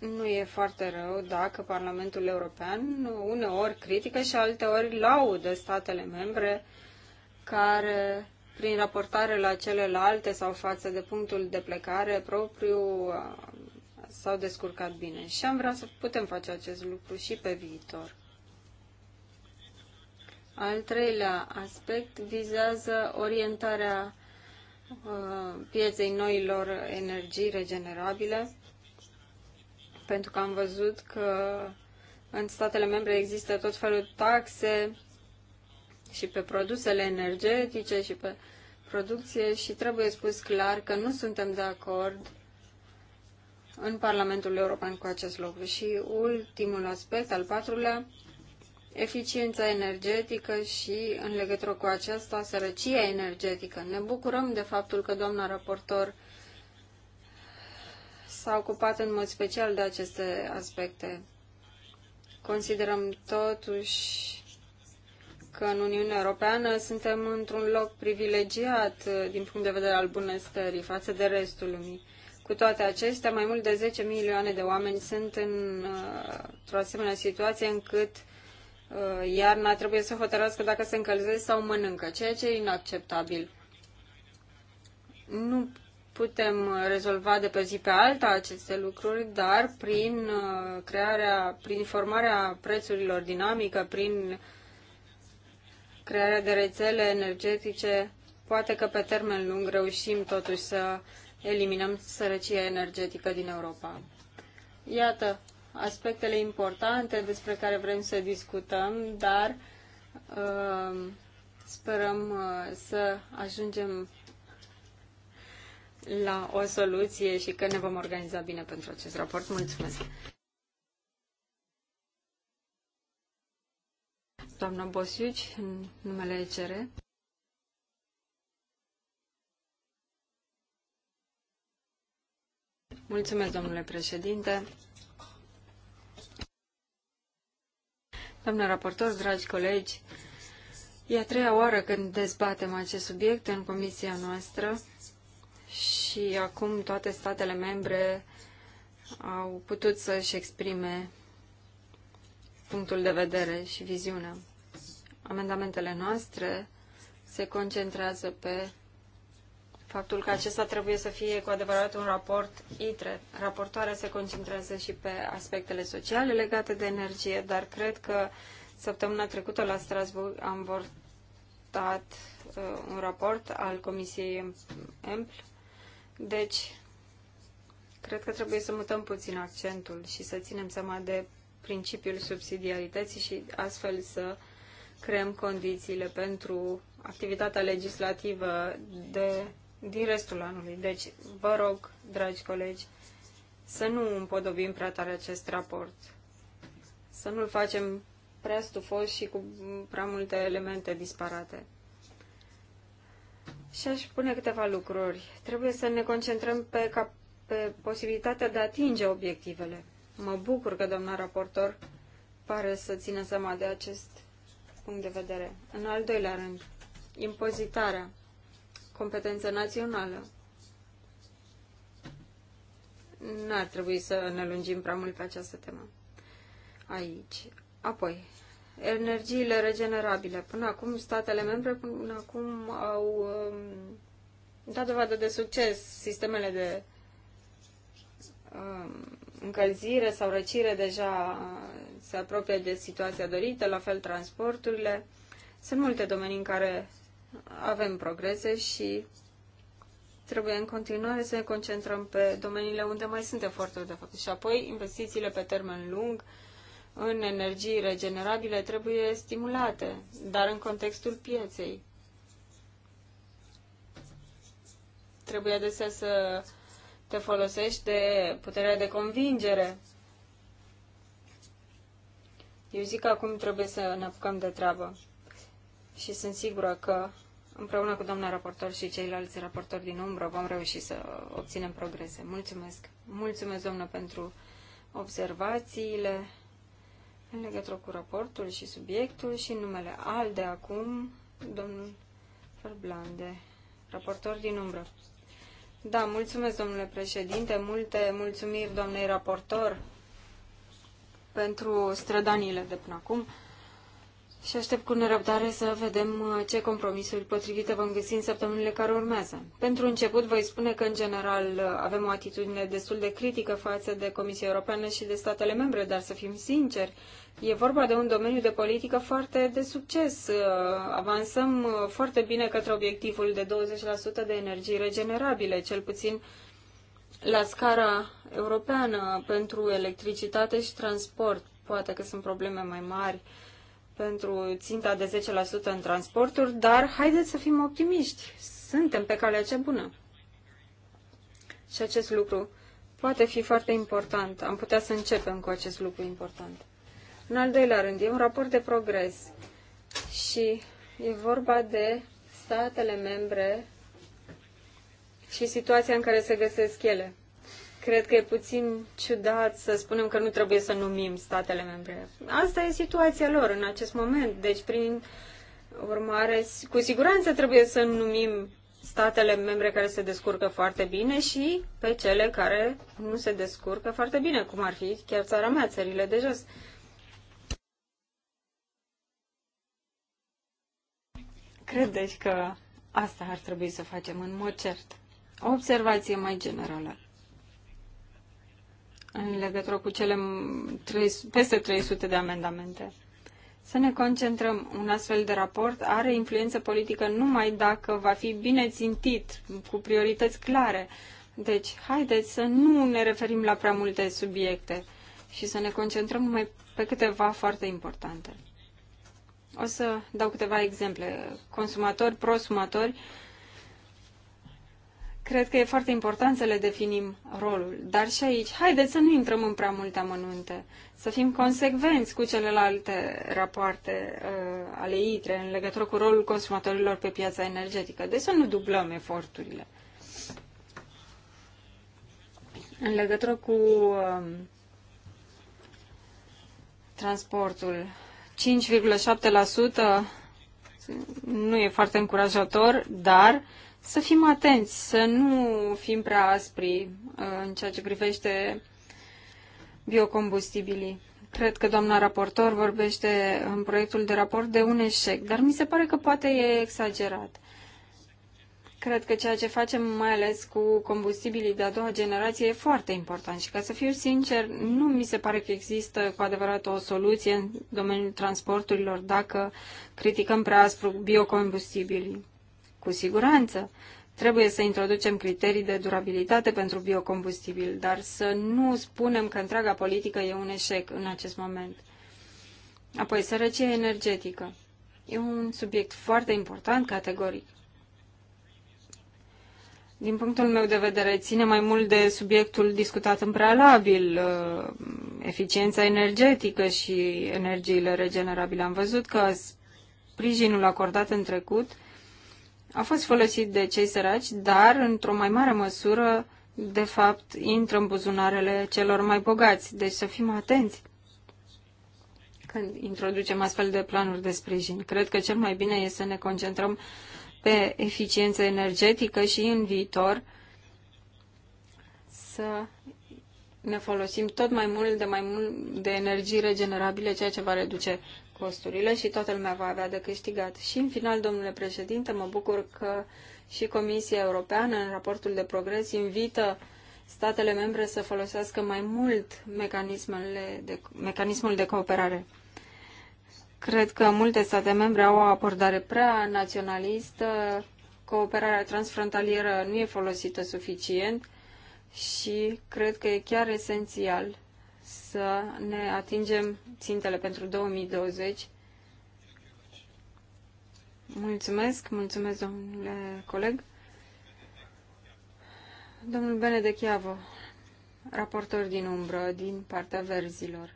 nu e foarte rău dacă Parlamentul European uneori critică și alteori laudă statele membre care, prin raportare la celelalte sau față de punctul de plecare propriu, uh, s-au descurcat bine. Și am vrea să putem face acest lucru și pe viitor. Al treilea aspect vizează orientarea uh, pieței noilor energii regenerabile, pentru că am văzut că în statele membre există tot felul de taxe și pe produsele energetice și pe producție și trebuie spus clar că nu suntem de acord în Parlamentul European cu acest lucru. Și ultimul aspect, al patrulea, eficiența energetică și, în legătură cu aceasta, sărăcia energetică. Ne bucurăm de faptul că doamna raportor s-a ocupat în mod special de aceste aspecte. Considerăm totuși că în Uniunea Europeană suntem într-un loc privilegiat uh, din punct de vedere al bunăstării față de restul lumii. Cu toate acestea, mai mult de 10 milioane de oameni sunt în, uh, într-o asemenea situație încât uh, Uh, iarna trebuie să hotărască dacă se încălzesc sau mănâncă, ceea ce e inacceptabil. Nu putem rezolva de pe zi pe alta aceste lucruri, dar prin uh, crearea, prin formarea prețurilor dinamică, prin crearea de rețele energetice, poate că pe termen lung reușim totuși să eliminăm sărăcia energetică din Europa. Iată aspectele importante despre care vrem să discutăm, dar uh, sperăm uh, să ajungem la o soluție și că ne vom organiza bine pentru acest raport. Mulțumesc! Doamna Bosiuci, în numele ECR. Mulțumesc, domnule președinte. Doamnă raportor, dragi colegi, e a treia oară când dezbatem acest subiect în comisia noastră și acum toate statele membre au putut să-și exprime punctul de vedere și viziunea. Amendamentele noastre se concentrează pe faptul că acesta trebuie să fie cu adevărat un raport ITRE. Raportoarea se concentrează și pe aspectele sociale legate de energie, dar cred că săptămâna trecută la Strasbourg am votat uh, un raport al Comisiei EMPL, deci cred că trebuie să mutăm puțin accentul și să ținem seama de principiul subsidiarității și astfel să creăm condițiile pentru activitatea legislativă de din restul anului. Deci, vă rog, dragi colegi, să nu împodobim prea tare acest raport, să nu-l facem prea stufos și cu prea multe elemente disparate. Și aș pune câteva lucruri. Trebuie să ne concentrăm pe, cap- pe posibilitatea de a atinge obiectivele. Mă bucur că doamna raportor pare să țină seama de acest punct de vedere. În al doilea rând, impozitarea competență națională. N-ar trebui să ne lungim prea mult pe această temă aici. Apoi, energiile regenerabile. Până acum, statele membre până acum au um, dat dovadă de succes sistemele de um, încălzire sau răcire deja uh, se apropie de situația dorită, la fel transporturile. Sunt multe domenii în care avem progrese și trebuie în continuare să ne concentrăm pe domeniile unde mai sunt eforturi de făcut. Și apoi, investițiile pe termen lung în energii regenerabile trebuie stimulate, dar în contextul pieței. Trebuie adesea să te folosești de puterea de convingere. Eu zic că acum trebuie să ne apucăm de treabă. Și sunt sigură că împreună cu doamna raportor și ceilalți raportori din umbră, vom reuși să obținem progrese. Mulțumesc! Mulțumesc, doamnă, pentru observațiile în legătură cu raportul și subiectul și numele al de acum, domnul Ferblande, raportor din umbră. Da, mulțumesc, domnule președinte, multe mulțumiri doamnei raportor pentru strădanile de până acum și aștept cu nerăbdare să vedem uh, ce compromisuri potrivite vom găsi în săptămânile care urmează. Pentru început, voi spune că, în general, uh, avem o atitudine destul de critică față de Comisia Europeană și de statele membre, dar să fim sinceri, e vorba de un domeniu de politică foarte de succes. Uh, avansăm foarte bine către obiectivul de 20% de energii regenerabile, cel puțin la scara europeană pentru electricitate și transport. Poate că sunt probleme mai mari pentru ținta de 10% în transporturi, dar haideți să fim optimiști. Suntem pe calea cea bună. Și acest lucru poate fi foarte important. Am putea să începem cu acest lucru important. În al doilea rând, e un raport de progres și e vorba de statele membre și situația în care se găsesc ele. Cred că e puțin ciudat să spunem că nu trebuie să numim statele membre. Asta e situația lor în acest moment. Deci, prin urmare, cu siguranță trebuie să numim statele membre care se descurcă foarte bine și pe cele care nu se descurcă foarte bine, cum ar fi chiar țara mea, țările de jos. Credeți deci, că asta ar trebui să facem în mod cert? O observație mai generală în legătură cu cele peste 300 de amendamente. Să ne concentrăm, un astfel de raport are influență politică numai dacă va fi bine țintit, cu priorități clare. Deci, haideți să nu ne referim la prea multe subiecte și să ne concentrăm numai pe câteva foarte importante. O să dau câteva exemple. Consumatori, prosumatori, Cred că e foarte important să le definim rolul, dar și aici, haideți să nu intrăm în prea multe amănunte, să fim consecvenți cu celelalte rapoarte uh, ale ITRE în legătură cu rolul consumatorilor pe piața energetică, deci să nu dublăm eforturile. În legătură cu uh, transportul, 5,7% nu e foarte încurajator, dar să fim atenți, să nu fim prea aspri uh, în ceea ce privește biocombustibilii. Cred că doamna raportor vorbește în proiectul de raport de un eșec, dar mi se pare că poate e exagerat. Cred că ceea ce facem, mai ales cu combustibilii de a doua generație, e foarte important și, ca să fiu sincer, nu mi se pare că există cu adevărat o soluție în domeniul transporturilor dacă criticăm prea aspru biocombustibilii. Cu siguranță, trebuie să introducem criterii de durabilitate pentru biocombustibil, dar să nu spunem că întreaga politică e un eșec în acest moment. Apoi, sărăcie energetică. E un subiect foarte important, categoric. Din punctul meu de vedere, ține mai mult de subiectul discutat în prealabil, uh, eficiența energetică și energiile regenerabile. Am văzut că sprijinul acordat în trecut a fost folosit de cei săraci, dar într-o mai mare măsură, de fapt, intră în buzunarele celor mai bogați. Deci să fim atenți când introducem astfel de planuri de sprijin. Cred că cel mai bine este să ne concentrăm pe eficiență energetică și în viitor să ne folosim tot mai mult de mai mult de energii regenerabile, ceea ce va reduce costurile și toată lumea va avea de câștigat. Și în final, domnule președinte, mă bucur că și Comisia Europeană, în raportul de progres, invită statele membre să folosească mai mult mecanismele de, mecanismul de cooperare. Cred că multe state membre au o abordare prea naționalistă, cooperarea transfrontalieră nu e folosită suficient și cred că e chiar esențial să ne atingem țintele pentru 2020. Mulțumesc, mulțumesc, domnule coleg. Domnul Benedechiavo, raportor din umbră, din partea verzilor.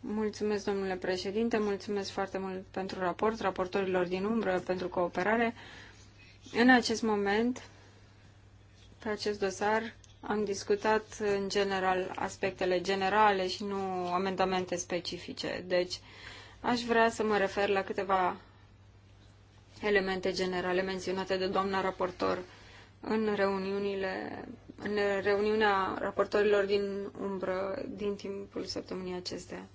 Mulțumesc, domnule președinte, mulțumesc foarte mult pentru raport, raportorilor din umbră, pentru cooperare. În acest moment, pe acest dosar, am discutat în general aspectele generale și nu amendamente specifice. Deci aș vrea să mă refer la câteva elemente generale menționate de doamna raportor în reuniunile în reuniunea raportorilor din umbră din timpul săptămânii acestea.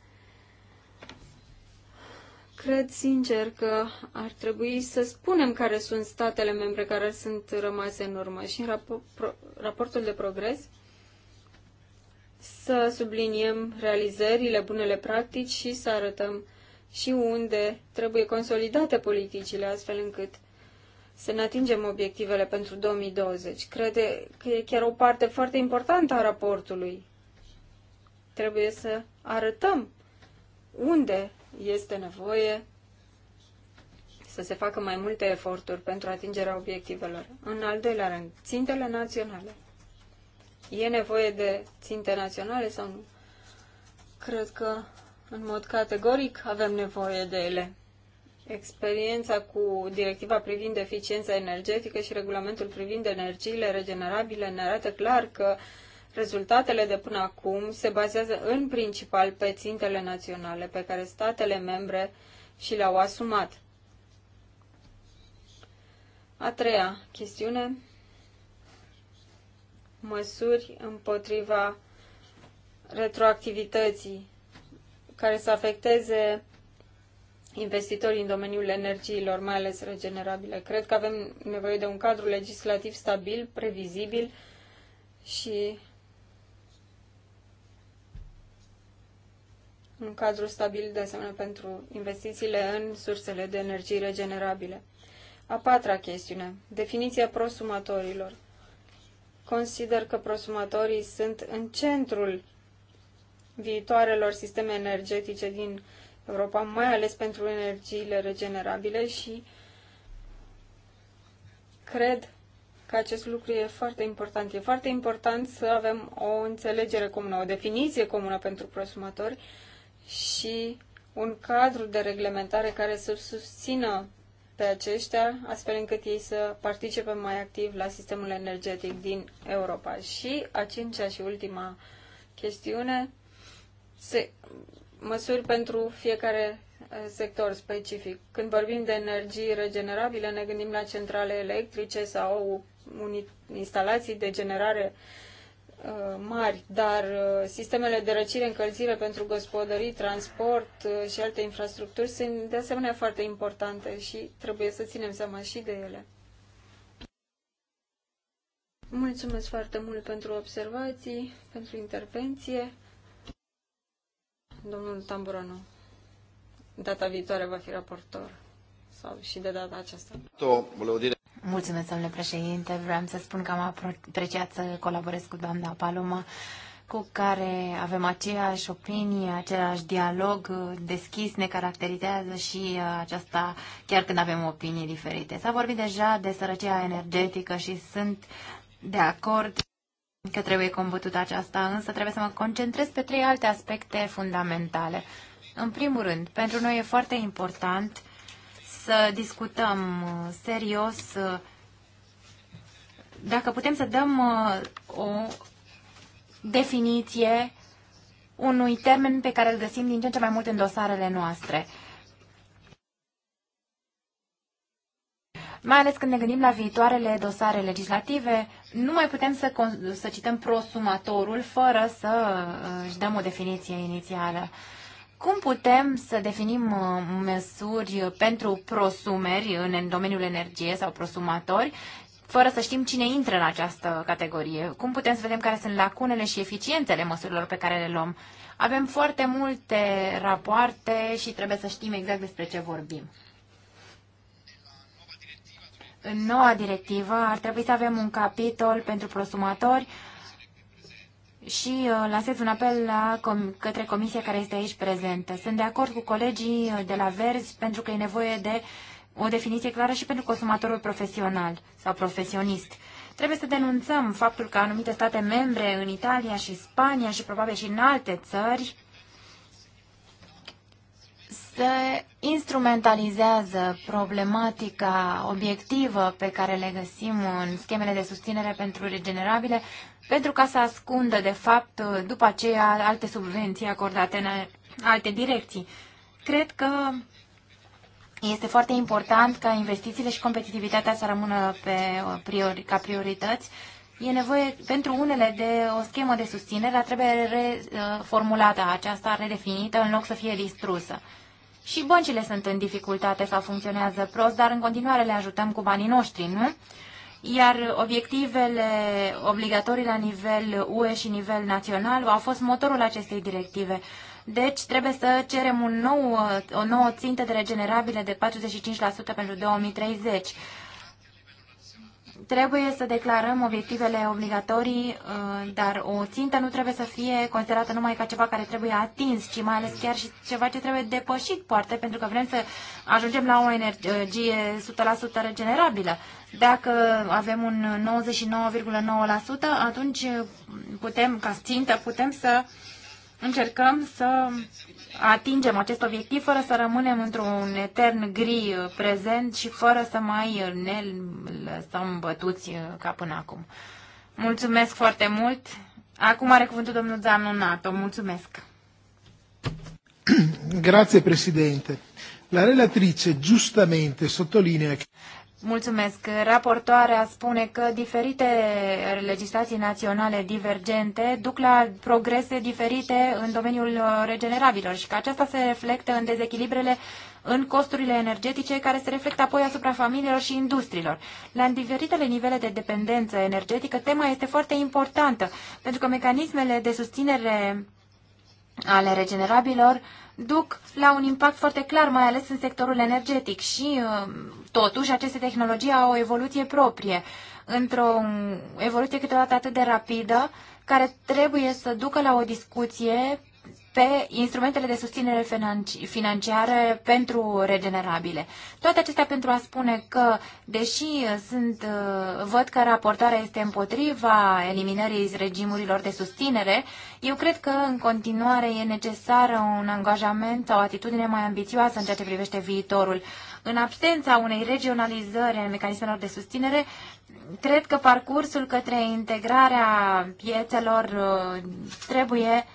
Cred sincer că ar trebui să spunem care sunt statele membre care sunt rămase în urmă și în pro, raportul de progres să subliniem realizările, bunele practici și să arătăm și unde trebuie consolidate politicile astfel încât să ne atingem obiectivele pentru 2020. Crede că e chiar o parte foarte importantă a raportului. Trebuie să arătăm unde este nevoie să se facă mai multe eforturi pentru atingerea obiectivelor. În al doilea rând, țintele naționale. E nevoie de ținte naționale sau nu? Cred că, în mod categoric, avem nevoie de ele. Experiența cu directiva privind eficiența energetică și regulamentul privind energiile regenerabile ne arată clar că uh, Rezultatele de până acum se bazează în principal pe țintele naționale pe care statele membre și le-au asumat. A treia chestiune, măsuri împotriva retroactivității care să afecteze investitorii în domeniul energiilor, mai ales regenerabile. Cred că avem nevoie de un cadru legislativ stabil, previzibil și un cadru stabil de asemenea pentru investițiile în sursele de energie regenerabile. A patra chestiune, definiția prosumatorilor. Consider că prosumatorii sunt în centrul viitoarelor sisteme energetice din Europa, mai ales pentru energiile regenerabile și cred că acest lucru e foarte important. E foarte important să avem o înțelegere comună, o definiție comună pentru prosumatori și un cadru de reglementare care să susțină pe aceștia, astfel încât ei să participe mai activ la sistemul energetic din Europa. Și a cincea și ultima chestiune, se, măsuri pentru fiecare eh, sector specific. Când vorbim de energii regenerabile, ne gândim la centrale electrice sau unit, instalații de generare Uh, mari, dar uh, sistemele de răcire, încălzire pentru gospodării, transport uh, și alte infrastructuri sunt de asemenea foarte importante și trebuie să ținem seama și de ele. Mulțumesc foarte mult pentru observații, pentru intervenție. Domnul Tamburanu, data viitoare va fi raportor sau și de data aceasta. Mulțumesc, domnule președinte. Vreau să spun că am apreciat să colaborez cu doamna Paloma, cu care avem aceeași opinie, același dialog uh, deschis, ne caracterizează și uh, aceasta chiar când avem opinii diferite. S-a vorbit deja de sărăcia energetică și sunt de acord că trebuie combătut aceasta, însă trebuie să mă concentrez pe trei alte aspecte fundamentale. În primul rând, pentru noi e foarte important uh, să discutăm uh, serios uh, dacă putem să dăm uh, o definiție unui termen pe care îl găsim din ce în ce mai mult în dosarele noastre. Mai ales când ne gândim la viitoarele dosare legislative, nu mai putem să, să cităm prosumatorul fără să își dăm o definiție inițială. Cum putem să definim uh, măsuri pentru prosumeri în domeniul energie sau prosumatori, fără să știm cine intră în această categorie? Cum putem să vedem care sunt lacunele și eficiențele măsurilor pe care le luăm? Avem foarte multe rapoarte și trebuie să știm exact despre ce vorbim. În noua directivă ar trebui să avem un capitol pentru prosumatori și uh, lansez un apel la com- către comisia care este aici prezentă. Sunt de acord cu colegii uh, de la Verzi pentru că e nevoie de o definiție clară și pentru consumatorul profesional sau profesionist. Trebuie să denunțăm faptul că anumite state membre în Italia și Spania și probabil și în alte țări se instrumentalizează problematica obiectivă pe care le găsim în schemele de susținere pentru regenerabile pentru ca să ascundă, de fapt, după aceea alte subvenții acordate în alte direcții. Cred că este foarte important ca investițiile și competitivitatea să rămână pe uh, priori, ca priorități. E nevoie pentru unele de o schemă de susținere, trebuie reformulată uh, aceasta, redefinită, în loc să fie distrusă. Și băncile sunt în dificultate sau funcționează prost, dar în continuare le ajutăm cu banii noștri, nu? iar obiectivele obligatorii la nivel UE și nivel național au fost motorul acestei directive. Deci trebuie să cerem un nou, o nouă țintă de regenerabile de 45% pentru 2030. Trebuie să declarăm obiectivele obligatorii, uh, dar o țintă nu trebuie să fie considerată numai ca ceva care trebuie atins, ci mai ales chiar și ceva ce trebuie depășit, poate, pentru că vrem să ajungem la o energie 100% regenerabilă. Dacă avem un 99,9%, atunci putem, ca țintă, putem să uh, încercăm să atingem acest obiectiv fără să rămânem într-un etern gri uh, prezent și fără să mai uh, ne lăsăm bătuți uh, ca până acum. Mulțumesc foarte mult. Acum are cuvântul domnul Zanu Nato. Mulțumesc. Grazie Presidente. La relatrice giustamente sottolinea che... Mulțumesc. Raportoarea spune că diferite legislații naționale divergente duc la progrese diferite în domeniul uh, regenerabilor și că aceasta se reflectă în dezechilibrele în costurile energetice care se reflectă apoi asupra familiilor și industriilor. La diferitele nivele de dependență energetică, tema este foarte importantă, pentru că mecanismele de susținere ale regenerabilor duc la un impact foarte clar, mai ales în sectorul energetic și uh, totuși aceste tehnologii au o evoluție proprie, într-o evoluție câteodată atât de rapidă, care trebuie să ducă la o discuție pe instrumentele de susținere financiară pentru regenerabile. Toate acestea pentru a spune că, deși sunt, uh, văd că raportarea este împotriva eliminării regimurilor de susținere, eu cred că în continuare e necesară un angajament sau o atitudine mai ambițioasă în ceea ce privește viitorul. În absența unei regionalizări a mecanismelor de susținere, cred că parcursul către integrarea piețelor uh, trebuie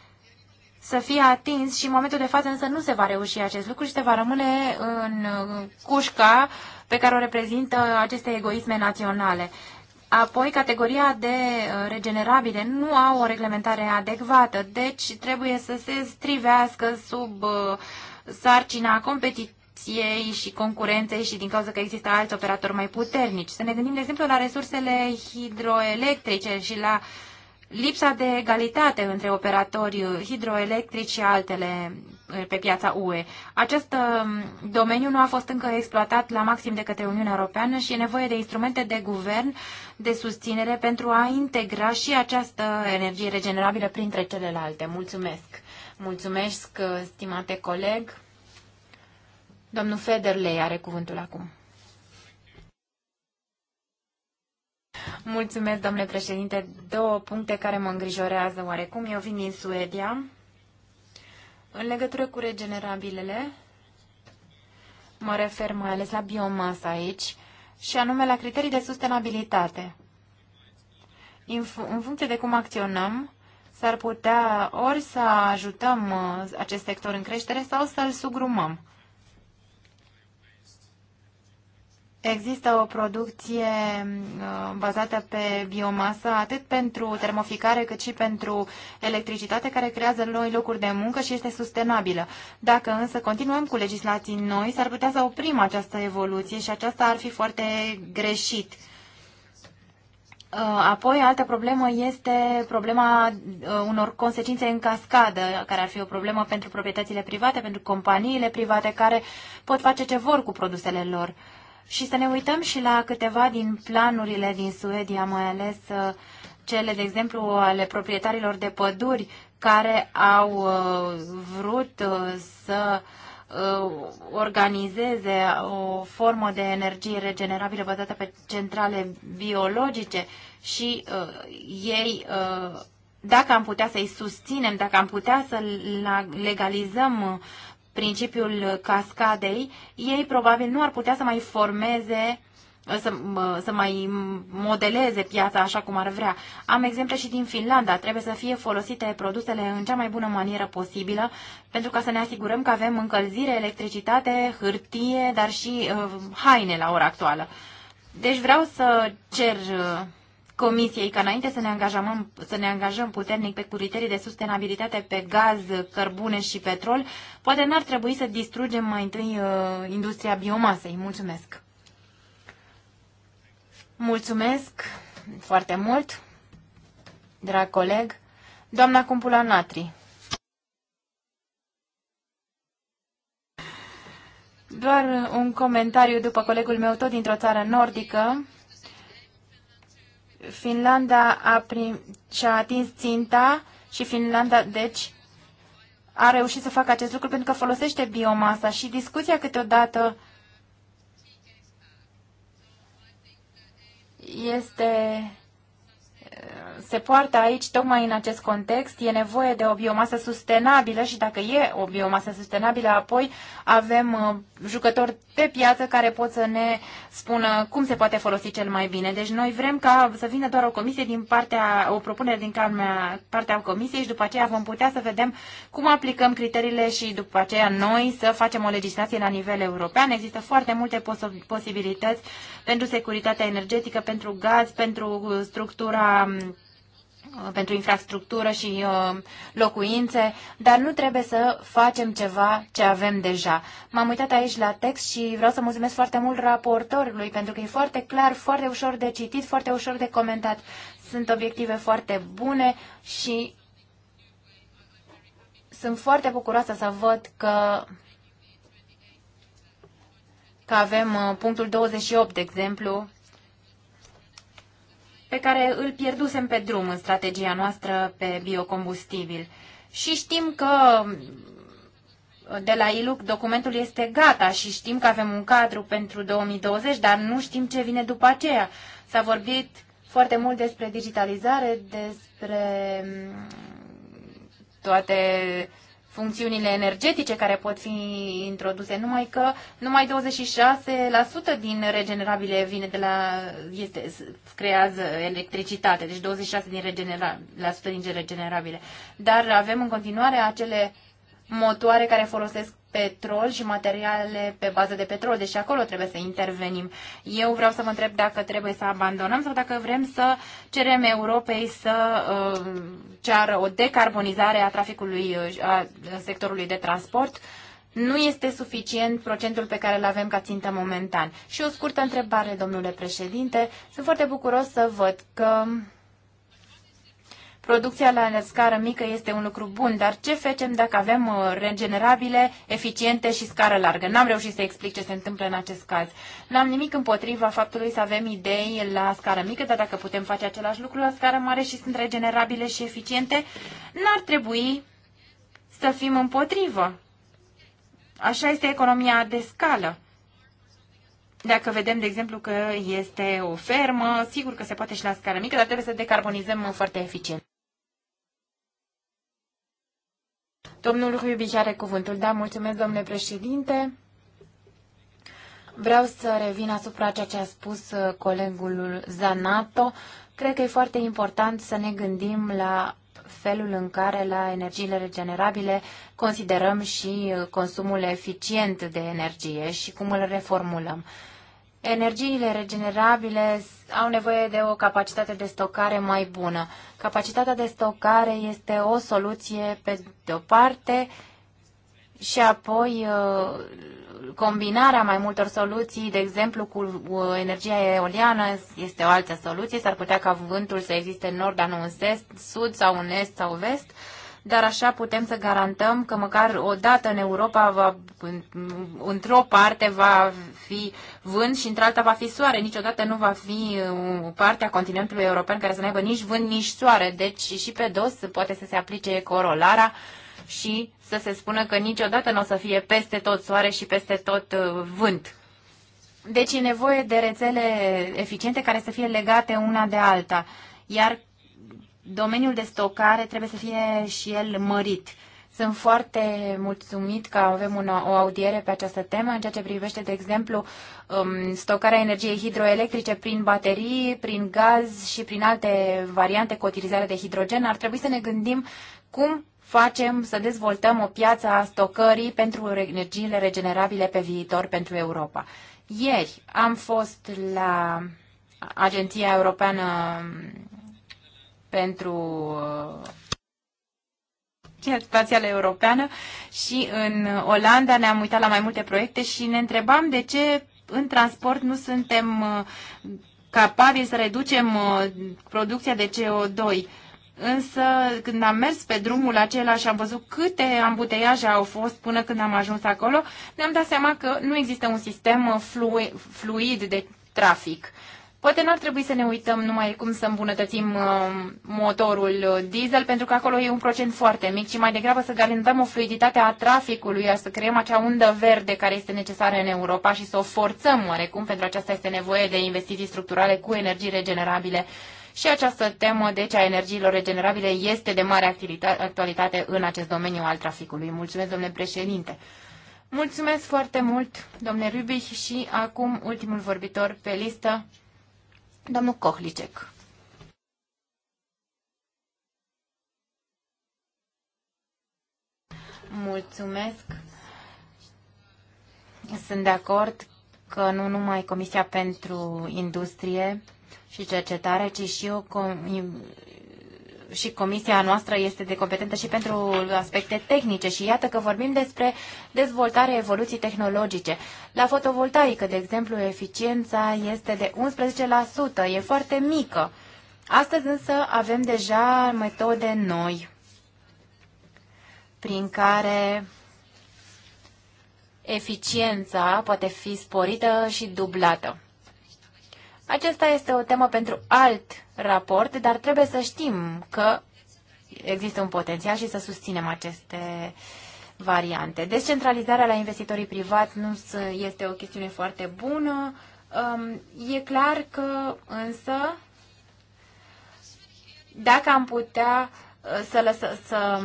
să fie atins și în momentul de față însă nu se va reuși acest lucru și se va rămâne în cușca pe care o reprezintă aceste egoisme naționale. Apoi, categoria de uh, regenerabile nu au o reglementare adecvată, deci trebuie să se strivească sub uh, sarcina competitivă competiției și concurenței și din cauza că există alți operatori mai puternici. Să ne gândim, de exemplu, la resursele hidroelectrice și la lipsa de egalitate între operatori hidroelectrici și altele eh, pe piața UE. Acest mm, domeniu nu a fost încă exploatat la maxim de către Uniunea Europeană și e nevoie de instrumente de guvern de susținere pentru a integra și această energie regenerabilă printre celelalte. Mulțumesc! Mulțumesc, eh, stimate coleg! Domnul Federley are cuvântul acum. Mulțumesc, domnule președinte. Două puncte care mă îngrijorează oarecum. Eu vin din Suedia. În legătură cu regenerabilele, mă refer mai ales la biomasă aici, și anume la criterii de sustenabilitate. În funcție de cum acționăm, s-ar putea ori să ajutăm uh, acest sector în creștere sau să-l sugrumăm. Există o producție uh, bazată pe biomasă, atât pentru termoficare cât și pentru electricitate, care creează noi locuri de muncă și este sustenabilă. Dacă însă continuăm cu legislații noi, s-ar putea să oprim această evoluție și aceasta ar fi foarte greșit. Uh, apoi, altă problemă este problema uh, unor consecințe în cascadă, care ar fi o problemă pentru proprietățile private, pentru companiile private, care pot face ce vor cu produsele lor și să ne uităm și la câteva din planurile din Suedia, mai ales uh, cele, de exemplu, ale proprietarilor de păduri care au uh, vrut uh, să organizeze o formă de energie regenerabilă bazată pe centrale biologice și uh, ei, uh, dacă am putea să-i susținem, dacă am putea să legalizăm principiul cascadei, ei probabil nu ar putea să mai formeze să, să mai modeleze piața așa cum ar vrea. Am exemple și din Finlanda. Trebuie să fie folosite produsele în cea mai bună manieră posibilă pentru ca să ne asigurăm că avem încălzire, electricitate, hârtie, dar și uh, haine la ora actuală. Deci vreau să cer uh, Comisiei ca înainte să ne, angajăm, să ne angajăm puternic pe criterii de sustenabilitate pe gaz, cărbune și petrol, poate n-ar trebui să distrugem mai întâi uh, industria biomasei. Mulțumesc! Mulțumesc foarte mult, drag coleg, doamna Cumpula Natri. Doar un comentariu după colegul meu, tot dintr-o țară nordică, Finlanda a prim, și-a atins ținta și Finlanda, deci, a reușit să facă acest lucru pentru că folosește biomasa și discuția câteodată este se poartă aici tocmai în acest context. E nevoie de o biomasă sustenabilă și dacă e o biomasă sustenabilă, apoi avem uh, jucători pe piață care pot să ne spună cum se poate folosi cel mai bine. Deci noi vrem ca să vină doar o comisie din partea, o propunere din calmea, partea comisiei și după aceea vom putea să vedem cum aplicăm criteriile și după aceea noi să facem o legislație la nivel european. Există foarte multe pos- posibilități pentru securitatea energetică, pentru gaz, pentru structura pentru infrastructură și uh, locuințe, dar nu trebuie să facem ceva ce avem deja. M-am uitat aici la text și vreau să mulțumesc foarte mult raportorului, pentru că e foarte clar, foarte ușor de citit, foarte ușor de comentat. Sunt obiective foarte bune și sunt foarte bucuroasă să văd că că avem uh, punctul 28, de exemplu, pe care îl pierdusem pe drum în strategia noastră pe biocombustibil. Și știm că de la ILUC documentul este gata și știm că avem un cadru pentru 2020, dar nu știm ce vine după aceea. S-a vorbit foarte mult despre digitalizare, despre mm, toate uh, funcțiunile energetice care pot fi introduse, numai că numai 26% din regenerabile vine de la, este, creează electricitate, deci 26% din, regenera, la sută din regenerabile. Dar avem în continuare acele motoare care folosesc petrol și materiale pe bază de petrol, deși acolo trebuie să intervenim. Eu vreau să vă întreb dacă trebuie să abandonăm sau dacă vrem să cerem Europei să uh, ceară o decarbonizare a traficului, uh, a sectorului de transport. Nu este suficient procentul pe care îl avem ca țintă momentan. Și o scurtă întrebare, domnule președinte. Sunt foarte bucuros să văd că producția la scară mică este un lucru bun, dar ce facem dacă avem uh, regenerabile, eficiente și scară largă? N-am reușit să explic ce se întâmplă în acest caz. N-am nimic împotriva faptului să avem idei la scară mică, dar dacă putem face același lucru la scară mare și sunt regenerabile și eficiente, n-ar trebui să fim împotrivă. Așa este economia de scală. Dacă vedem, de exemplu, că este o fermă, sigur că se poate și la scară mică, dar trebuie să decarbonizăm foarte eficient. Domnul Rubic are cuvântul. Da, mulțumesc, domnule președinte. Vreau să revin asupra ceea ce a spus uh, colegul Zanato. Cred că e foarte important să ne gândim la felul în care la energiile regenerabile considerăm și uh, consumul eficient de energie și cum îl reformulăm. Energiile regenerabile au nevoie de o capacitate de stocare mai bună. Capacitatea de stocare este o soluție pe de o parte și apoi uh, combinarea mai multor soluții, de exemplu cu uh, energia eoliană, este o altă soluție. S-ar putea ca vântul să existe în nord, dar nu în sud sau în est sau vest dar așa putem să garantăm că măcar o dată în Europa, va, într-o parte va fi vânt și într-alta va fi soare. Niciodată nu va fi uh, partea continentului european care să nu aibă nici vânt, nici soare. Deci și pe dos poate să se aplice corolara și să se spună că niciodată nu o să fie peste tot soare și peste tot uh, vânt. Deci e nevoie de rețele eficiente care să fie legate una de alta. Iar domeniul de stocare trebuie să fie și el mărit. Sunt foarte mulțumit că avem una, o audiere pe această temă în ceea ce privește, de exemplu, um, stocarea energiei hidroelectrice prin baterii, prin gaz și prin alte variante cu utilizare de hidrogen. Ar trebui să ne gândim cum facem să dezvoltăm o piață a stocării pentru energiile regenerabile pe viitor pentru Europa. Ieri am fost la Agenția Europeană pentru uh, spațială europeană și în Olanda ne-am uitat la mai multe proiecte și ne întrebam de ce în transport nu suntem uh, capabili să reducem uh, producția de CO2. Însă când am mers pe drumul acela și am văzut câte ambuteiaje au fost până când am ajuns acolo, ne-am dat seama că nu există un sistem uh, flu fluid de trafic. Poate n-ar trebui să ne uităm numai cum să îmbunătățim uh, motorul uh, diesel, pentru că acolo e un procent foarte mic, ci mai degrabă să garantăm o fluiditate a traficului, să creăm acea undă verde care este necesară în Europa și să o forțăm oarecum. Pentru aceasta este nevoie de investiții structurale cu energii regenerabile. Și această temă, deci, a energiilor regenerabile este de mare actualitate în acest domeniu al traficului. Mulțumesc, domnule președinte! Mulțumesc foarte mult, domnule Rubich, și acum ultimul vorbitor pe listă, Domnul Kohlicek. Mulțumesc. Sunt de acord că nu numai Comisia pentru Industrie și Cercetare, ci și o și comisia noastră este de competentă și pentru aspecte tehnice și iată că vorbim despre dezvoltare evoluții tehnologice. La fotovoltaică, de exemplu, eficiența este de 11%, e foarte mică. Astăzi însă avem deja metode noi prin care eficiența poate fi sporită și dublată. Acesta este o temă pentru alt raport, dar trebuie să știm că există un potențial și să susținem aceste variante. Descentralizarea la investitorii privați nu este o chestiune foarte bună. Um, e clar că însă dacă am putea uh, să, lăsă, să,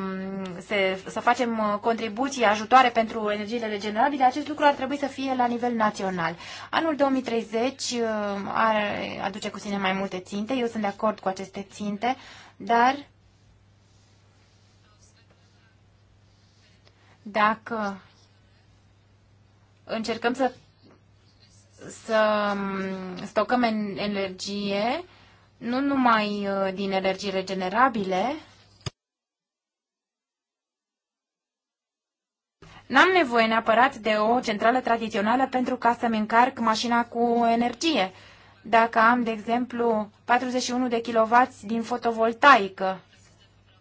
să, să facem contribuții, ajutoare pentru energiile regenerabile, acest lucru ar trebui să fie la nivel național. Anul 2030 uh, ar aduce cu sine mai multe ținte, eu sunt de acord cu aceste ținte, dar dacă încercăm să, să um, stocăm energie, nu numai uh, din energii regenerabile, N-am nevoie neapărat de o centrală tradițională pentru ca să-mi încarc mașina cu energie. Dacă am, de exemplu, 41 de kW din fotovoltaică,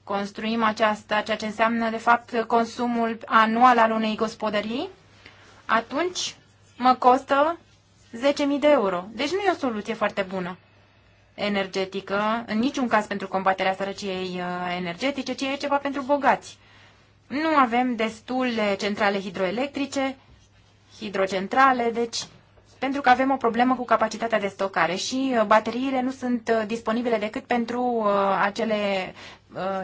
construim aceasta, ceea ce înseamnă, de fapt, consumul anual al unei gospodării, atunci mă costă 10.000 de euro. Deci nu e o soluție foarte bună energetică, în niciun caz pentru combaterea sărăciei uh, energetice, ci e ceva pentru bogați. Nu avem destule centrale hidroelectrice, hidrocentrale, deci pentru că avem o problemă cu capacitatea de stocare și uh, bateriile nu sunt uh, disponibile decât pentru uh, acele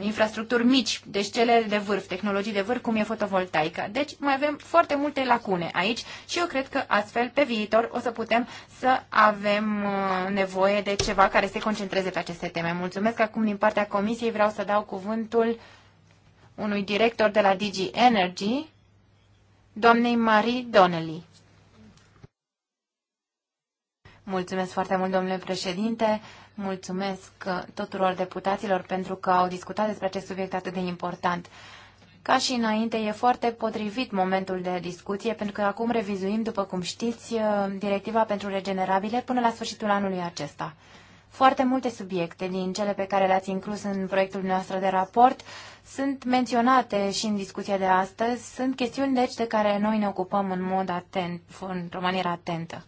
infrastructuri mici, deci cele de vârf, tehnologii de vârf, cum e fotovoltaica. Deci mai avem foarte multe lacune aici și eu cred că astfel pe viitor o să putem să avem nevoie de ceva care se concentreze pe aceste teme. Mulțumesc acum din partea Comisiei, vreau să dau cuvântul unui director de la DG Energy, doamnei Marie Donnelly. Mulțumesc foarte mult, domnule președinte. Mulțumesc uh, tuturor deputaților pentru că au discutat despre acest subiect atât de important. Ca și înainte, e foarte potrivit momentul de discuție, pentru că acum revizuim, după cum știți, uh, directiva pentru regenerabile până la sfârșitul anului acesta. Foarte multe subiecte din cele pe care le-ați inclus în proiectul noastră de raport sunt menționate și în discuția de astăzi. Sunt chestiuni, deci, de care noi ne ocupăm în mod atent, într-o manieră atentă.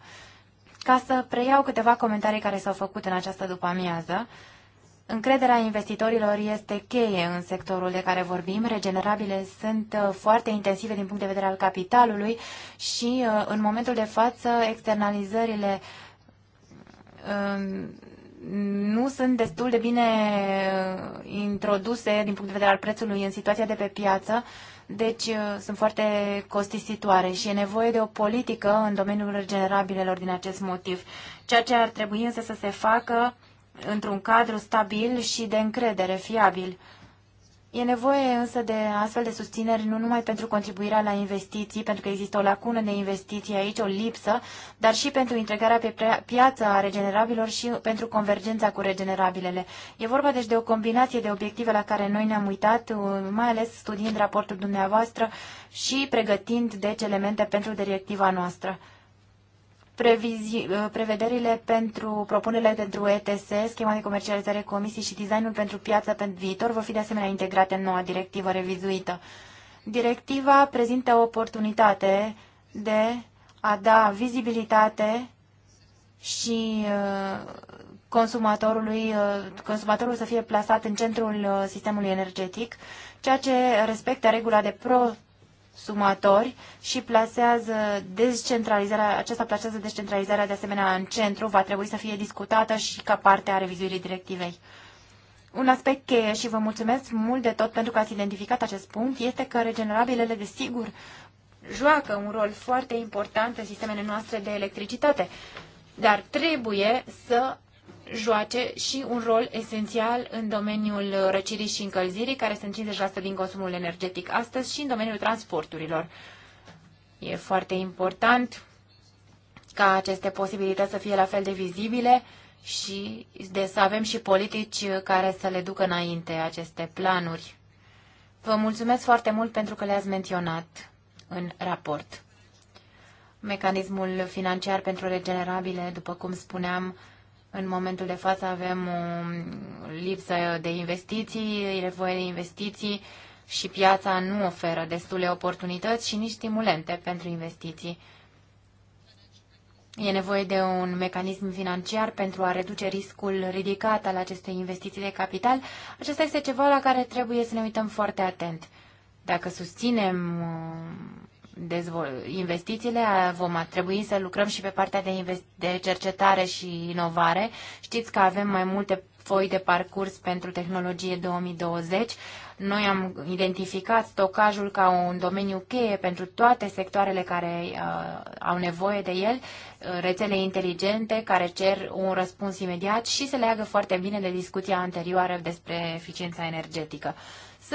Ca să preiau câteva comentarii care s-au făcut în această după-amiază, Încrederea investitorilor este cheie în sectorul de care vorbim. Regenerabile sunt uh, foarte intensive din punct de vedere al capitalului și uh, în momentul de față externalizările um, nu sunt destul de bine uh, introduse din punct de vedere al prețului în situația de pe piață, deci uh, sunt foarte costisitoare și e nevoie de o politică în domeniul regenerabilelor din acest motiv. Ceea ce ar trebui însă să se facă într-un cadru stabil și de încredere fiabil. E nevoie însă de astfel de susțineri nu numai pentru contribuirea la investiții, pentru că există o lacună de investiții aici, o lipsă, dar și pentru integrarea pe piață a regenerabilor și pentru convergența cu regenerabilele. E vorba deci de o combinație de obiective la care noi ne-am uitat, uh, mai ales studiind raportul dumneavoastră și pregătind deci elemente pentru directiva noastră. Uh, prevederile pentru propunerile pentru ETS, schema de comercializare comisii și designul pentru piața pentru viitor vor fi de asemenea integrate în noua directivă revizuită. Directiva prezintă o oportunitate de a da vizibilitate și uh, consumatorului, uh, consumatorul să fie plasat în centrul sistemului energetic, ceea ce respectă regula de pro sumatori și plasează descentralizarea, aceasta plasează descentralizarea de asemenea în centru, va trebui să fie discutată și ca parte a revizuirii directivei. Un aspect cheie și vă mulțumesc mult de tot pentru că ați identificat acest punct este că regenerabilele, desigur, joacă un rol foarte important în sistemele noastre de electricitate, dar trebuie să joace și un rol esențial în domeniul răcirii și încălzirii, care sunt 50% din consumul energetic astăzi și în domeniul transporturilor. E foarte important ca aceste posibilități să fie la fel de vizibile și de să avem și politici care să le ducă înainte aceste planuri. Vă mulțumesc foarte mult pentru că le-ați menționat în raport. Mecanismul financiar pentru regenerabile, după cum spuneam, în momentul de față avem o lipsă de investiții, e nevoie de investiții și piața nu oferă destule oportunități și nici stimulente pentru investiții. E nevoie de un mecanism financiar pentru a reduce riscul ridicat al acestei investiții de capital. Acesta este ceva la care trebuie să ne uităm foarte atent. Dacă susținem uh, investițiile, vom trebui să lucrăm și pe partea de, de cercetare și inovare. Știți că avem mai multe foi de parcurs pentru tehnologie 2020. Noi am identificat stocajul ca un domeniu cheie pentru toate sectoarele care uh, au nevoie de el, uh, rețele inteligente care cer un răspuns imediat și se leagă foarte bine de discuția anterioară despre eficiența energetică.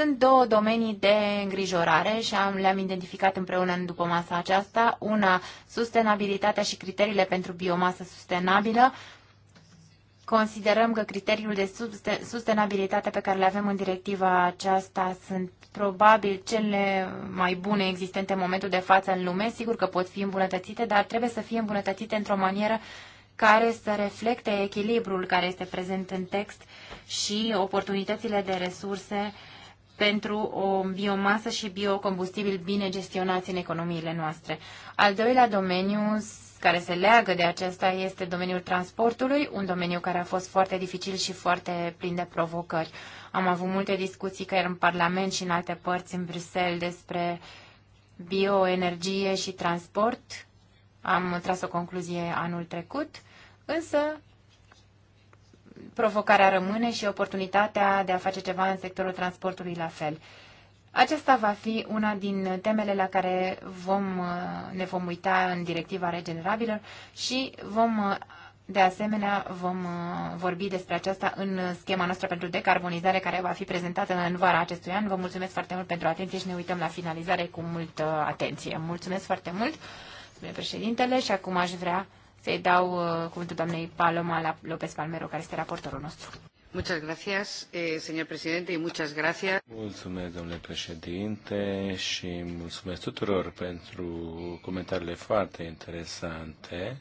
Sunt două domenii de îngrijorare și am, le-am identificat împreună în după masa aceasta. Una, sustenabilitatea și criteriile pentru biomasă sustenabilă. Considerăm că criteriul de sustenabilitate pe care le avem în directiva aceasta sunt probabil cele mai bune existente în momentul de față în lume. Sigur că pot fi îmbunătățite, dar trebuie să fie îmbunătățite într-o manieră care să reflecte echilibrul care este prezent în text și oportunitățile de resurse pentru o biomasă și biocombustibil bine gestionați în economiile noastre. Al doilea domeniu care se leagă de acesta este domeniul transportului, un domeniu care a fost foarte dificil și foarte plin de provocări. Am avut multe discuții chiar în Parlament și în alte părți în Bruxelles despre bioenergie și transport. Am tras o concluzie anul trecut, însă provocarea rămâne și oportunitatea de a face ceva în sectorul transportului la fel. Aceasta va fi una din temele la care vom, uh, ne vom uita în directiva regenerabilor și vom, uh, de asemenea, vom uh, vorbi despre aceasta în schema noastră pentru decarbonizare care va fi prezentată în vara acestui an. Vă mulțumesc foarte mult pentru atenție și ne uităm la finalizare cu multă atenție. Mulțumesc foarte mult, președintele, și acum aș vrea să-i dau uh, cuvântul doamnei Paloma López Palmero, care este raportorul nostru. Muchas gracias, eh, señor presidente, y muchas gracias. Mulțumesc, domnule președinte, și mulțumesc tuturor pentru comentariile foarte interesante.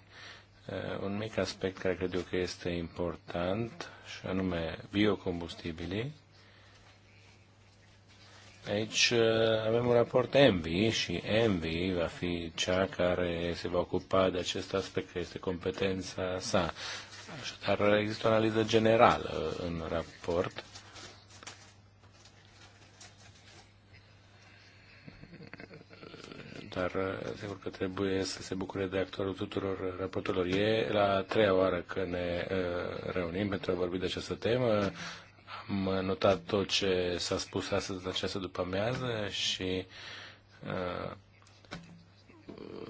Uh, un mic aspect care cred eu că este important, și anume biocombustibilii Aici uh, avem un raport ENVI și ENVI va fi cea care se va ocupa de acest aspect, că este competența sa. Așadar, există o analiză generală în raport. Dar uh, sigur că trebuie să se bucure de actorul tuturor raportelor. E la treia oară că ne uh, reunim pentru a vorbi de această temă. Am notat tot ce s-a spus astăzi la această după amiază și uh,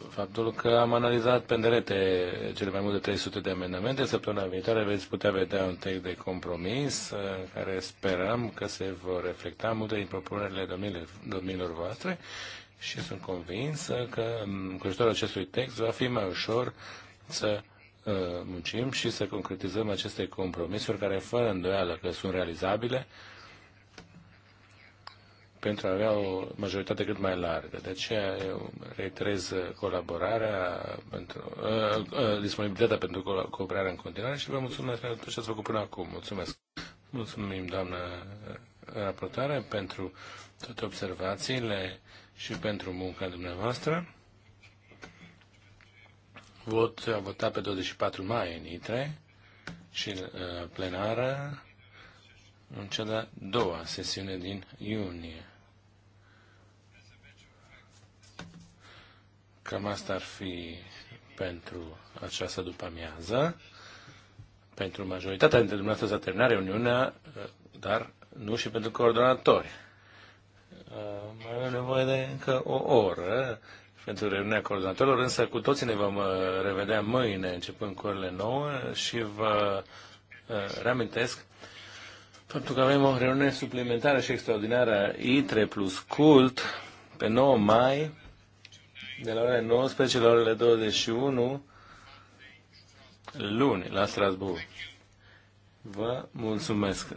faptul că am analizat pe nerete cele mai multe 300 de amendamente. Săptămâna viitoare veți putea vedea un text de compromis uh, în care sperăm că se vor reflecta multe din propunerile domnilor, domnilor voastre și sunt convins că cu ajutorul acestui text va fi mai ușor să Uh, muncim și să concretizăm aceste compromisuri care, fără îndoială că sunt realizabile, pentru a avea o majoritate cât mai largă. De aceea eu reiterez colaborarea, pentru, uh, uh, disponibilitatea pentru cooperare în continuare și vă mulțumesc pentru tot ce ați făcut până acum. Mulțumesc. Mulțumim, doamnă uh, raportare, pentru toate observațiile și pentru munca dumneavoastră. Vot a votat pe 24 mai în ITRE și în uh, plenară în cea de-a doua sesiune din iunie. Cam asta ar fi pentru această după-amiază. Pentru majoritatea dintre dumneavoastră s-a terminat reuniunea, uh, dar nu și pentru coordonatori. Uh, mai avem nevoie de încă o oră pentru reuniunea coordonatorilor, însă cu toții ne vom uh, revedea mâine, începând cu orele 9 și vă uh, reamintesc faptul că avem o reuniune suplimentară și extraordinară i I3 plus CULT pe 9 mai de la orele 19 la orele 21 luni la Strasbourg. Vă mulțumesc!